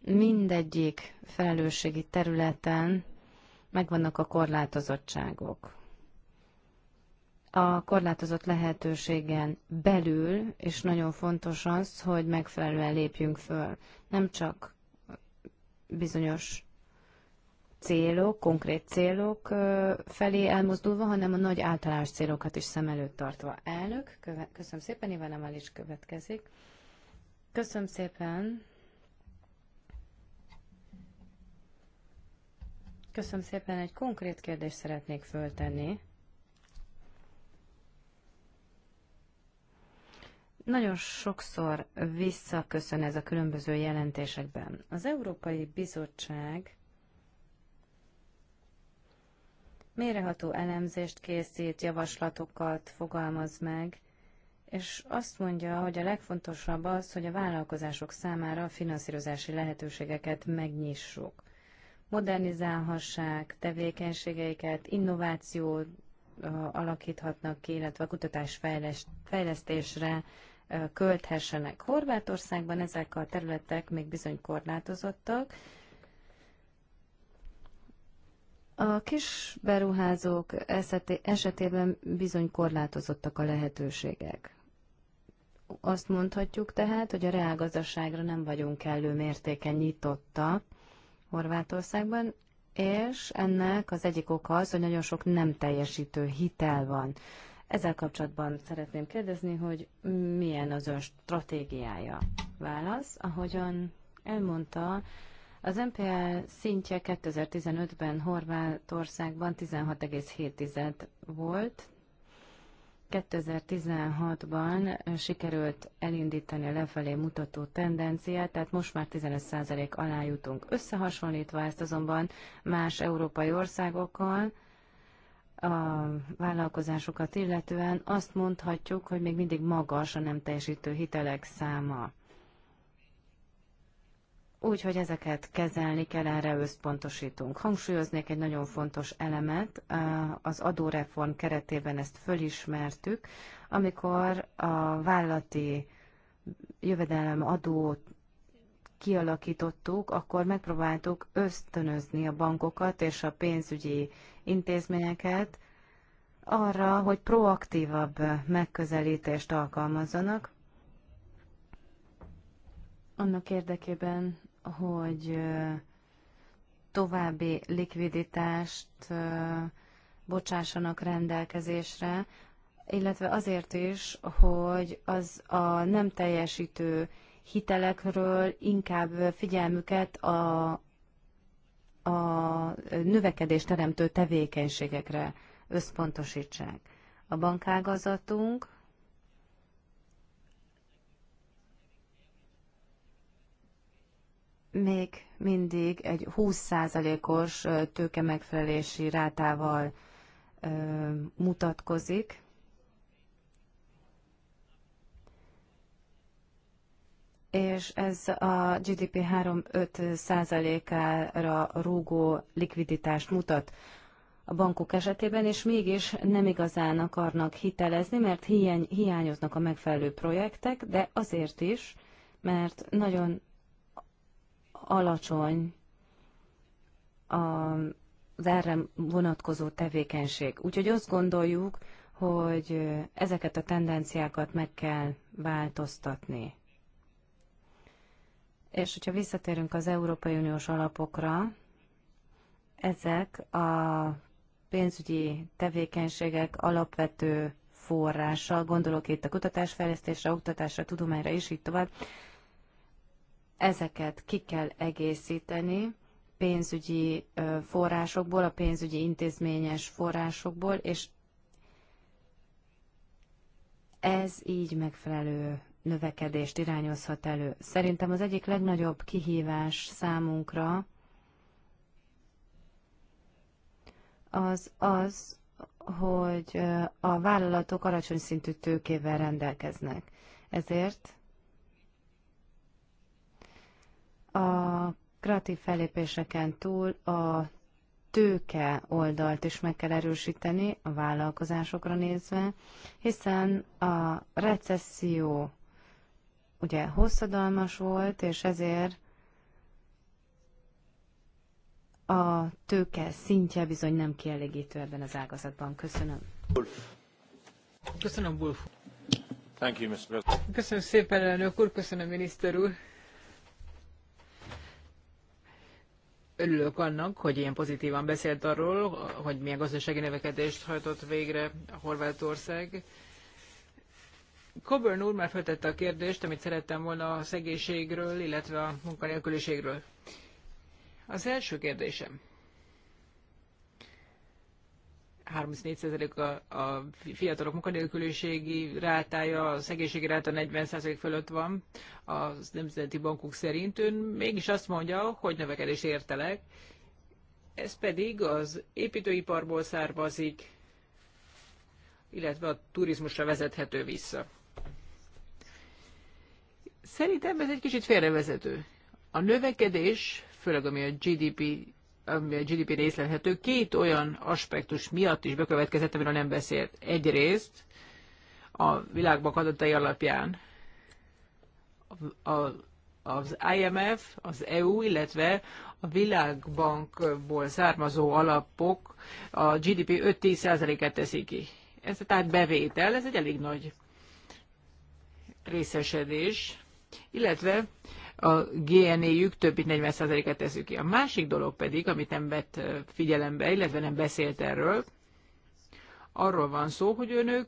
mindegyik felelősségi területen megvannak a korlátozottságok. A korlátozott lehetőségen belül, és nagyon fontos az, hogy megfelelően lépjünk föl. Nem csak bizonyos célok, konkrét célok felé elmozdulva, hanem a nagy általános célokat is szem előtt tartva. Elnök, köszönöm szépen, Iván Emel is következik. Köszönöm szépen. Köszönöm szépen, egy konkrét kérdést szeretnék föltenni. Nagyon sokszor visszaköszön ez a különböző jelentésekben. Az Európai Bizottság méreható elemzést készít, javaslatokat fogalmaz meg, és azt mondja, hogy a legfontosabb az, hogy a vállalkozások számára a finanszírozási lehetőségeket megnyissuk. Modernizálhassák tevékenységeiket, innovációt alakíthatnak ki, illetve a kutatásfejlesztésre költhessenek. Horvátországban ezek a területek még bizony korlátozottak. A kis beruházók esetében bizony korlátozottak a lehetőségek. Azt mondhatjuk tehát, hogy a reálgazdaságra nem vagyunk kellő mértéken nyitottak Horvátországban, és ennek az egyik oka az, hogy nagyon sok nem teljesítő hitel van. Ezzel kapcsolatban szeretném kérdezni, hogy milyen az ön stratégiája? Válasz, ahogyan elmondta, az MPL szintje 2015-ben Horvátországban 16,7 volt, 2016-ban sikerült elindítani a lefelé mutató tendenciát, tehát most már 15% alá jutunk. Összehasonlítva ezt azonban más európai országokkal, a vállalkozásokat illetően azt mondhatjuk, hogy még mindig magas a nem teljesítő hitelek száma. Úgyhogy ezeket kezelni kell, erre összpontosítunk. Hangsúlyoznék egy nagyon fontos elemet, az adóreform keretében ezt fölismertük, amikor a vállalati jövedelem adót kialakítottuk, akkor megpróbáltuk ösztönözni a bankokat és a pénzügyi intézményeket arra, hogy proaktívabb megközelítést alkalmazzanak, annak érdekében, hogy további likviditást bocsássanak rendelkezésre, illetve azért is, hogy az a nem teljesítő hitelekről inkább figyelmüket a, a növekedés teremtő tevékenységekre összpontosítsák. A bankágazatunk még mindig egy 20%-os megfelelési rátával mutatkozik. és ez a GDP 3-5 százalékára rúgó likviditást mutat a bankok esetében, és mégis nem igazán akarnak hitelezni, mert hiány, hiányoznak a megfelelő projektek, de azért is, mert nagyon alacsony a, az erre vonatkozó tevékenység. Úgyhogy azt gondoljuk, hogy ezeket a tendenciákat meg kell változtatni. És hogyha visszatérünk az Európai Uniós alapokra, ezek a pénzügyi tevékenységek alapvető forrása, gondolok itt a kutatásfejlesztésre, oktatásra, tudományra és így tovább, ezeket ki kell egészíteni pénzügyi forrásokból, a pénzügyi intézményes forrásokból, és ez így megfelelő növekedést irányozhat elő. Szerintem az egyik legnagyobb kihívás számunkra az az, hogy a vállalatok alacsony szintű tőkével rendelkeznek. Ezért a kreatív fellépéseken túl a tőke oldalt is meg kell erősíteni a vállalkozásokra nézve, hiszen a recesszió ugye hosszadalmas volt, és ezért a tőke szintje bizony nem kielégítő ebben az ágazatban. Köszönöm. Wolf. Köszönöm, Wolf. Thank you, Mr. Köszönöm szépen, elnök úr, köszönöm, miniszter úr. Örülök annak, hogy ilyen pozitívan beszélt arról, hogy milyen gazdasági növekedést hajtott végre a Horvátország. Coburn úr már feltette a kérdést, amit szerettem volna a szegénységről, illetve a munkanélküliségről. Az első kérdésem. 34% a, a fiatalok munkanélküliségi rátája, a szegénységi ráta 40% fölött van a nemzeti bankok szerint. Ön mégis azt mondja, hogy növekedés értelek, ez pedig az építőiparból származik, illetve a turizmusra vezethető vissza. Szerintem ez egy kicsit félrevezető. A növekedés, főleg ami a GDP ami a GDP részlethető, két olyan aspektus miatt is bekövetkezett, amiről nem beszélt. Egyrészt a világbank adatai alapján a, az IMF, az EU, illetve a világbankból származó alapok a GDP 5-10%-át teszik ki. Ez tehát bevétel, ez egy elég nagy részesedés illetve a GNA-jük több mint 40%-et teszük ki. A másik dolog pedig, amit nem vett figyelembe, illetve nem beszélt erről, arról van szó, hogy önök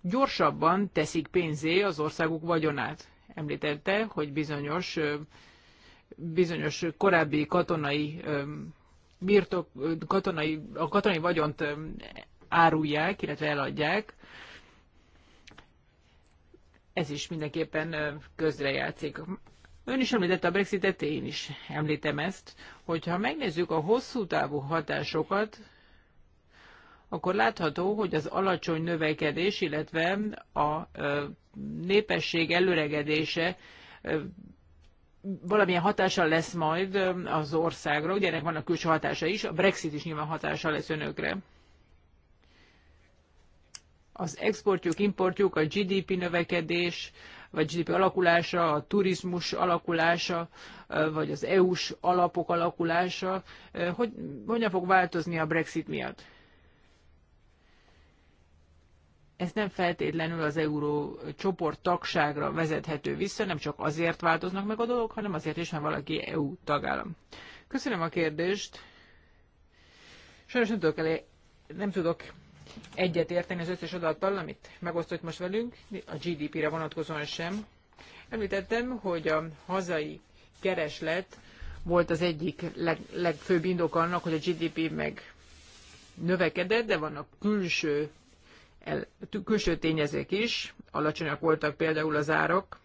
gyorsabban teszik pénzé az országuk vagyonát. Említette, hogy bizonyos, bizonyos korábbi katonai birtok, katonai, a katonai vagyont árulják, illetve eladják ez is mindenképpen közrejátszik. Ön is említette a Brexitet, én is említem ezt, hogyha megnézzük a hosszú távú hatásokat, akkor látható, hogy az alacsony növekedés, illetve a népesség előregedése valamilyen hatása lesz majd az országra, ugye ennek vannak külső hatása is, a Brexit is nyilván hatása lesz önökre az exportjuk, importjuk, a GDP növekedés, vagy GDP alakulása, a turizmus alakulása, vagy az EU-s alapok alakulása, hogy hogyan fog változni a Brexit miatt? Ez nem feltétlenül az euró csoport tagságra vezethető vissza, nem csak azért változnak meg a dolgok, hanem azért is, mert valaki EU tagállam. Köszönöm a kérdést. Sajnos nem tudok, elé, nem tudok egyet érteni az összes adattal, amit megosztott most velünk, a GDP-re vonatkozóan sem. Említettem, hogy a hazai kereslet volt az egyik leg, legfőbb indok annak, hogy a GDP meg növekedett, de vannak külső, el, külső tényezők is. Alacsonyak voltak például az árak,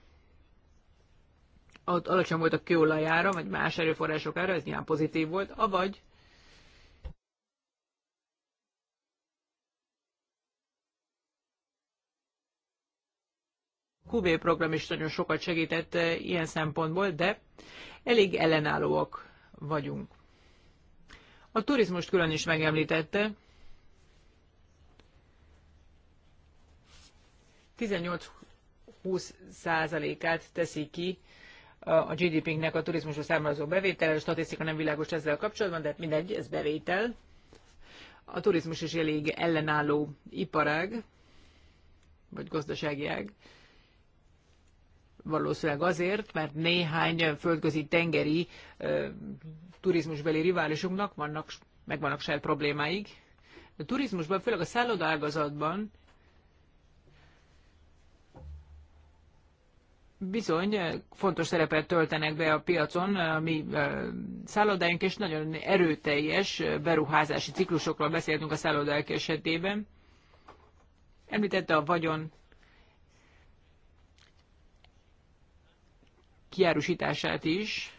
alacsony volt a kőolajára, vagy más erőforrások ára, ez nyilván pozitív volt, avagy QB program is nagyon sokat segített eh, ilyen szempontból, de elég ellenállóak vagyunk. A turizmust külön is megemlítette. 18-20 százalékát teszi ki eh, a GDP-nek a turizmusra származó bevétel. A statisztika nem világos ezzel kapcsolatban, de mindegy, ez bevétel. A turizmus is elég ellenálló iparág, vagy gazdasági ág valószínűleg azért, mert néhány földközi tengeri turizmusbeli riválisunknak vannak, vannak saját problémáik. A turizmusban, főleg a szállodágazatban bizony fontos szerepet töltenek be a piacon a mi szállodáink, és nagyon erőteljes beruházási ciklusokról beszéltünk a szállodák esetében. Említette a vagyon kiárusítását is.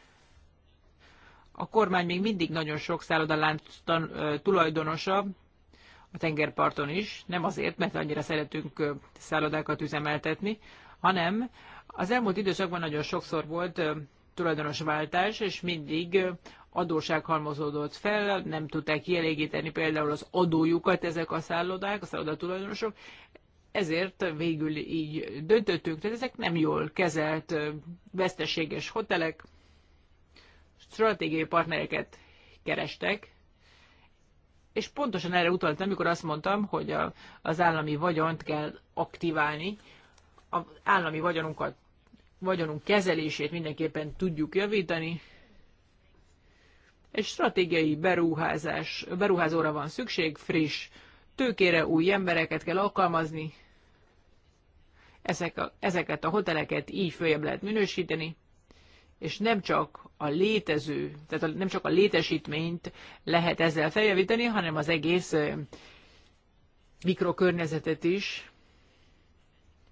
A kormány még mindig nagyon sok szállodalánc tulajdonosa a tengerparton is, nem azért, mert annyira szeretünk szállodákat üzemeltetni, hanem az elmúlt időszakban nagyon sokszor volt tulajdonosváltás, és mindig adóság halmozódott fel, nem tudták kielégíteni például az adójukat ezek a szállodák, a szálloda tulajdonosok, ezért végül így döntöttünk, tehát ezek nem jól kezelt veszteséges hotelek, stratégiai partnereket kerestek, és pontosan erre utaltam, amikor azt mondtam, hogy a, az állami vagyont kell aktiválni, az állami vagyonunkat, vagyonunk kezelését mindenképpen tudjuk javítani, egy stratégiai beruházás, beruházóra van szükség, friss tőkére új embereket kell alkalmazni, ezek a, ezeket a hoteleket így följebb lehet minősíteni, és nem csak a létező, tehát a, nem csak a létesítményt lehet ezzel feljavítani, hanem az egész mikrokörnyezetet is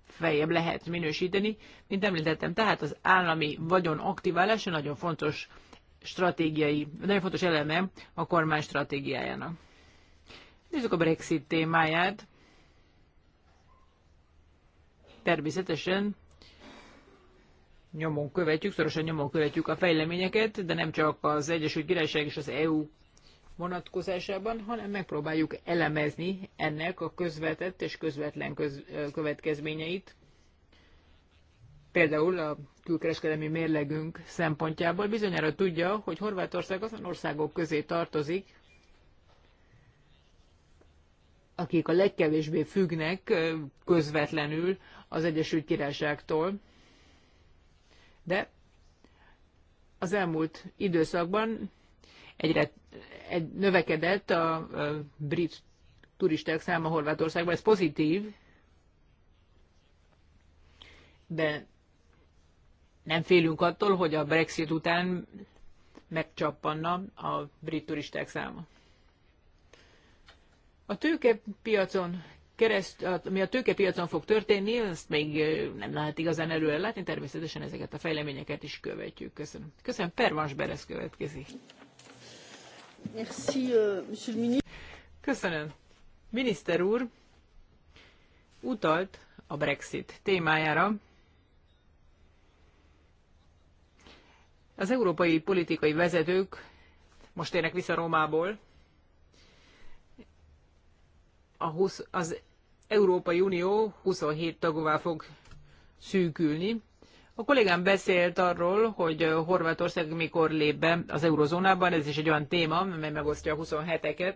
feljebb lehet minősíteni. Mint említettem, tehát az állami vagyon aktiválása nagyon fontos stratégiai, nagyon fontos eleme a kormány stratégiájának. Nézzük a Brexit témáját. Természetesen nyomon követjük, szorosan nyomon követjük a fejleményeket, de nem csak az Egyesült Királyság és az EU vonatkozásában, hanem megpróbáljuk elemezni ennek a közvetett és közvetlen köz, következményeit. Például a külkereskedelmi mérlegünk szempontjából bizonyára tudja, hogy Horvátország azon országok közé tartozik, akik a legkevésbé függnek közvetlenül az Egyesült Királyságtól. De az elmúlt időszakban egyre egy, növekedett a, a brit turisták száma Horvátországban, ez pozitív, de nem félünk attól, hogy a Brexit után megcsappanna a brit turisták száma. A tőkepiacon kereszt, ami a tőkepiacon fog történni, azt még nem lehet igazán előre látni, természetesen ezeket a fejleményeket is követjük. Köszönöm. Köszönöm, Pervans Beres következik. Merci, euh, Köszönöm. Miniszter úr utalt a Brexit témájára. Az európai politikai vezetők most érnek vissza Rómából, a 20, az Európai Unió 27 tagúvá fog szűkülni. A kollégám beszélt arról, hogy Horvátország mikor lép be az eurozónában, ez is egy olyan téma, amely megosztja a 27-eket.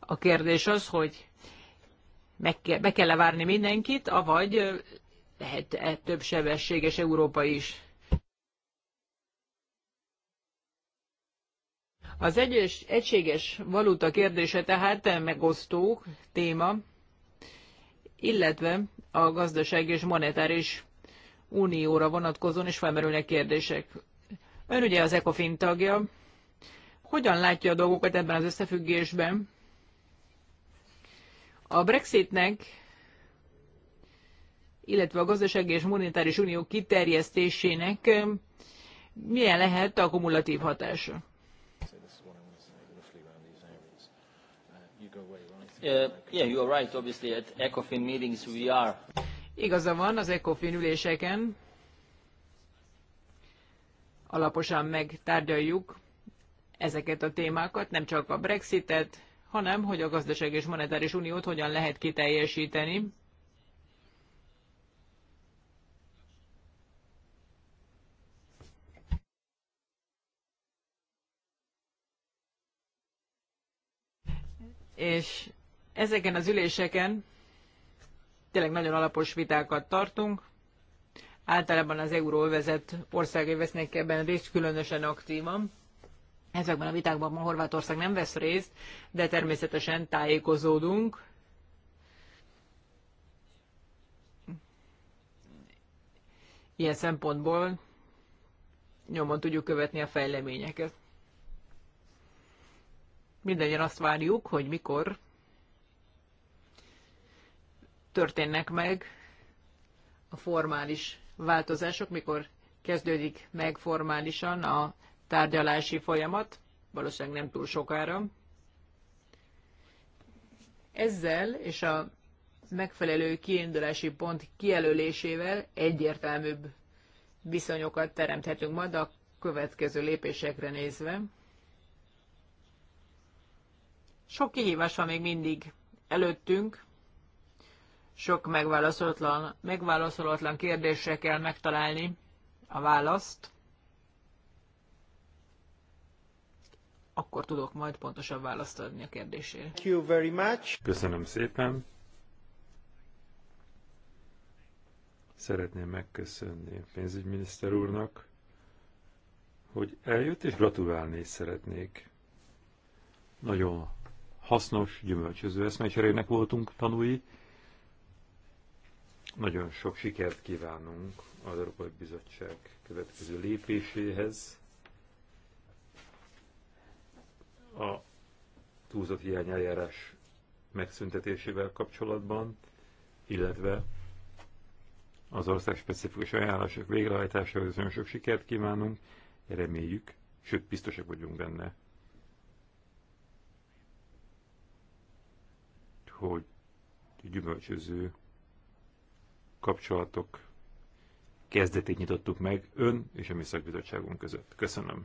A kérdés az, hogy meg kell, be kell -e várni mindenkit, avagy lehet -e több sebességes Európa is. Az egyes, egységes valuta kérdése tehát megosztó téma, illetve a gazdaság és monetáris unióra vonatkozóan is felmerülnek kérdések. Ön ugye az ECOFIN tagja. Hogyan látja a dolgokat ebben az összefüggésben? A Brexitnek, illetve a gazdasági és monetáris unió kiterjesztésének um, milyen lehet a kumulatív hatása? Uh, yeah, you are right, obviously, at ECOFIN meetings we are. Igaza van, az ECOFIN üléseken alaposan megtárgyaljuk ezeket a témákat, nem csak a Brexitet, hanem hogy a gazdaság és monetáris uniót hogyan lehet kiteljesíteni. És Ezeken az üléseken tényleg nagyon alapos vitákat tartunk. Általában az euróvezet országai vesznek ebben részt, különösen aktívan. Ezekben a vitákban ma Horvátország nem vesz részt, de természetesen tájékozódunk. Ilyen szempontból nyomon tudjuk követni a fejleményeket. Mindannyian azt várjuk, hogy mikor történnek meg a formális változások, mikor kezdődik meg formálisan a tárgyalási folyamat, valószínűleg nem túl sokára. Ezzel és a megfelelő kiindulási pont kijelölésével egyértelműbb viszonyokat teremthetünk majd a következő lépésekre nézve. Sok kihívás van még mindig előttünk, sok megválaszolatlan, megválaszolatlan kérdésre kell megtalálni a választ, akkor tudok majd pontosabb választ adni a kérdésére. Thank you very much. Köszönöm szépen. Szeretném megköszönni a pénzügyminiszter úrnak, hogy eljött, és gratulálni is szeretnék. Nagyon hasznos, gyümölcsöző eszmecserének voltunk tanúi. Nagyon sok sikert kívánunk az Európai Bizottság következő lépéséhez. A túlzott hiány eljárás megszüntetésével kapcsolatban, illetve az ország specifikus ajánlások végrehajtásához nagyon sok sikert kívánunk, reméljük, sőt biztosak vagyunk benne, hogy gyümölcsöző kapcsolatok kezdetét nyitottuk meg ön és a mi szakbizottságunk között. Köszönöm.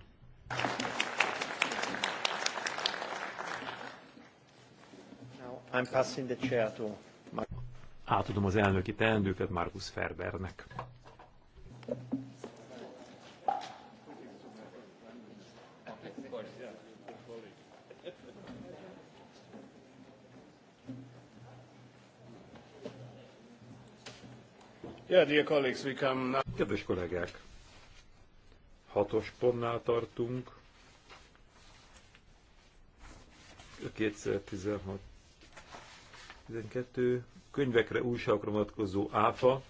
Átadom az elnöki teendőket Markus Ferbernek. Kedves kollégák, hatos pontnál tartunk. 2016 12 könyvekre, újságokra vonatkozó áfa,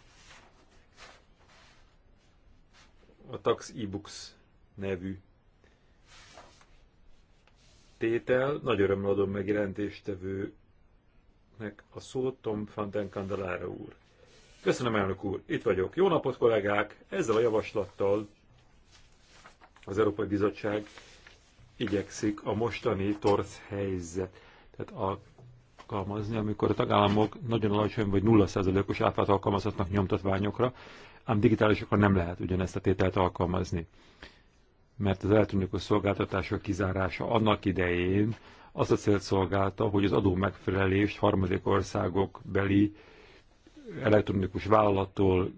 a Tax e-books nevű tétel. Nagy örömmel adom megjelentéstevőnek a szót Tom Fanten den úr. Köszönöm, elnök úr, itt vagyok. Jó napot, kollégák! Ezzel a javaslattal az Európai Bizottság igyekszik a mostani torz helyzet, tehát alkalmazni, amikor a tagállamok nagyon alacsony vagy 0%-os áfát alkalmazhatnak nyomtatványokra, ám digitálisokra nem lehet ugyanezt a tételt alkalmazni. Mert az elektronikus szolgáltatások kizárása annak idején azt a célt szolgálta, hogy az adó megfelelést harmadik országok beli elektronikus vállalattól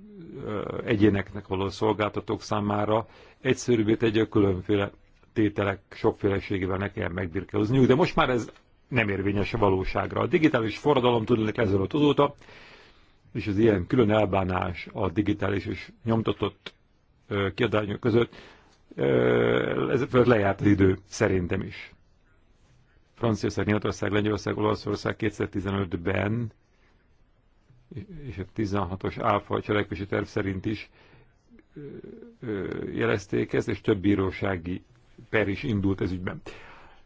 egyéneknek való szolgáltatók számára egyszerűbbé tegye a különféle tételek sokféleségével ne kell megbirkózniuk, de most már ez nem érvényes a valóságra. A digitális forradalom tudnak ezelőtt azóta, és az ilyen külön elbánás a digitális és nyomtatott kiadványok között, ez lejárt az idő szerintem is. Franciaország, Németország, Lengyelország, Olaszország 2015-ben és a 16-os álfa cselekvési terv szerint is jelezték ezt, és több bírósági per is indult ez ügyben.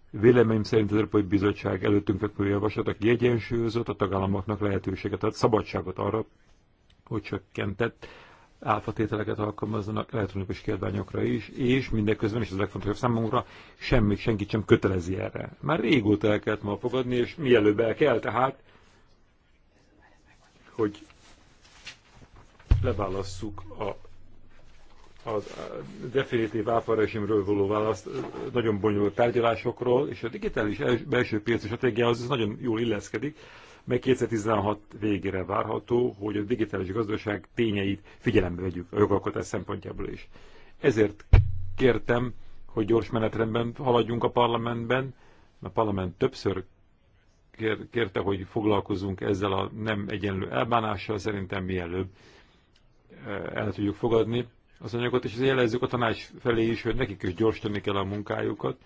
Véleményem szerint az Európai Bizottság előttünk fekvő javaslatok kiegyensúlyozott, a tagállamoknak lehetőséget ad, szabadságot arra, hogy csökkentett álfatételeket alkalmazzanak elektronikus kiadványokra is, és mindeközben, és ez a legfontosabb számunkra, semmit, senkit sem kötelezi erre. Már régóta el kellett ma fogadni, és mielőbb el kell, tehát hogy leválasszuk a, az definitív áfarezsimről való választ nagyon bonyolult tárgyalásokról, és a digitális els, belső piaci az az nagyon jól illeszkedik, meg 2016 végére várható, hogy a digitális gazdaság tényeit figyelembe vegyük a jogalkotás szempontjából is. Ezért kértem, hogy gyors menetrendben haladjunk a parlamentben, a parlament többször kér, kérte, hogy foglalkozunk ezzel a nem egyenlő elbánással, szerintem mielőbb eh, el tudjuk fogadni az anyagot, és jelezzük a tanács felé is, hogy nekik is gyorsítani kell a munkájukat.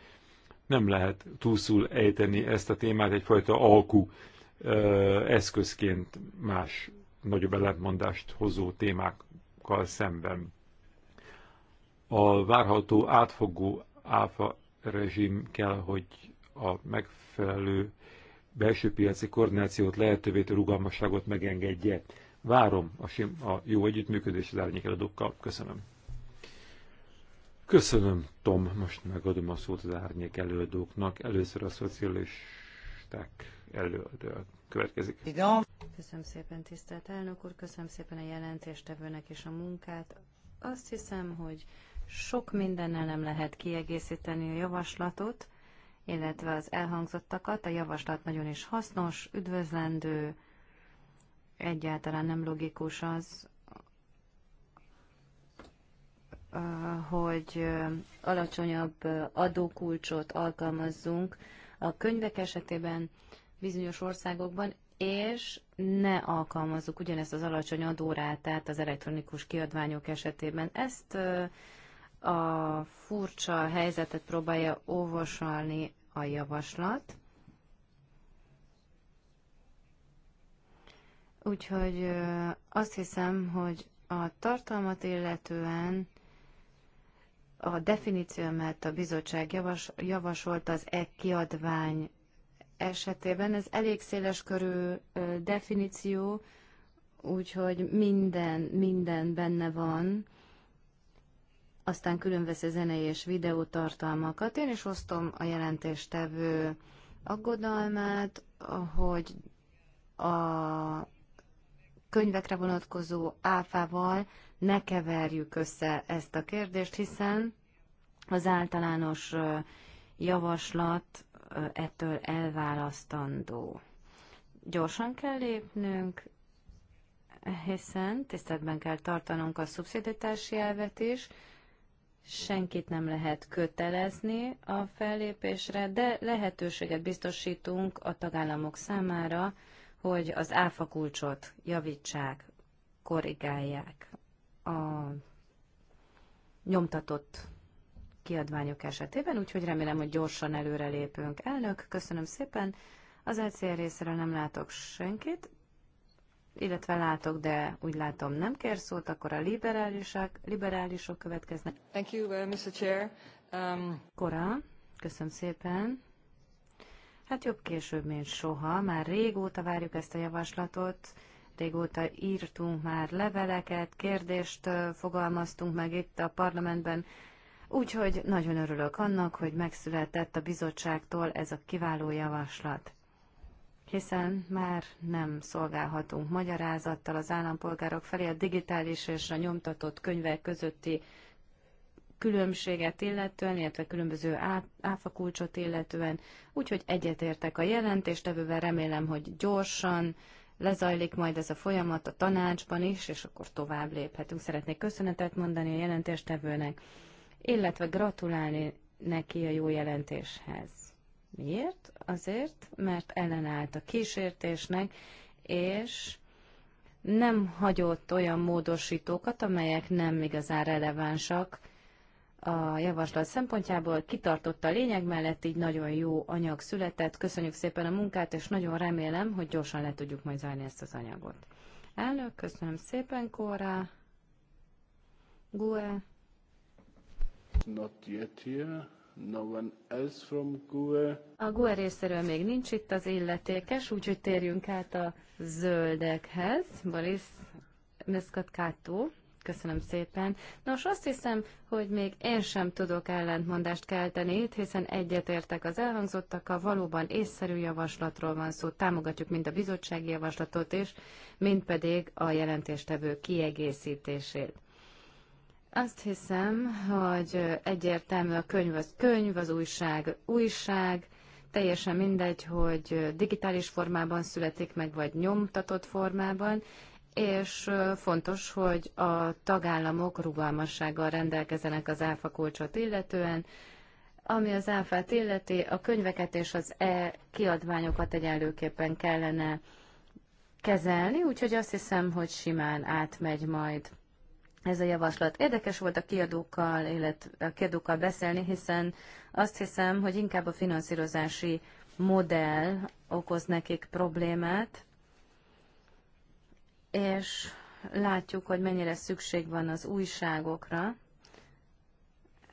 Nem lehet túlszul ejteni ezt a témát egyfajta alkú eh, eszközként más nagyobb ellentmondást hozó témákkal szemben. A várható átfogó áfa rezsim kell, hogy a megfelelő belső piaci koordinációt lehetővé rugalmasságot megengedje. Várom a, sim, a jó együttműködés az árnyékeladókkal. Köszönöm. Köszönöm, Tom. Most megadom a szót az árnyék előadóknak. Először a szocialisták előadók következik. Köszönöm szépen, tisztelt elnök úr, köszönöm szépen a jelentéstevőnek és a munkát. Azt hiszem, hogy sok mindennel nem lehet kiegészíteni a javaslatot, illetve az elhangzottakat. A javaslat nagyon is hasznos, üdvözlendő, egyáltalán nem logikus az, hogy alacsonyabb adókulcsot alkalmazzunk a könyvek esetében bizonyos országokban, és ne alkalmazzuk ugyanezt az alacsony adórátát az elektronikus kiadványok esetében. Ezt a furcsa helyzetet próbálja óvosolni a javaslat. Úgyhogy azt hiszem, hogy a tartalmat illetően a definíció, mert a bizottság javas, javasolt az e kiadvány esetében, ez elég széles körű definíció, úgyhogy minden, minden benne van aztán különböző zenei és videó tartalmakat. Én is osztom a jelentéstevő aggodalmát, hogy a könyvekre vonatkozó áfával ne keverjük össze ezt a kérdést, hiszen az általános javaslat ettől elválasztandó. Gyorsan kell lépnünk, hiszen tiszteletben kell tartanunk a szubsziditási elvet is, senkit nem lehet kötelezni a fellépésre, de lehetőséget biztosítunk a tagállamok számára, hogy az áfa kulcsot javítsák, korrigálják a nyomtatott kiadványok esetében, úgyhogy remélem, hogy gyorsan előrelépünk. Elnök, köszönöm szépen. Az ECR részéről nem látok senkit, illetve látok, de úgy látom nem kér szót, akkor a liberálisok, liberálisok következnek. Thank you, uh, Mr. Chair. Um... Kora, köszönöm szépen. Hát jobb később, mint soha. Már régóta várjuk ezt a javaslatot, régóta írtunk már leveleket, kérdést fogalmaztunk meg itt a parlamentben, úgyhogy nagyon örülök annak, hogy megszületett a bizottságtól ez a kiváló javaslat hiszen már nem szolgálhatunk magyarázattal az állampolgárok felé a digitális és a nyomtatott könyvek közötti különbséget illetően, illetve különböző áfakulcsot illetően, úgyhogy egyetértek a jelentéstevővel, remélem, hogy gyorsan lezajlik majd ez a folyamat a tanácsban is, és akkor tovább léphetünk. Szeretnék köszönetet mondani a jelentéstevőnek, illetve gratulálni neki a jó jelentéshez. Miért? Azért, mert ellenállt a kísértésnek, és nem hagyott olyan módosítókat, amelyek nem igazán relevánsak a javaslat szempontjából. Kitartott a lényeg mellett, így nagyon jó anyag született. Köszönjük szépen a munkát, és nagyon remélem, hogy gyorsan le tudjuk majd zárni ezt az anyagot. Elnök, köszönöm szépen, Kóra. Gue. Not yet here. No one else from GUE. A GUE részéről még nincs itt az illetékes, úgyhogy térjünk át a zöldekhez. Boris Meskatkátó, Köszönöm szépen. Nos, azt hiszem, hogy még én sem tudok ellentmondást kelteni itt, hiszen egyetértek az elhangzottakkal, valóban észszerű javaslatról van szó, támogatjuk mind a bizottsági javaslatot is, mind pedig a jelentéstevő kiegészítését. Azt hiszem, hogy egyértelmű a könyv az könyv, az újság újság, teljesen mindegy, hogy digitális formában születik meg, vagy nyomtatott formában, és fontos, hogy a tagállamok rugalmassággal rendelkezenek az áfa kulcsot illetően, ami az áfát illeti, a könyveket és az e-kiadványokat egyenlőképpen kellene kezelni, úgyhogy azt hiszem, hogy simán átmegy majd ez a javaslat. Érdekes volt a kiadókkal, illetve a kiadókkal beszélni, hiszen azt hiszem, hogy inkább a finanszírozási modell okoz nekik problémát, és látjuk, hogy mennyire szükség van az újságokra,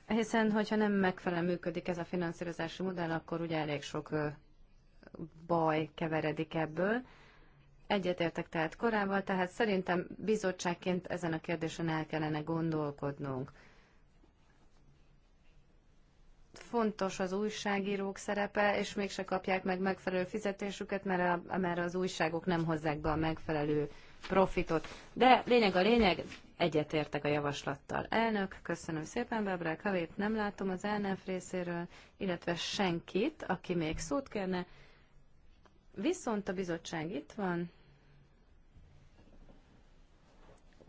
hiszen hogyha nem megfelelően működik ez a finanszírozási modell, akkor ugye elég sok baj keveredik ebből. Egyetértek tehát korával, tehát szerintem bizottságként ezen a kérdésen el kellene gondolkodnunk. Fontos az újságírók szerepe, és mégse kapják meg megfelelő fizetésüket, mert, a, mert az újságok nem hozzák be a megfelelő profitot. De lényeg a lényeg, egyetértek a javaslattal. Elnök, köszönöm szépen, Bebrák Havét nem látom az elnök részéről, illetve senkit, aki még szót kérne. Viszont a bizottság itt van,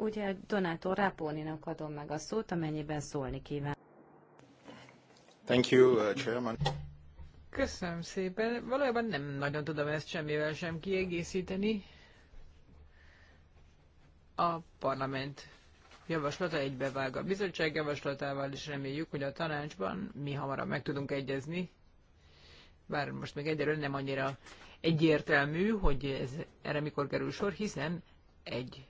ugye Donátó Rápóninak adom meg a szót, amennyiben szólni kíván. Thank you, uh, Chairman. Köszönöm szépen. Valójában nem nagyon tudom ezt semmivel sem kiegészíteni. A parlament javaslata egybevág a bizottság javaslatával, és reméljük, hogy a tanácsban mi hamarabb meg tudunk egyezni. Bár most még egyelőre nem annyira egyértelmű, hogy ez erre mikor kerül sor, hiszen egy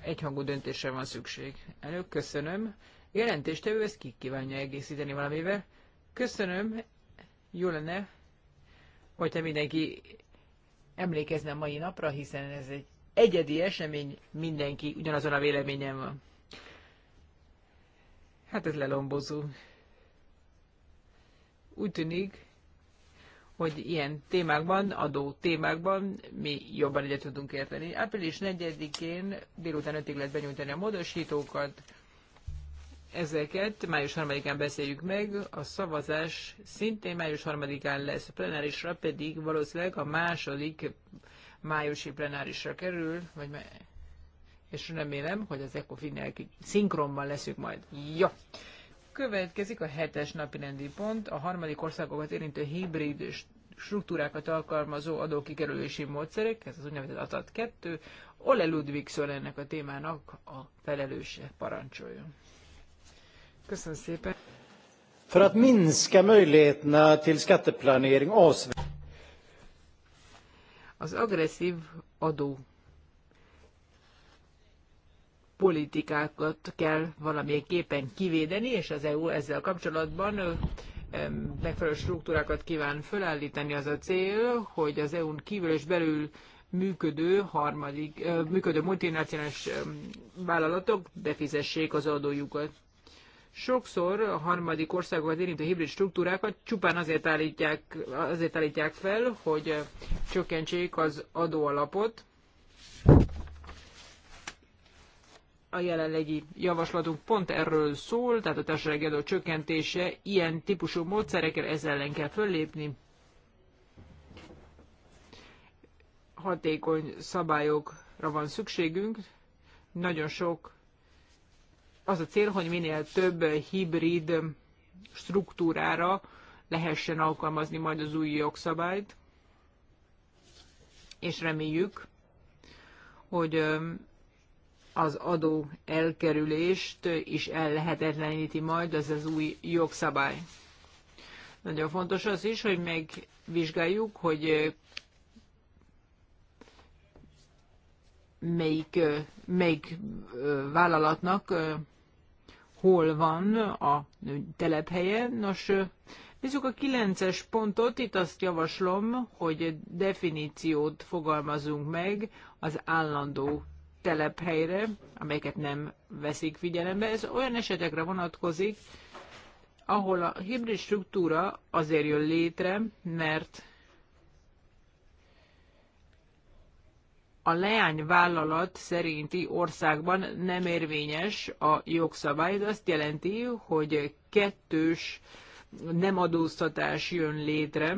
egyhangú döntésre van szükség. Elnök, köszönöm. Jelentéstevő ezt ki kívánja egészíteni valamivel. Köszönöm, jó lenne, hogyha mindenki emlékezne a mai napra, hiszen ez egy egyedi esemény, mindenki ugyanazon a véleményen van. Hát ez lelombozó. Úgy tűnik, hogy ilyen témákban, adó témákban mi jobban egyet tudunk érteni. Április 4-én délután 5-ig lehet benyújtani a módosítókat, ezeket május 3-án beszéljük meg, a szavazás szintén május 3-án lesz, a plenárisra pedig valószínűleg a második májusi plenárisra kerül, vagy és remélem, hogy az ECOFIN-nel szinkronban leszünk majd. Jó! Ja. Következik a hetes napi rendi pont, a harmadik országokat érintő hibrid struktúrákat alkalmazó adókikerülési módszerek, ez az úgynevezett ATAT 2. Ole Ludwig ennek a témának a felelőse parancsoljon. Köszönöm szépen. För att minska möjligheterna till skatteplanering avsevärt. Az agresszív adó politikákat kell képen kivédeni, és az EU ezzel kapcsolatban megfelelő struktúrákat kíván fölállítani. Az a cél, hogy az EU-n kívül és belül működő, harmadik, működő multinacionális vállalatok befizessék az adójukat. Sokszor a harmadik országokat érintő hibrid struktúrákat csupán azért állítják, azért állítják fel, hogy csökkentsék az adóalapot, a jelenlegi javaslatunk pont erről szól, tehát a társasági adó csökkentése, ilyen típusú módszerekkel ezzel ellen kell föllépni. Hatékony szabályokra van szükségünk, nagyon sok az a cél, hogy minél több hibrid struktúrára lehessen alkalmazni majd az új jogszabályt, és reméljük, hogy az adó elkerülést is ellehetetleníti majd, az az új jogszabály. Nagyon fontos az is, hogy megvizsgáljuk, hogy melyik, melyik vállalatnak hol van a telephelye. Nos, nézzük a 9-es pontot, itt azt javaslom, hogy definíciót fogalmazunk meg az állandó telephelyre, amelyeket nem veszik figyelembe. Ez olyan esetekre vonatkozik, ahol a hibrid struktúra azért jön létre, mert a leányvállalat szerinti országban nem érvényes a jogszabály. Ez azt jelenti, hogy kettős nem adóztatás jön létre,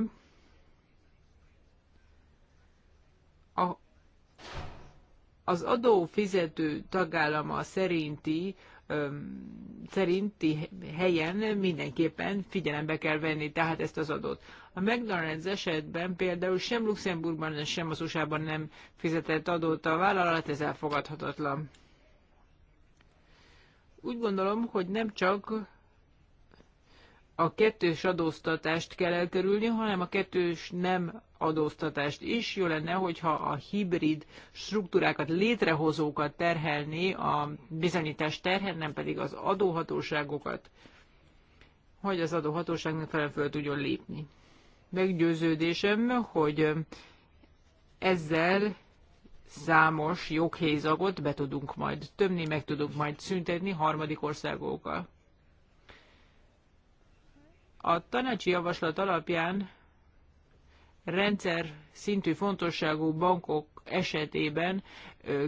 az adófizető tagállama szerinti szerinti helyen mindenképpen figyelembe kell venni tehát ezt az adót. A McDonald's esetben például sem Luxemburgban, sem az usa nem fizetett adót a vállalat, ez elfogadhatatlan. Úgy gondolom, hogy nem csak a kettős adóztatást kell elkerülni, hanem a kettős nem adóztatást is. Jó lenne, hogyha a hibrid struktúrákat létrehozókat terhelni a bizonyítás terhel, nem pedig az adóhatóságokat, hogy az adóhatóságnak fel, föl tudjon lépni. Meggyőződésem, hogy ezzel számos joghézagot be tudunk majd tömni, meg tudunk majd szüntetni harmadik országokkal. A tanácsi javaslat alapján rendszer szintű fontosságú bankok esetében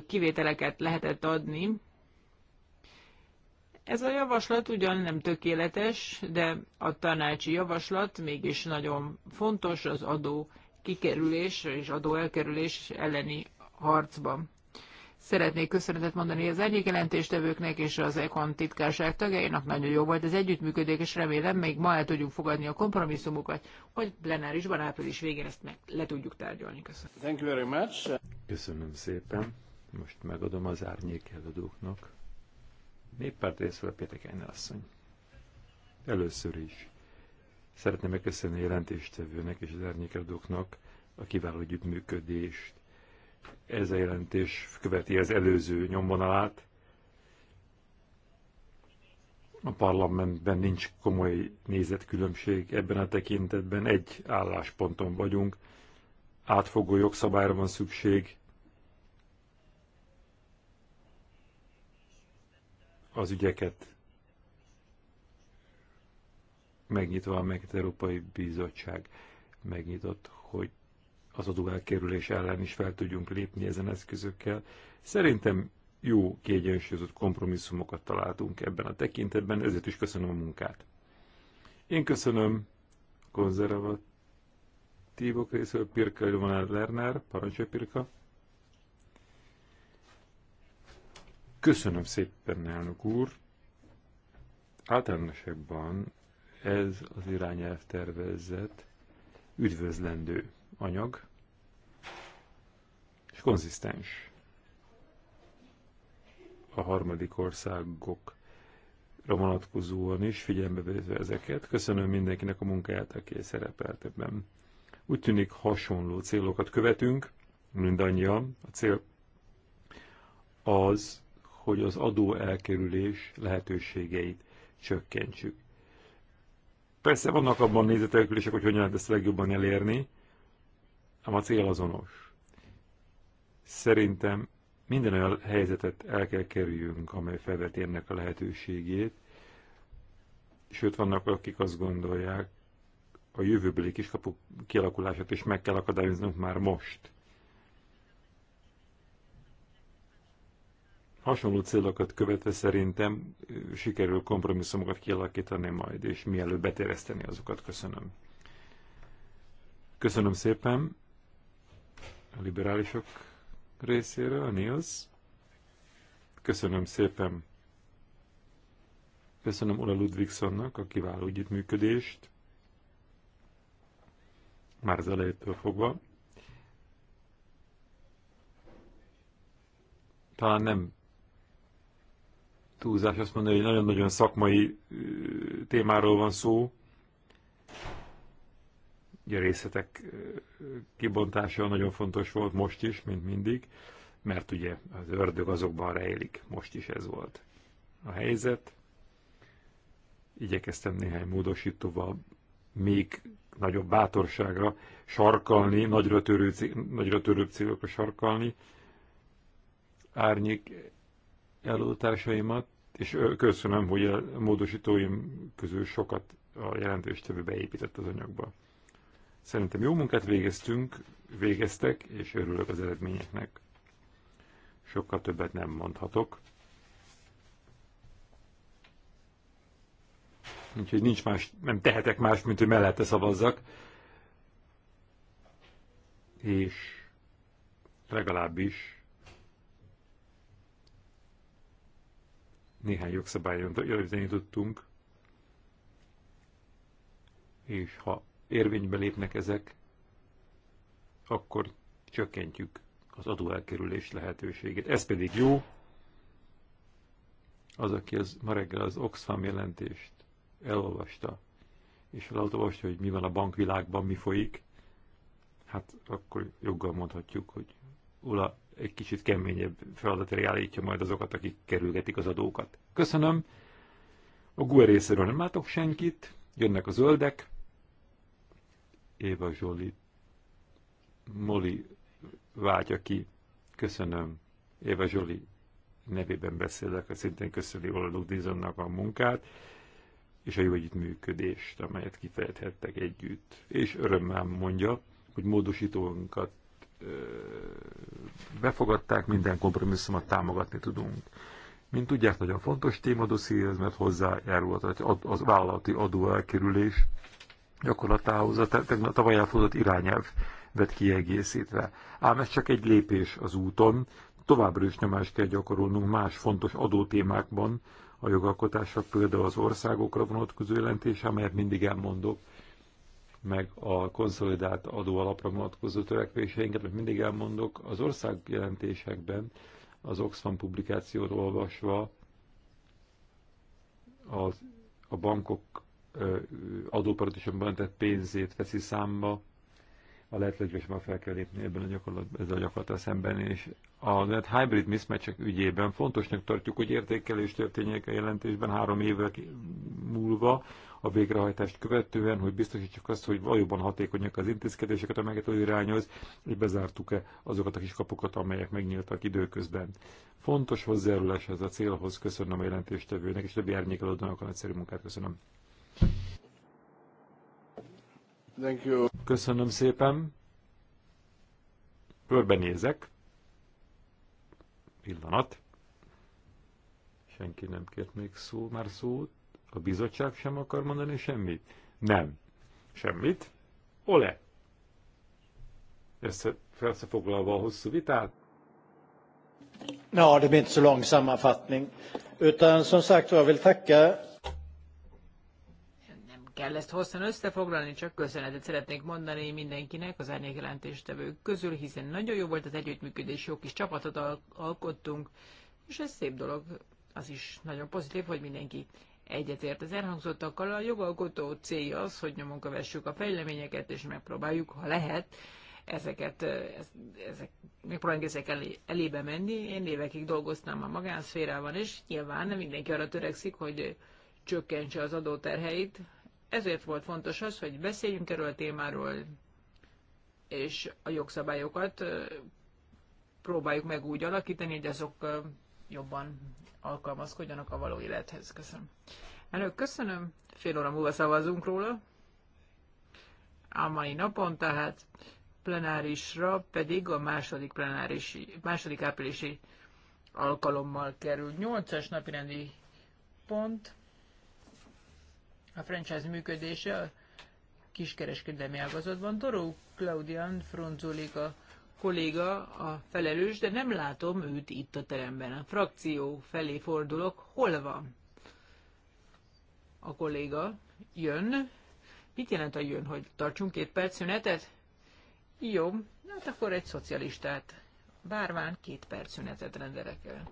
kivételeket lehetett adni. Ez a javaslat ugyan nem tökéletes, de a tanácsi javaslat mégis nagyon fontos az adó kikerülés és adó elkerülés elleni harcban. Szeretnék köszönetet mondani az egyik jelentéstevőknek és az EKON titkárság tagjainak. Nagyon jó volt az együttműködés, és remélem még ma el tudjuk fogadni a kompromisszumokat, hogy plenárisban április végén ezt meg le tudjuk tárgyalni. Köszönöm. Thank you very much. Köszönöm szépen. Most megadom az árnyék előadóknak. Néppárt részről Pétek Ejne asszony. Először is szeretném megköszönni a jelentéstevőnek és az árnyék a kiváló együttműködést ez a jelentés követi az előző nyomvonalát. A parlamentben nincs komoly nézetkülönbség ebben a tekintetben, egy állásponton vagyunk, átfogó jogszabályra van szükség, az ügyeket megnyitva, amelyeket Európai Bizottság megnyitott, hogy az adóelkerülés ellen is fel tudjunk lépni ezen eszközökkel. Szerintem jó, kiegyensúlyozott kompromisszumokat találtunk ebben a tekintetben, ezért is köszönöm a munkát. Én köszönöm konzervatívok részéről Pirka Ilvonát Lerner, parancsolj Pirka. Köszönöm szépen, elnök úr. Általánosakban ez az irányelv tervezet üdvözlendő anyag, és konzisztens a harmadik országokra vonatkozóan is, figyelembe véve ezeket. Köszönöm mindenkinek a munkáját, aki szerepelt ebben. Úgy tűnik hasonló célokat követünk, mindannyian. A cél az, hogy az adó elkerülés lehetőségeit csökkentsük. Persze vannak abban nézetelkülések, hogy hogyan lehet ezt legjobban elérni, ám a cél azonos. Szerintem minden olyan helyzetet el kell kerüljünk, amely felveti ennek a lehetőségét, sőt vannak, akik azt gondolják, a jövőbeli kiskapu kialakulását is meg kell akadályoznunk már most. Hasonló célokat követve szerintem sikerül kompromisszumokat kialakítani majd, és mielőbb betereszteni azokat. Köszönöm. Köszönöm szépen a liberálisok részéről, Nils. Köszönöm szépen. Köszönöm Ola Ludvigsonnak a kiváló együttműködést. Már az elejétől fogva. Talán nem túlzás azt mondani, hogy nagyon-nagyon szakmai témáról van szó, ugye részletek kibontása nagyon fontos volt most is, mint mindig, mert ugye az ördög azokban rejlik, most is ez volt a helyzet. Igyekeztem néhány módosítóval még nagyobb bátorságra sarkalni, nagyra törő, nagyra törőbb célokra sarkalni árnyék előtársaimat, és köszönöm, hogy a módosítóim közül sokat a többi beépített az anyagba. Szerintem jó munkát végeztünk, végeztek, és örülök az eredményeknek. Sokkal többet nem mondhatok. Úgyhogy nincs más, nem tehetek más, mint hogy mellette szavazzak. És legalábbis néhány jogszabályon javítani tudtunk, és ha érvénybe lépnek ezek, akkor csökkentjük az adóelkerülés lehetőségét. Ez pedig jó. Az, aki az, ma reggel az Oxfam jelentést elolvasta, és elolvasta, hogy mi van a bankvilágban, mi folyik, hát akkor joggal mondhatjuk, hogy Ula egy kicsit keményebb feladatra állítja majd azokat, akik kerülgetik az adókat. Köszönöm. A GUE részéről nem látok senkit, jönnek a zöldek, Éva Zsoli Moli vágya ki. Köszönöm. Éva Zsoli nevében beszélek, a szintén köszöni Oladok Dizonnak a munkát, és a jó együttműködést, amelyet kifejthettek együtt. És örömmel mondja, hogy módosítónkat befogadták, minden kompromisszumot támogatni tudunk. Mint tudják, nagyon fontos téma dosszié, mert hozzájárulhat az vállalati adó elkerülés gyakorlatához a tavaly elfogadott irányelv vett kiegészítve. Ám ez csak egy lépés az úton, továbbra is nyomást kell gyakorolnunk más fontos adótémákban, a jogalkotásra például az országokra vonatkozó jelentés, amelyet mindig elmondok, meg a konszolidált adóalapra vonatkozó törekvéseinket, amit mindig elmondok, az ország jelentésekben az Oxfam publikációról olvasva az, a bankok adóparadicsomban tett pénzét veszi számba, a lehet, hogy már fel kell lépni ebben a gyakorlatban, ezzel a gyakorlatban szemben, és a net hybrid mismatch ügyében fontosnak tartjuk, hogy értékelés történjék a jelentésben három évvel múlva a végrehajtást követően, hogy biztosítsuk azt, hogy valóban hatékonyak az intézkedéseket, amelyeket az irányoz, és bezártuk-e azokat a kis kapukat, amelyek megnyíltak időközben. Fontos hozzájárulás ez a célhoz, köszönöm a jelentéstevőnek, és többi adónak a nagyszerű munkát köszönöm. Thank you. Köszönöm szépen. Körbenézek. Pillanat. Senki nem kért még szó, már szót. A bizottság sem akar mondani semmit? Nem. Semmit? Ole! Össze, felszefoglalva a hosszú vitát? Na, det blir inte så lång sammanfattning. Utan som sagt jag vill tacka kell ezt hosszan összefoglalni, csak köszönetet szeretnék mondani mindenkinek az jelentéstevők közül, hiszen nagyon jó volt az együttműködés, jó kis csapatot alkottunk, és ez szép dolog. Az is nagyon pozitív, hogy mindenki egyetért az elhangzottakkal. A jogalkotó célja az, hogy nyomon kövessük a fejleményeket, és megpróbáljuk, ha lehet, ezeket, ezek, megpróbálunk ezek elé, elébe menni. Én évekig dolgoztam a magánszférában, és nyilván nem mindenki arra törekszik, hogy csökkentse az adóterheit, ezért volt fontos az, hogy beszéljünk erről a témáról, és a jogszabályokat próbáljuk meg úgy alakítani, hogy azok jobban alkalmazkodjanak a való élethez. Köszönöm. Elnök, köszönöm. Fél óra múlva szavazunk róla. A mai napon tehát plenárisra pedig a második, plenárisi, második áprilisi alkalommal kerül. Nyolcas napirendi pont a franchise működése a kiskereskedelmi ágazatban. Toró Claudian a kolléga a felelős, de nem látom őt itt a teremben. A frakció felé fordulok. Hol van a kolléga? Jön. Mit jelent a jön, hogy tartsunk két perc szünetet? Jó, hát akkor egy szocialistát. Bárván két perc szünetet rendelek el.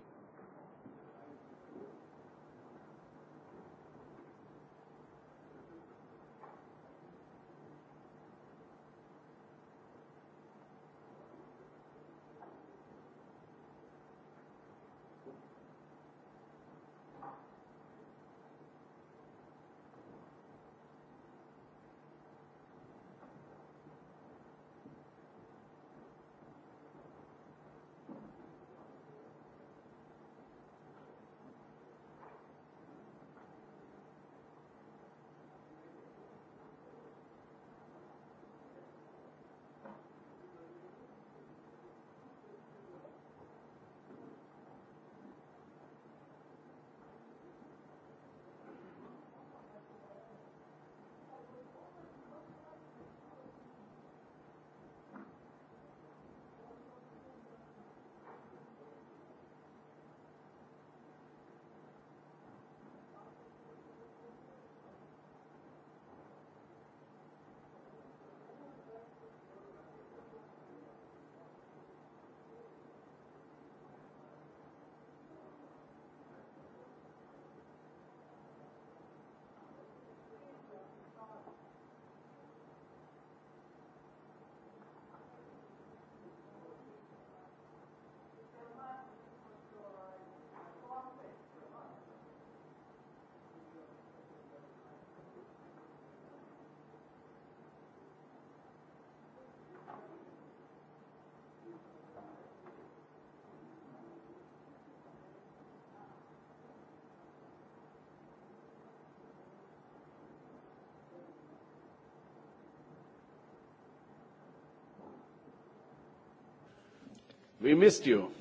We missed you.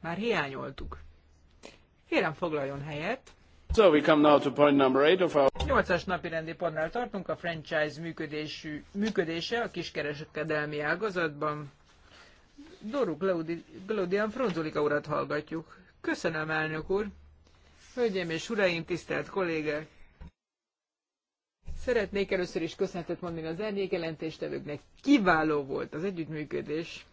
Már hiányoltuk. Kérem foglaljon helyet. So we come now to point number eight of our... 8-as napi rendi pontnál tartunk a franchise működésű, működése a kiskereskedelmi ágazatban. Doru Glaudi, Glaudian Fronzulika urat hallgatjuk. Köszönöm, elnök úr! Hölgyeim és uraim, tisztelt kollégák! Szeretnék először is köszönetet mondani az elnék jelentéstevőknek. Kiváló volt az együttműködés.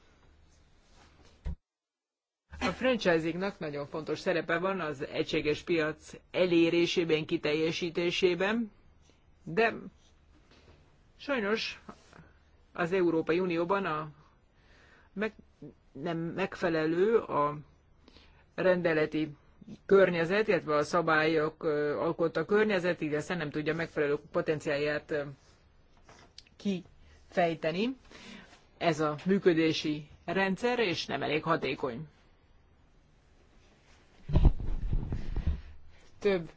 A franchisingnak nagyon fontos szerepe van az egységes piac elérésében, kiteljesítésében, de sajnos az Európai Unióban a meg, nem megfelelő a rendeleti környezet, illetve a szabályok alkotta környezet, így aztán nem tudja megfelelő potenciáját kifejteni. Ez a működési rendszer, és nem elég hatékony. Több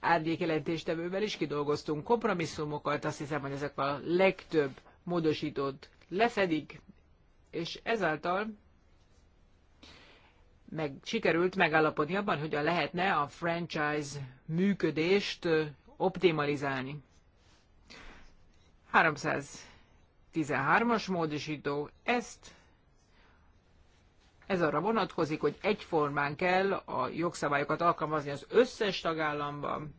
árnyékjelentéstevővel is kidolgoztunk kompromisszumokat, azt hiszem, hogy ezek a legtöbb módosítót lefedik, és ezáltal meg, sikerült megállapodni abban, hogyan lehetne a franchise működést optimalizálni. 313-as módosító, ezt ez arra vonatkozik, hogy egyformán kell a jogszabályokat alkalmazni az összes tagállamban.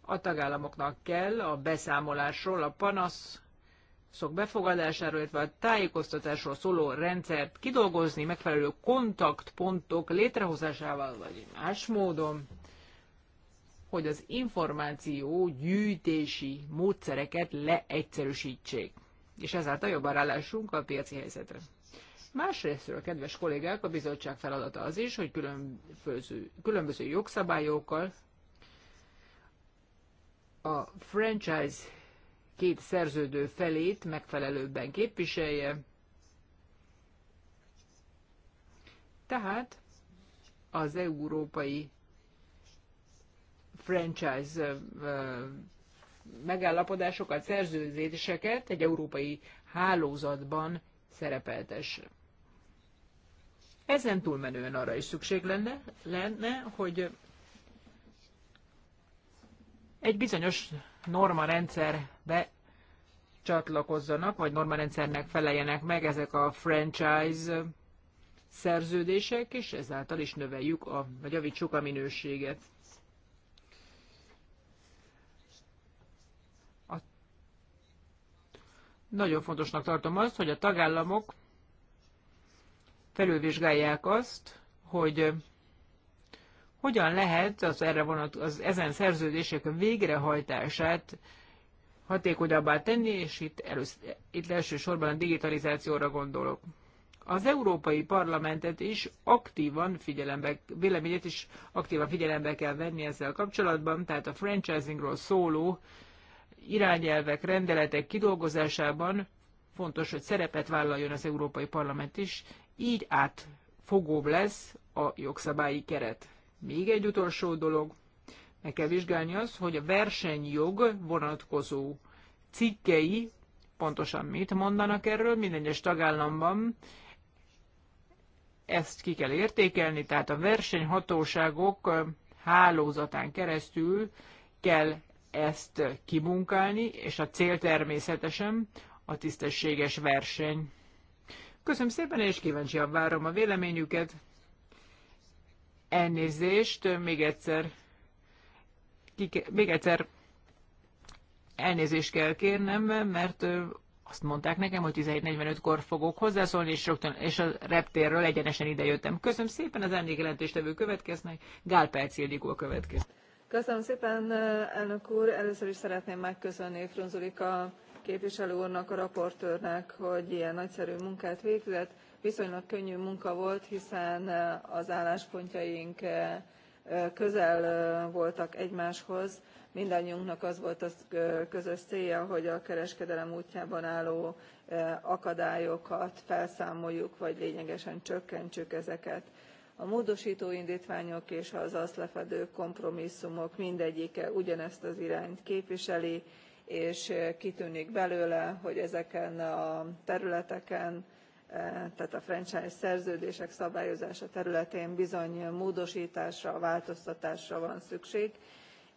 A tagállamoknak kell a beszámolásról, a panasz sok befogadásáról, illetve a tájékoztatásról szóló rendszert kidolgozni, megfelelő kontaktpontok létrehozásával, vagy más módon, hogy az információ gyűjtési módszereket leegyszerűsítsék, és ezáltal jobban rálásunk a piaci helyzetre. Másrésztről, kedves kollégák, a bizottság feladata az is, hogy különböző, különböző jogszabályokkal a franchise két szerződő felét megfelelőbben képviselje. Tehát az európai franchise megállapodásokat, szerződéseket egy európai hálózatban szerepeltesse. Ezen túlmenően arra is szükség lenne, lenne hogy egy bizonyos norma rendszerbe csatlakozzanak, vagy norma rendszernek feleljenek meg ezek a franchise szerződések, és ezáltal is növeljük, a, vagy javítsuk a minőséget. A... Nagyon fontosnak tartom azt, hogy a tagállamok felülvizsgálják azt, hogy hogyan lehet az, erre vonat, az ezen szerződések végrehajtását hatékonyabbá tenni, és itt, elősz, itt elsősorban a digitalizációra gondolok. Az Európai Parlamentet is aktívan figyelembe, véleményét is aktívan figyelembe kell venni ezzel kapcsolatban, tehát a franchisingról szóló irányelvek, rendeletek kidolgozásában fontos, hogy szerepet vállaljon az Európai Parlament is, így átfogóbb lesz a jogszabályi keret. Még egy utolsó dolog, meg kell vizsgálni az, hogy a versenyjog vonatkozó cikkei pontosan mit mondanak erről, minden egyes tagállamban ezt ki kell értékelni, tehát a versenyhatóságok hálózatán keresztül kell ezt kimunkálni, és a cél természetesen a tisztességes verseny. Köszönöm szépen, és kíváncsian várom a véleményüket elnézést, még egyszer, még egyszer elnézést kell kérnem, mert azt mondták nekem, hogy 17.45-kor fogok hozzászólni, és, rögtön, és a reptérről egyenesen idejöttem. Köszönöm szépen, az emlékjelentéstevő következnek, Gál Perc Ildikó következik. Köszönöm szépen, elnök úr! Először is szeretném megköszönni Frunzulika képviselő úrnak, a raportőrnek, hogy ilyen nagyszerű munkát végzett viszonylag könnyű munka volt hiszen az álláspontjaink közel voltak egymáshoz mindannyiunknak az volt a közös célja hogy a kereskedelem útjában álló akadályokat felszámoljuk vagy lényegesen csökkentsük ezeket. a módostó indtványok és az azt lefedő kompromisszumok mindegyike ugyanezt az irányt képviseli és kitűnik belőle hogy ezeken a területeken E, tehát a franchise szerződések szabályozása területén bizony módostásra változtatásra van szükség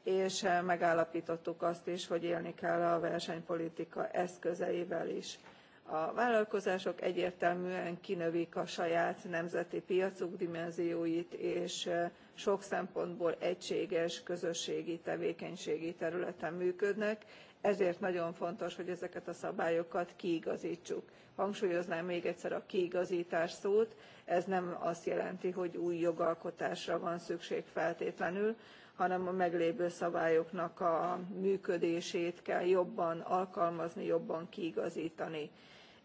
és e, megállaptottuk azt is hogy élni kell a versenypolitika eszközeivel is. a vállalkozások egyértelműen kinövik a saját nemzeti piacuk dimenzióit és e, sok szempontból egységes közösségi tevékenységi területen működnek ezért nagyon fontos hogy ezeket a szabályokat kiigaztsuk. hangsúlyoznám még egyszer a kiigaztás szót ez nem azt jelenti hogy új jogalkotásra van szükség feltétlenül hanem a meglévő szabályoknak a működését kell jobban alkalmazni jobban kiigaztani.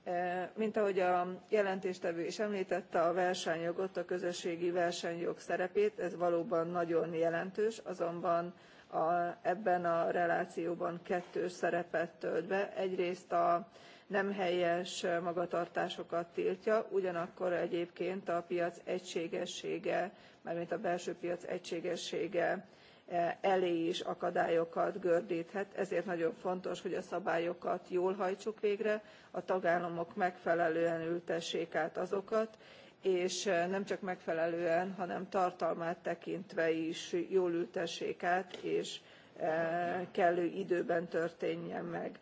E, mint ahogy a jelentéstevő is emltette a versenyjogot a közösségi versenyjog szerepét ez valóban nagyon jelentős azonban a, ebben a relációban kettős szerepet tölt be egyrészt a nem helyes magatartásokat tiltja ugyanakkor egyébként a piac egységessége mármint a belső piac egységessége e, elé is akadályokat gördthet ezért nagyon fontos hogy a szabályokat jól hajtsuk végre a tagállamok megfelelően ültessék át azokat és nem csak megfelelően hanem tartalmát tekintve is jól ültessék át és kellő időben történjen meg.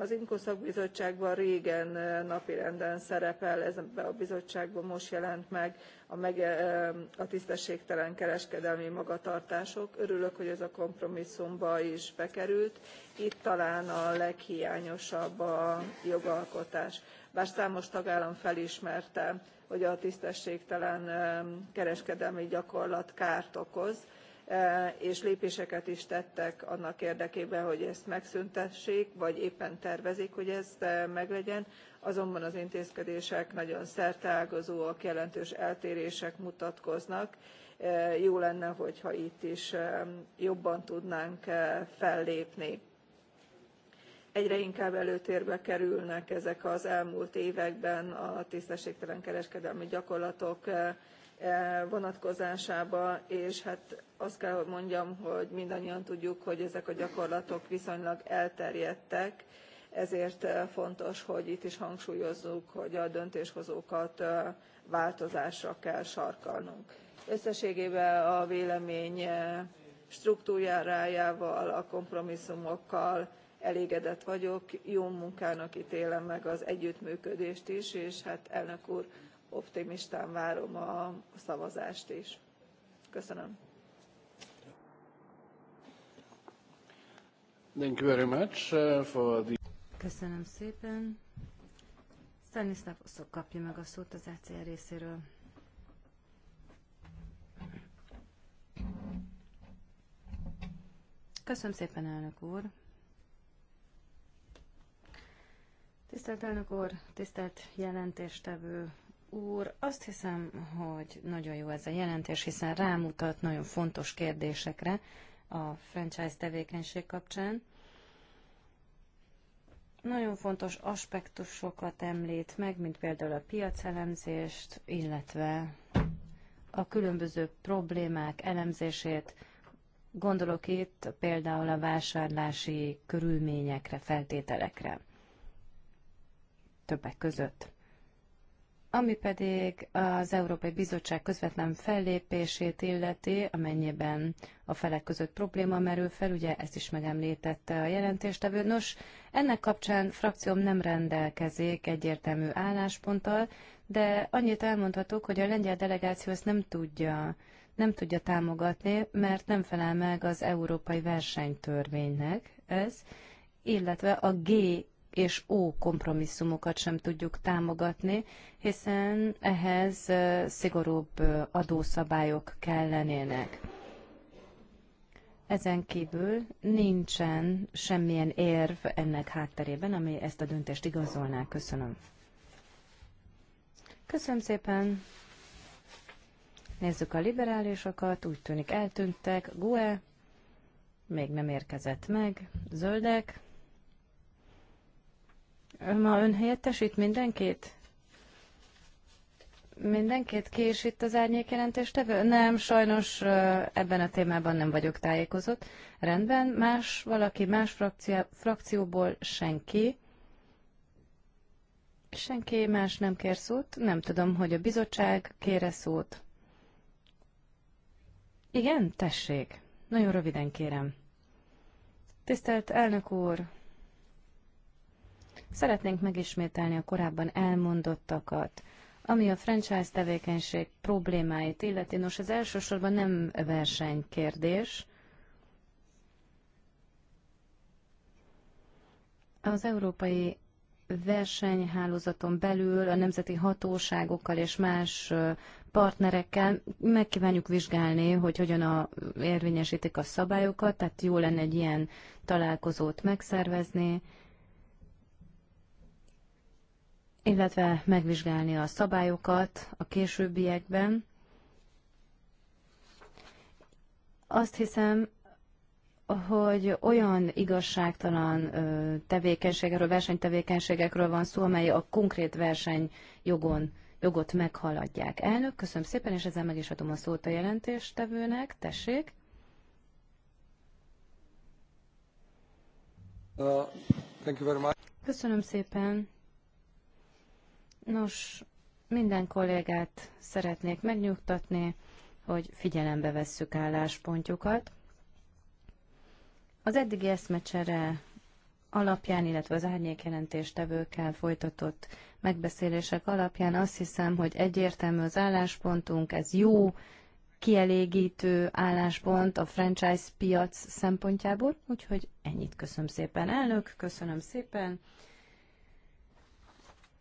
az imco szakbizottságban régen napirenden szerepel ez a bizottságban most jelent meg a, meg a tisztességtelen kereskedelmi magatartások. örülök hogy ez a kompromisszumba is bekerült. itt talán a leghiányosabb a jogalkotás bár számos tagállam felismerte hogy a tisztességtelen kereskedelmi gyakorlat kárt okoz és lépéseket is tettek annak érdekében hogy ezt megszüntessék vagy éppen tervezik hogy ez meglegyen azonban az intézkedések nagyon szerteágazóak jelentős eltérések mutatkoznak jó lenne hogyha itt is jobban tudnánk fellépni egyre inkább előtérbe kerülnek ezek az elmúlt években a tisztességtelen kereskedelmi gyakorlatok eh, eh, vonatkozásába és hát azt kell hogy mondjam hogy mindannyian tudjuk hogy ezek a gyakorlatok viszonylag elterjedtek ezért eh, fontos hogy itt is hangsúlyozzuk hogy a döntéshozókat változásra kell sarkalnunk. összességében a vélemény struktúrájával a kompromisszumokkal elégedett vagyok jó munkának télem meg az együttműködést is és hát elnök úr optimistán várom a szavazást is. köszönöm. Thank you very much uh, for the... Köszönöm szépen. Stanislav Oszok kapja meg a szót az ECR részéről. Köszönöm szépen, elnök úr. Tisztelt elnök úr, tisztelt jelentéstevő úr, azt hiszem, hogy nagyon jó ez a jelentés, hiszen rámutat nagyon fontos kérdésekre a franchise tevékenység kapcsán. Nagyon fontos aspektusokat említ meg, mint például a piacelemzést, illetve a különböző problémák elemzését, Gondolok itt például a vásárlási körülményekre, feltételekre többek között. Ami pedig az Európai Bizottság közvetlen fellépését illeti, amennyiben a felek között probléma merül fel, ugye ezt is megemlítette a jelentéstevő. Nos, ennek kapcsán frakcióm nem rendelkezik egyértelmű állásponttal, de annyit elmondhatok, hogy a lengyel delegáció ezt nem tudja, nem tudja támogatni, mert nem felel meg az európai versenytörvénynek ez, illetve a G és ó kompromisszumokat sem tudjuk támogatni, hiszen ehhez szigorúbb adószabályok kellenének. Ezen kívül nincsen semmilyen érv ennek hátterében, ami ezt a döntést igazolná. Köszönöm. Köszönöm szépen. Nézzük a liberálisokat, úgy tűnik eltűntek. GUE még nem érkezett meg. Zöldek. Ma ön helyettesít mindenkit? Mindenkit? Ki is itt az árnyék jelentéstevő? Nem, sajnos ebben a témában nem vagyok tájékozott. Rendben, más valaki, más frakció, frakcióból senki. Senki más nem kér szót. Nem tudom, hogy a bizottság kére szót. Igen, tessék. Nagyon röviden kérem. Tisztelt elnök úr, Szeretnénk megismételni a korábban elmondottakat. Ami a franchise tevékenység problémáit illeti, nos, ez elsősorban nem versenykérdés. Az európai versenyhálózaton belül a nemzeti hatóságokkal és más partnerekkel megkívánjuk vizsgálni, hogy hogyan a, érvényesítik a szabályokat, tehát jó lenne egy ilyen találkozót megszervezni, illetve megvizsgálni a szabályokat a későbbiekben. Azt hiszem, hogy olyan igazságtalan tevékenységekről, versenytevékenységekről van szó, amely a konkrét versenyjogon jogot meghaladják. Elnök, köszönöm szépen, és ezzel meg is adom a szót a jelentéstevőnek. Tessék! Uh, köszönöm szépen. Nos, minden kollégát szeretnék megnyugtatni, hogy figyelembe vesszük álláspontjukat. Az eddigi eszmecsere alapján, illetve az árnyékjelentéstevőkkel folytatott megbeszélések alapján azt hiszem, hogy egyértelmű az álláspontunk, ez jó, kielégítő álláspont a franchise piac szempontjából, úgyhogy ennyit köszönöm szépen, elnök, köszönöm szépen.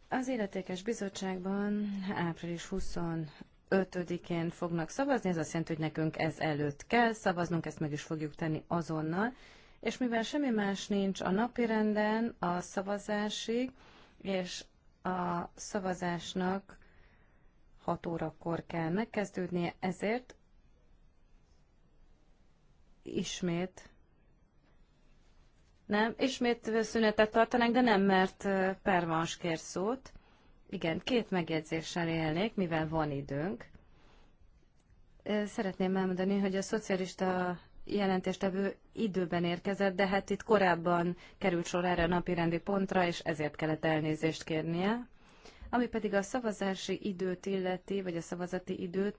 Az életékes bizottságban április 25-én fognak szavazni, ez azt jelenti, hogy nekünk ez előtt kell szavaznunk, ezt meg is fogjuk tenni azonnal. És mivel semmi más nincs a napi renden a szavazásig, és a szavazásnak 6 órakor kell megkezdődnie, ezért ismét nem, ismét szünetet tartanánk, de nem, mert pervans kér szót. Igen, két megjegyzéssel élnék, mivel van időnk. Szeretném elmondani, hogy a szocialista jelentéstevő időben érkezett, de hát itt korábban került sor erre a napi rendi pontra, és ezért kellett elnézést kérnie. Ami pedig a szavazási időt illeti, vagy a szavazati időt,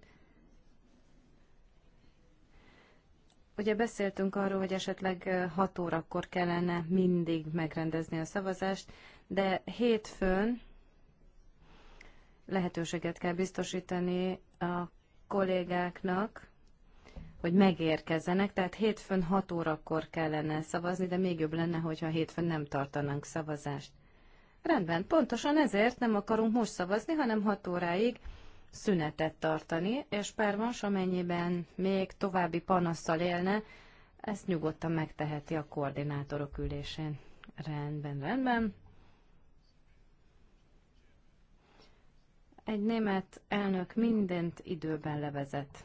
Ugye beszéltünk arról, hogy esetleg 6 órakor kellene mindig megrendezni a szavazást, de hétfőn lehetőséget kell biztosítani a kollégáknak, hogy megérkezzenek, tehát hétfőn 6 órakor kellene szavazni, de még jobb lenne, hogyha hétfőn nem tartanánk szavazást. Rendben, pontosan ezért nem akarunk most szavazni, hanem 6 óráig szünetet tartani, és Pervans, amennyiben még további panasszal élne, ezt nyugodtan megteheti a koordinátorok ülésén. Rendben, rendben. Egy német elnök mindent időben levezet.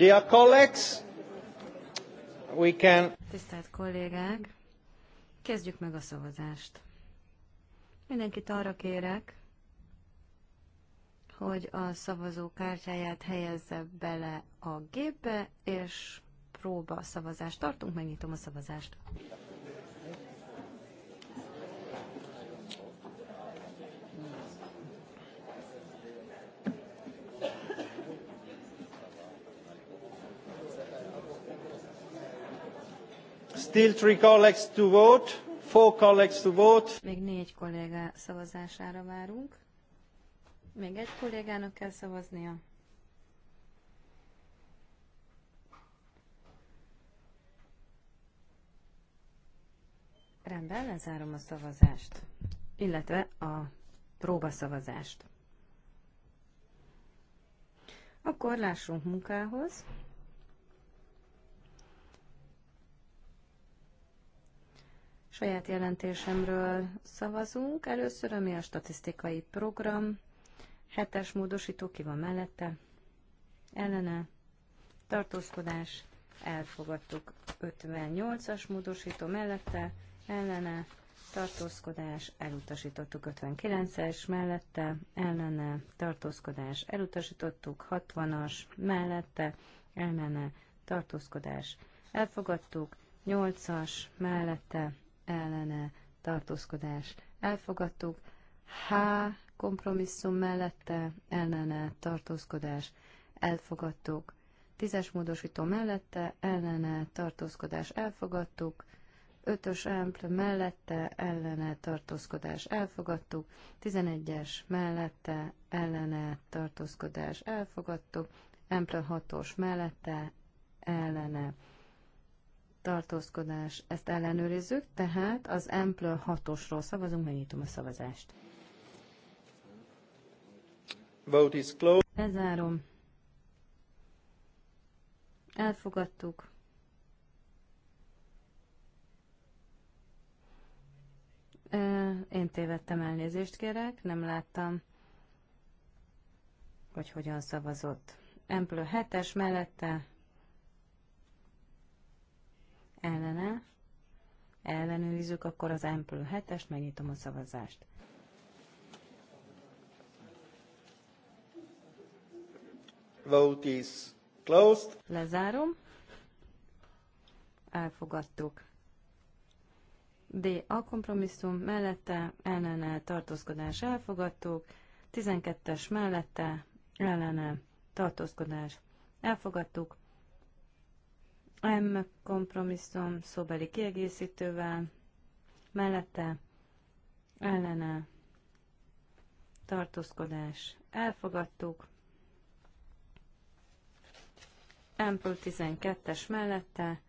Dear colleagues, we can... Tisztelt kollégák, kezdjük meg a szavazást. Mindenkit arra kérek, hogy a szavazó kártyáját helyezze bele a gépbe, és próba szavazást tartunk, megnyitom a szavazást. Still three colleagues to vote. Four colleagues to vote. Még négy kollégá szavazására várunk. Még egy kollégának kell szavaznia. Rendben, lezárom a szavazást, illetve a próbaszavazást. Akkor lássunk munkához. Saját jelentésemről szavazunk. Először, ami a statisztikai program. Hetes módosító ki van mellette. Ellene. Tartózkodás. Elfogadtuk. 58-as módosító mellette. Ellene. Tartózkodás. Elutasítottuk. 59-es mellette. Ellene. Tartózkodás. Elutasítottuk. 60-as mellette. Ellene. Tartózkodás. Elfogadtuk. 8-as mellette ellene tartózkodás elfogadtuk, H kompromisszum mellette ellene tartózkodás elfogadtuk, tízes módosító mellette ellene tartózkodás elfogadtuk, ötös ampl mellette ellene tartózkodás elfogadtuk, tizenegyes mellette ellene tartózkodás elfogadtuk, ampl hatos mellette ellene tartózkodás, ezt ellenőrizzük, tehát az Ample 6-osról szavazunk, megnyitom a szavazást. Vote is closed. Lezárom. Elfogadtuk. Én tévedtem, elnézést kérek, nem láttam, hogy hogyan szavazott. Emplő 7-es mellette ellene, ellenőrizzük, akkor az M 7-est, megnyitom a szavazást. Vote is closed. Lezárom. Elfogadtuk. D. A kompromisszum mellette ellene tartózkodás elfogadtuk. 12-es mellette ellene tartózkodás elfogadtuk. M kompromisszum szóbeli kiegészítővel, mellette ellene tartózkodás elfogadtuk, Ample 12-es mellette,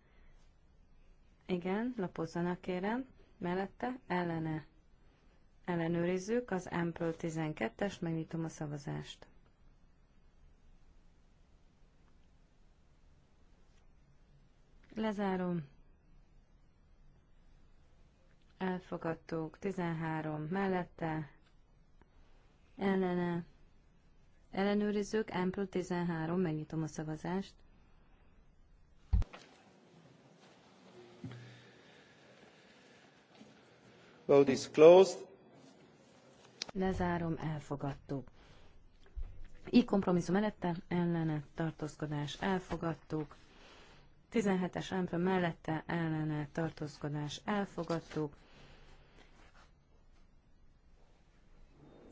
igen, lapozzanak kérem, mellette ellene ellenőrizzük az Ample 12-es, megnyitom a szavazást. Lezárom. Elfogadtuk 13 mellette, ellene. Ellenőrizzük, Ample 13, megnyitom a szavazást. Vote is closed. Lezárom, elfogadtuk. Így kompromisszum mellette, ellene, tartózkodás, elfogadtuk. 17-es ámpra mellette ellene tartózkodás elfogadtuk.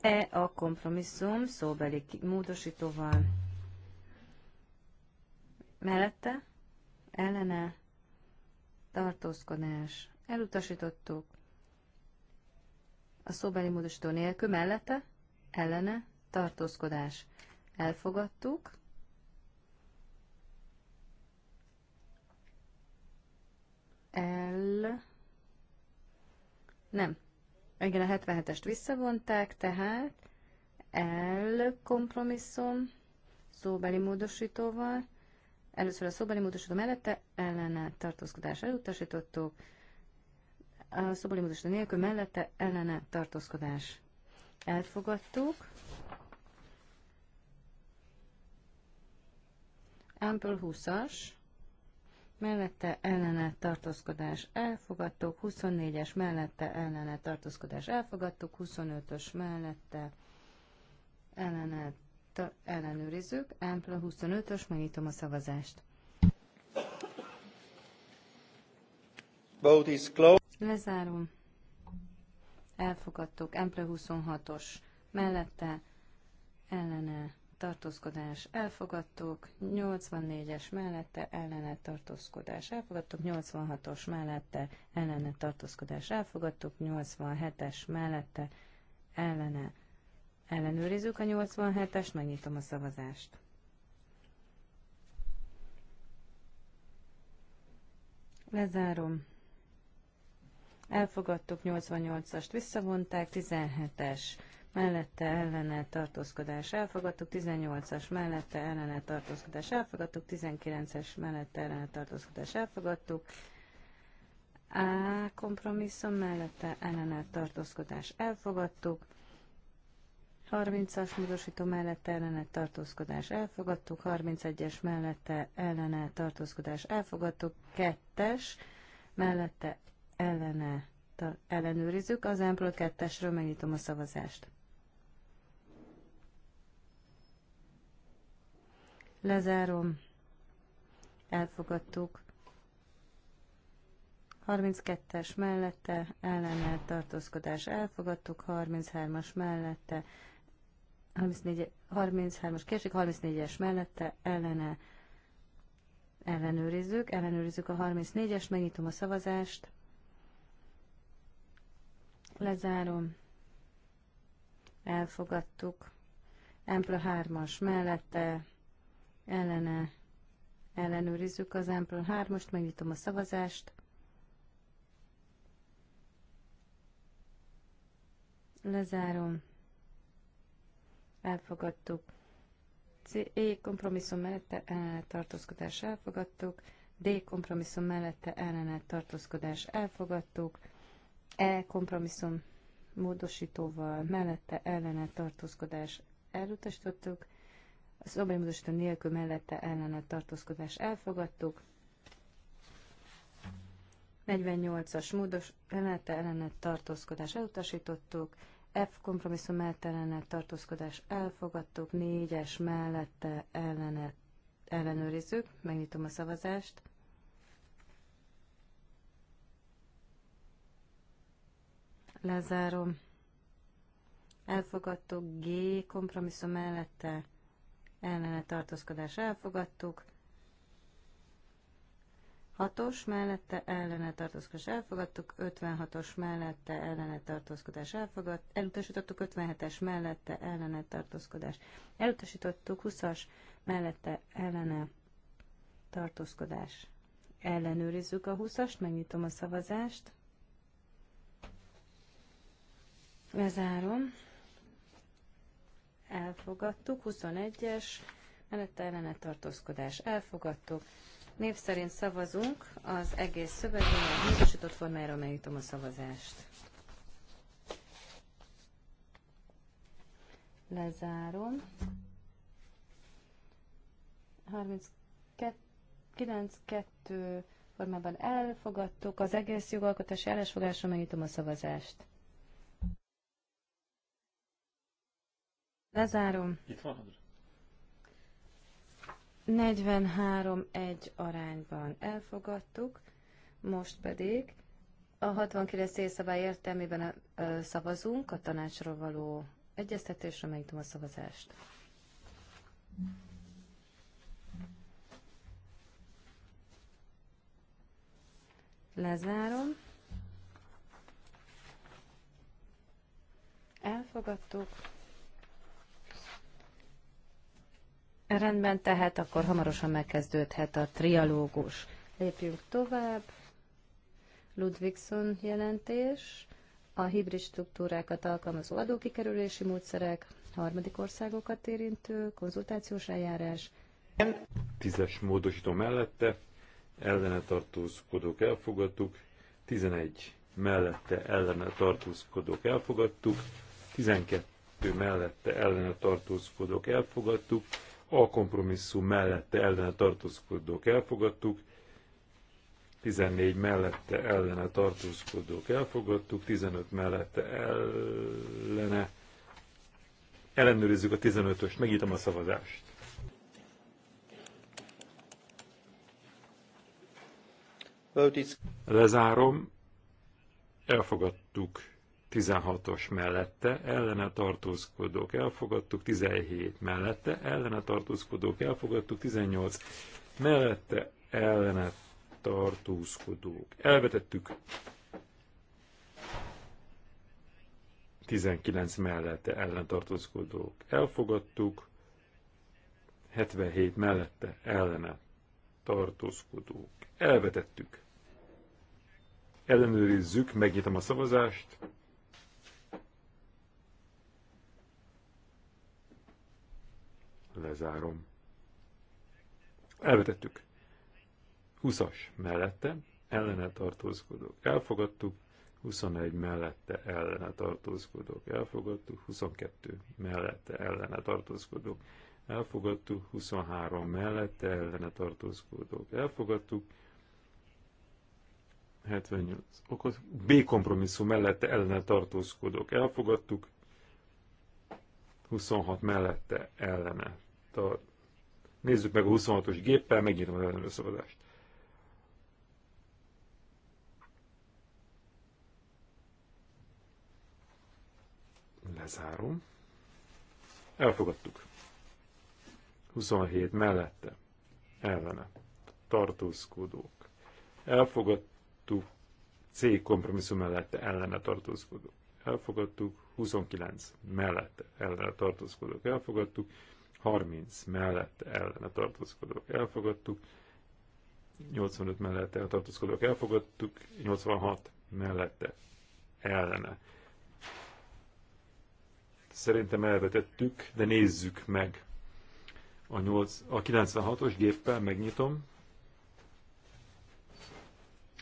E a kompromisszum szóbeli módosítóval mellette ellene tartózkodás elutasítottuk. A szóbeli módosító nélkül mellette ellene tartózkodás elfogadtuk. el. Nem. Igen, a 77-est visszavonták, tehát el kompromisszum szóbeli módosítóval. Először a szóbeli módosító mellette ellene tartózkodás elutasítottuk. A szóbeli módosító nélkül mellette ellene tartózkodás elfogadtuk. Ample 20-as mellette ellene tartózkodás elfogadtuk, 24-es mellette ellene tartózkodás elfogadtuk, 25-ös mellette ellene ellenőrizzük, Ámpla 25-ös, megnyitom a szavazást. Vote is closed. Lezárom. Elfogadtuk, Ámpla 26-os, mellette ellene tartózkodás elfogadtuk, 84-es mellette ellene tartózkodás elfogadtuk, 86-os mellette ellene tartózkodás elfogadtuk, 87-es mellette ellene ellenőrizzük a 87-est, megnyitom a szavazást. Lezárom. Elfogadtuk 88-ast, visszavonták, 17-es mellette ellene tartózkodás elfogadtuk, 18-as mellette ellene tartózkodás elfogadtuk, 19-es mellette ellene tartózkodás elfogadtuk, A kompromisszum mellette ellene tartózkodás elfogadtuk, 30-as módosító mellette ellene tartózkodás elfogadtuk, 31-es mellette ellene tartózkodás elfogadtuk, 2-es mellette ellene ellenőrizzük, az Amplot 2-esről megnyitom a szavazást. Lezárom. Elfogadtuk. 32-es mellette ellene tartózkodás elfogadtuk, 33-as mellette, 34, 33-as kérség, 34-es mellette ellene ellenőrizzük, ellenőrizzük a 34-es, megnyitom a szavazást, lezárom, elfogadtuk, Emple 3-as mellette ellene ellenőrizzük az Ample 3-ost, megnyitom a szavazást. Lezárom. Elfogadtuk. E kompromisszum mellette ellenállt tartózkodás elfogadtuk. D kompromisszum mellette ellenet tartózkodás elfogadtuk. E kompromisszum módosítóval mellette ellenet tartózkodás elutasítottuk. A szabálymódosító nélkül mellette ellenet tartózkodás elfogadtuk. 48-as módos mellette ellenet tartózkodás elutasítottuk. F kompromisszum mellette ellenet tartózkodás elfogadtuk. 4-es mellette ellenet ellenőrizzük. Megnyitom a szavazást. Lezárom. Elfogadtuk G kompromisszum mellette ellene tartózkodás elfogadtuk. Hatos mellette ellene tartózkodás elfogadtuk, 56-os mellette ellene tartózkodás elfogadt, elutasítottuk 57-es mellette ellene tartózkodás, elutasítottuk 20-as mellette ellene tartózkodás. Ellenőrizzük a 20-ast, megnyitom a szavazást. Lezárom elfogadtuk, 21-es mellette ellene tartózkodás elfogadtuk. Név szerint szavazunk az egész szövegben a módosított formájára megnyitom a szavazást. Lezárom. 32 formában elfogadtuk az egész jogalkotási állásfogásra, megnyitom a szavazást. Lezárom. Itt van. 43 egy arányban elfogadtuk, most pedig a 69 szélszabály értelmében szavazunk a tanácsról való egyeztetésre, megítom a szavazást. Lezárom. Elfogadtuk. Rendben, tehát akkor hamarosan megkezdődhet a trialógus. Lépjünk tovább. Ludvigson jelentés. A hibrid struktúrákat alkalmazó adókikerülési módszerek, harmadik országokat érintő konzultációs eljárás. Tízes módosító mellette ellene tartózkodók elfogadtuk, 11 mellette ellene tartózkodók elfogadtuk, 12 mellette ellene tartózkodók elfogadtuk, a kompromisszum mellette ellene tartózkodók elfogadtuk, 14 mellette ellene tartózkodók elfogadtuk, 15 mellette ellene ellenőrizzük a 15 ös megnyitom a szavazást. Lezárom, elfogadtuk 16-os mellette ellene tartózkodók elfogadtuk, 17 mellette ellene tartózkodók elfogadtuk, 18 mellette ellene tartózkodók elvetettük, 19 mellette tartózkodók elfogadtuk, 77 mellette ellene tartózkodók elvetettük. Ellenőrizzük, megnyitom a szavazást. Lezárom. Elvetettük. 20-as mellette ellene tartózkodók. Elfogadtuk. 21 mellette ellene tartózkodók. Elfogadtuk. 22 mellette ellene tartózkodók. Elfogadtuk. 23 mellette ellene tartózkodók. Elfogadtuk. 78. B kompromisszum mellette ellene tartózkodók. Elfogadtuk. 26 mellette ellene tehát nézzük meg a 26-os géppel, megnyitom az ellenőrszavazást. Lezárom. Elfogadtuk. 27 mellette. Ellene. Tartózkodók. Elfogadtuk. C kompromisszum mellette ellene tartózkodók. Elfogadtuk. 29 mellette ellene tartózkodók. Elfogadtuk. 30 mellett ellene tartózkodók elfogadtuk, 85 mellette tartózkodók elfogadtuk, 86 mellette ellene. Szerintem elvetettük, de nézzük meg. A, 8, a 96-os géppel megnyitom,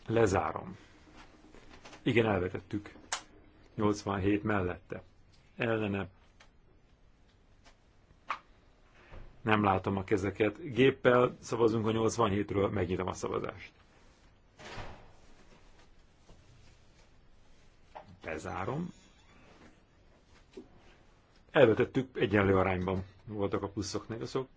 lezárom. Igen, elvetettük. 87 mellette. Ellene Nem látom a kezeket. Géppel szavazunk a 87-ről, megnyitom a szavazást. Bezárom. Elvetettük egyenlő arányban voltak a pluszok, negaszok.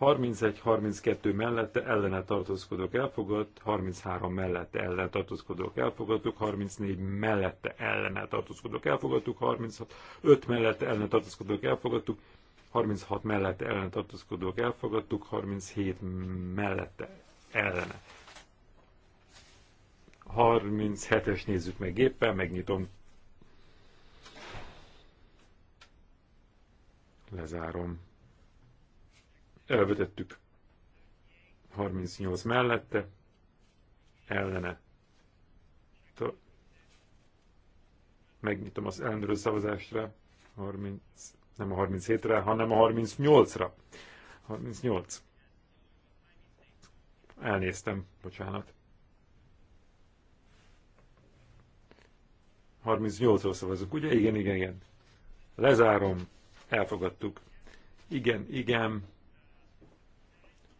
31-32 mellette ellene tartózkodók elfogadt, 33 mellette ellen tartózkodók elfogadtuk, 34 mellette ellene tartózkodók elfogadtuk, 35 mellette ellene tartózkodók elfogadtuk, 36 mellette ellen tartózkodók elfogadtuk, 37 mellette ellene. 37-es nézzük meg éppen, megnyitom. Lezárom. Elvetettük. 38 mellette, ellene. Megnyitom az ellenőrző szavazásra nem a 37-re, hanem a 38-ra. 38. Elnéztem, bocsánat. 38-ról szavazunk, ugye? Igen, igen, igen. Lezárom, elfogadtuk. Igen, igen.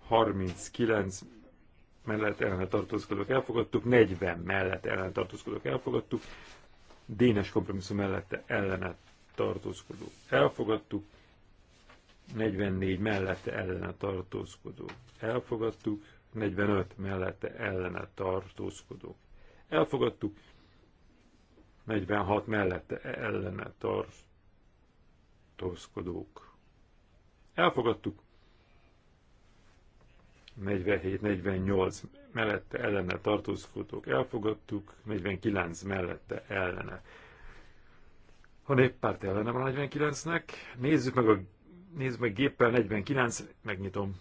39 mellett ellen tartózkodók elfogadtuk, 40 mellett ellen tartózkodók elfogadtuk, dénes kompromisszum mellette ellenet tartózkodó. elfogadtuk, 44 mellette ellene tartózkodó. elfogadtuk, 45 mellette ellene tartózkodó. elfogadtuk, 46 mellette ellene tartózkodók elfogadtuk, 47-48 mellette ellene tartózkodók elfogadtuk, 49 mellette ellene a néppárt ellene van a 49-nek. Nézzük meg a nézzük meg géppel 49, megnyitom.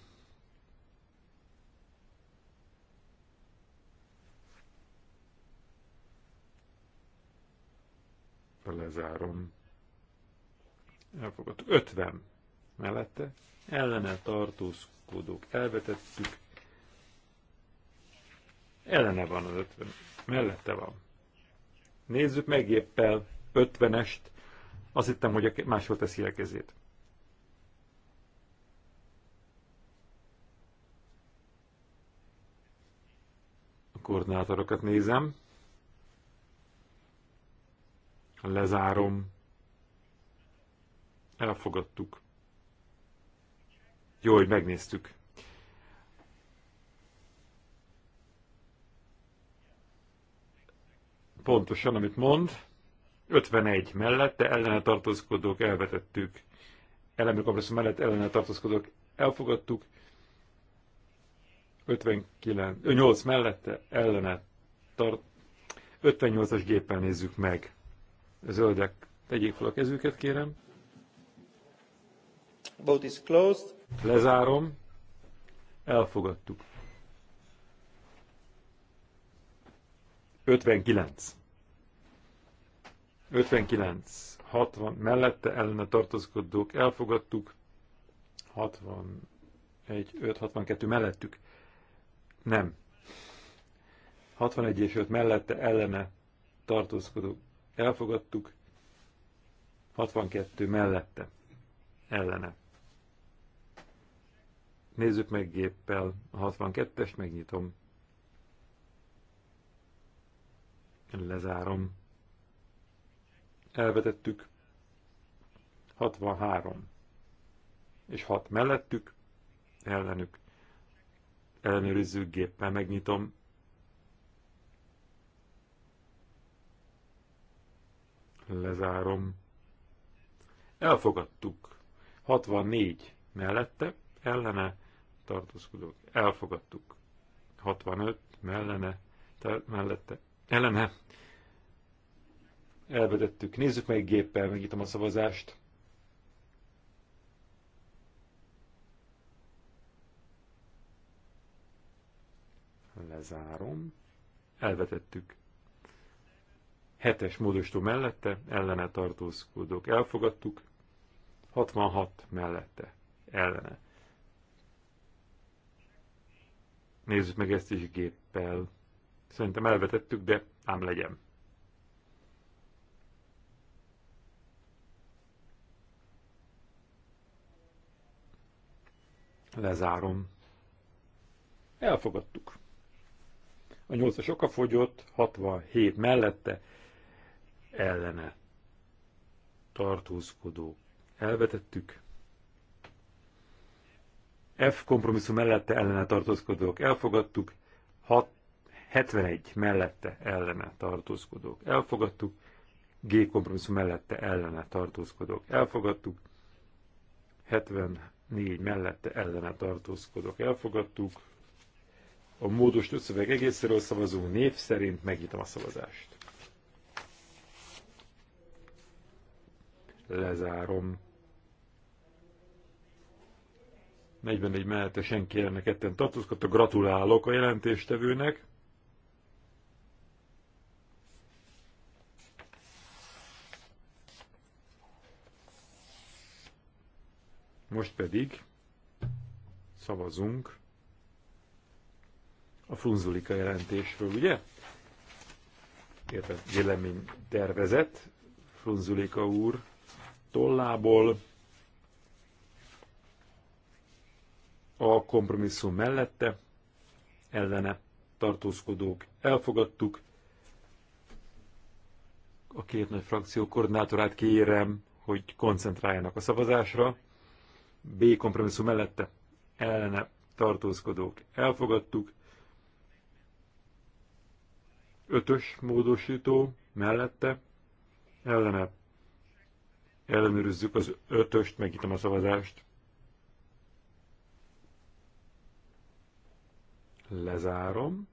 Lezárom. Elfogadtuk. 50 mellette. Ellene tartózkodók. Elvetettük. Ellene van az 50. Mellette van. Nézzük meg géppel 50-est. Azt hittem, hogy máshol teszi a kezét. A koordinátorokat nézem. Lezárom. Elfogadtuk. Jó, hogy megnéztük. Pontosan, amit mond. 51 mellette ellene tartózkodók elvetettük. Elemek kompresszum mellett ellene tartózkodók elfogadtuk. 59, 8 mellette ellene tart. 58-as géppel nézzük meg. zöldek, tegyék fel a kezüket, kérem. Vote is closed. Lezárom. Elfogadtuk. 59. 59, 60 mellette ellene tartózkodók elfogadtuk, 61, 5, 62 mellettük. Nem. 61 és 5 mellette ellene tartózkodók elfogadtuk, 62 mellette ellene. Nézzük meg géppel a 62-est, megnyitom. Lezárom elvetettük, 63 és 6 mellettük, ellenük, ellenőrizzük géppel, megnyitom, lezárom, elfogadtuk, 64 mellette, ellene, tartózkodók, elfogadtuk, 65 mellene, mellette, ellene, elvetettük. Nézzük meg géppel, megnyitom a szavazást. Lezárom. Elvetettük. Hetes módosító mellette, ellene tartózkodók. Elfogadtuk. 66 mellette, ellene. Nézzük meg ezt is géppel. Szerintem elvetettük, de ám legyen. Lezárom. Elfogadtuk. A nyolcas oka fogyott, 67 mellette, ellene tartózkodó. Elvetettük. F kompromisszum mellette ellene tartózkodók elfogadtuk, 6, 71 mellette ellene tartózkodók elfogadtuk, G kompromisszum mellette ellene tartózkodók elfogadtuk, 70 négy mellette ellene tartózkodok. Elfogadtuk. A módos szöveg egészéről szavazó név szerint megnyitom a szavazást. Lezárom. 41 mellette senki ennek ketten tartózkodta. Gratulálok a jelentéstevőnek. Most pedig szavazunk a Frunzulika jelentésről, ugye? Érted, vélemény tervezett Frunzulika úr tollából a kompromisszum mellette ellene tartózkodók elfogadtuk. A két nagy frakció koordinátorát kérem, hogy koncentráljanak a szavazásra. B kompromisszum mellette ellene tartózkodók elfogadtuk, ötös módosító mellette ellene ellenőrizzük az ötöst, megnyitom a szavazást. Lezárom.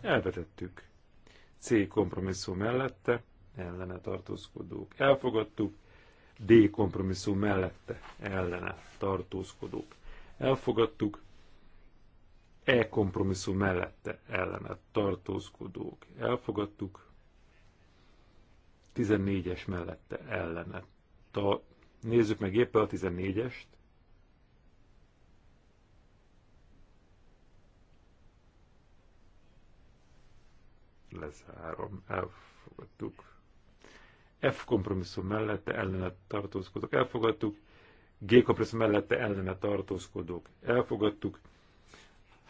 Elvetettük. C kompromisszum mellette ellene tartózkodók elfogadtuk. D kompromisszum mellette ellene tartózkodók. Elfogadtuk E kompromisszum mellette ellene tartózkodók. Elfogadtuk 14-es mellette ellene. Ta, nézzük meg éppen a 14-est. Lezárom, elfogadtuk. F kompromisszum mellette ellene tartózkodók elfogadtuk, G kompromisszum mellette ellene tartózkodók elfogadtuk,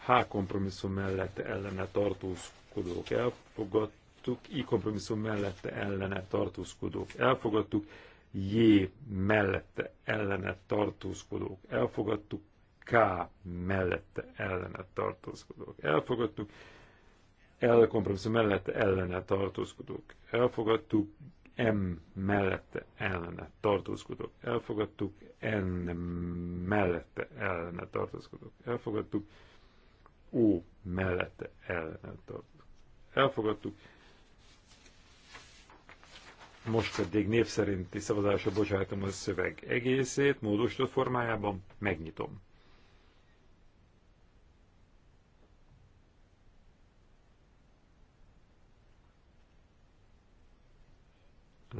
H kompromisszum mellette ellene tartózkodók elfogadtuk, I kompromisszum mellette ellene tartózkodók elfogadtuk, J mellette ellene tartózkodók elfogadtuk, K mellette ellene tartózkodók elfogadtuk, L kompromisszum mellette ellene tartózkodók elfogadtuk, M mellette ellene tartózkodok, elfogadtuk, N mellette ellene tartózkodok, elfogadtuk, O mellette ellene tartózkodok, elfogadtuk. Most pedig név szerinti szavazásra bocsájtom a szöveg egészét, módosított formájában, megnyitom.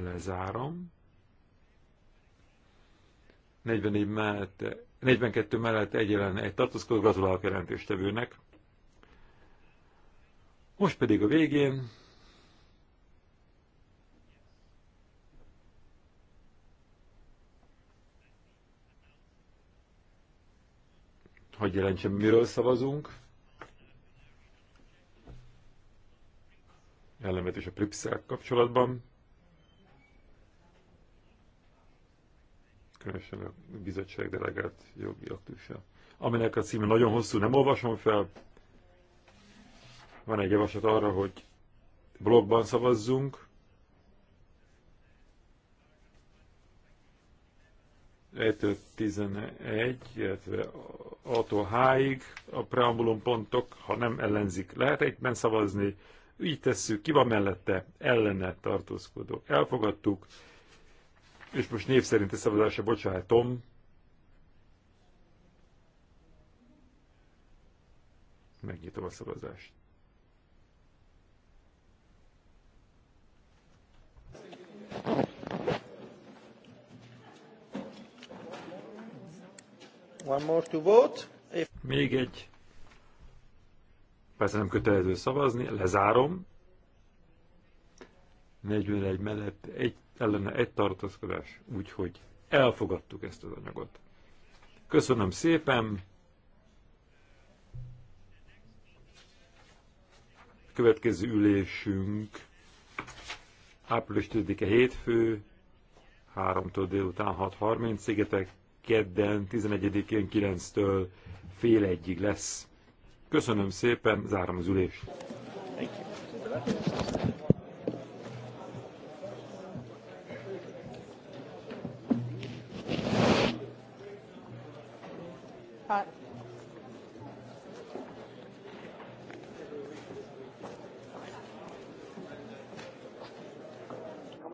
Lezárom. 44 mellett, 42 mellett egy jelen egy tartózkodó, gratulálok jelentéstevőnek. Most pedig a végén hogy jelentsem, miről szavazunk. Ellenvetés a Pripszel kapcsolatban. különösen a bizottság delegált jogi aktusa, aminek a címe nagyon hosszú, nem olvasom fel. Van egy javaslat arra, hogy blogban szavazzunk. Ettől 11, illetve attól háig a preambulum pontok, ha nem ellenzik, lehet egyben szavazni. Így tesszük, ki van mellette, ellene tartózkodó. Elfogadtuk és most név szerinti szavazásra bocsájtom, megnyitom a szavazást. One more to vote. If... Még egy. Persze nem kötelező szavazni, lezárom. 41 mellett egy ellene egy tartózkodás, úgyhogy elfogadtuk ezt az anyagot. Köszönöm szépen! Következő ülésünk április 10-e hétfő, 3-tól délután 6.30 szigetek, kedden 11-én 9-től fél egyig lesz. Köszönöm szépen, zárom az ülést. Thank you. can't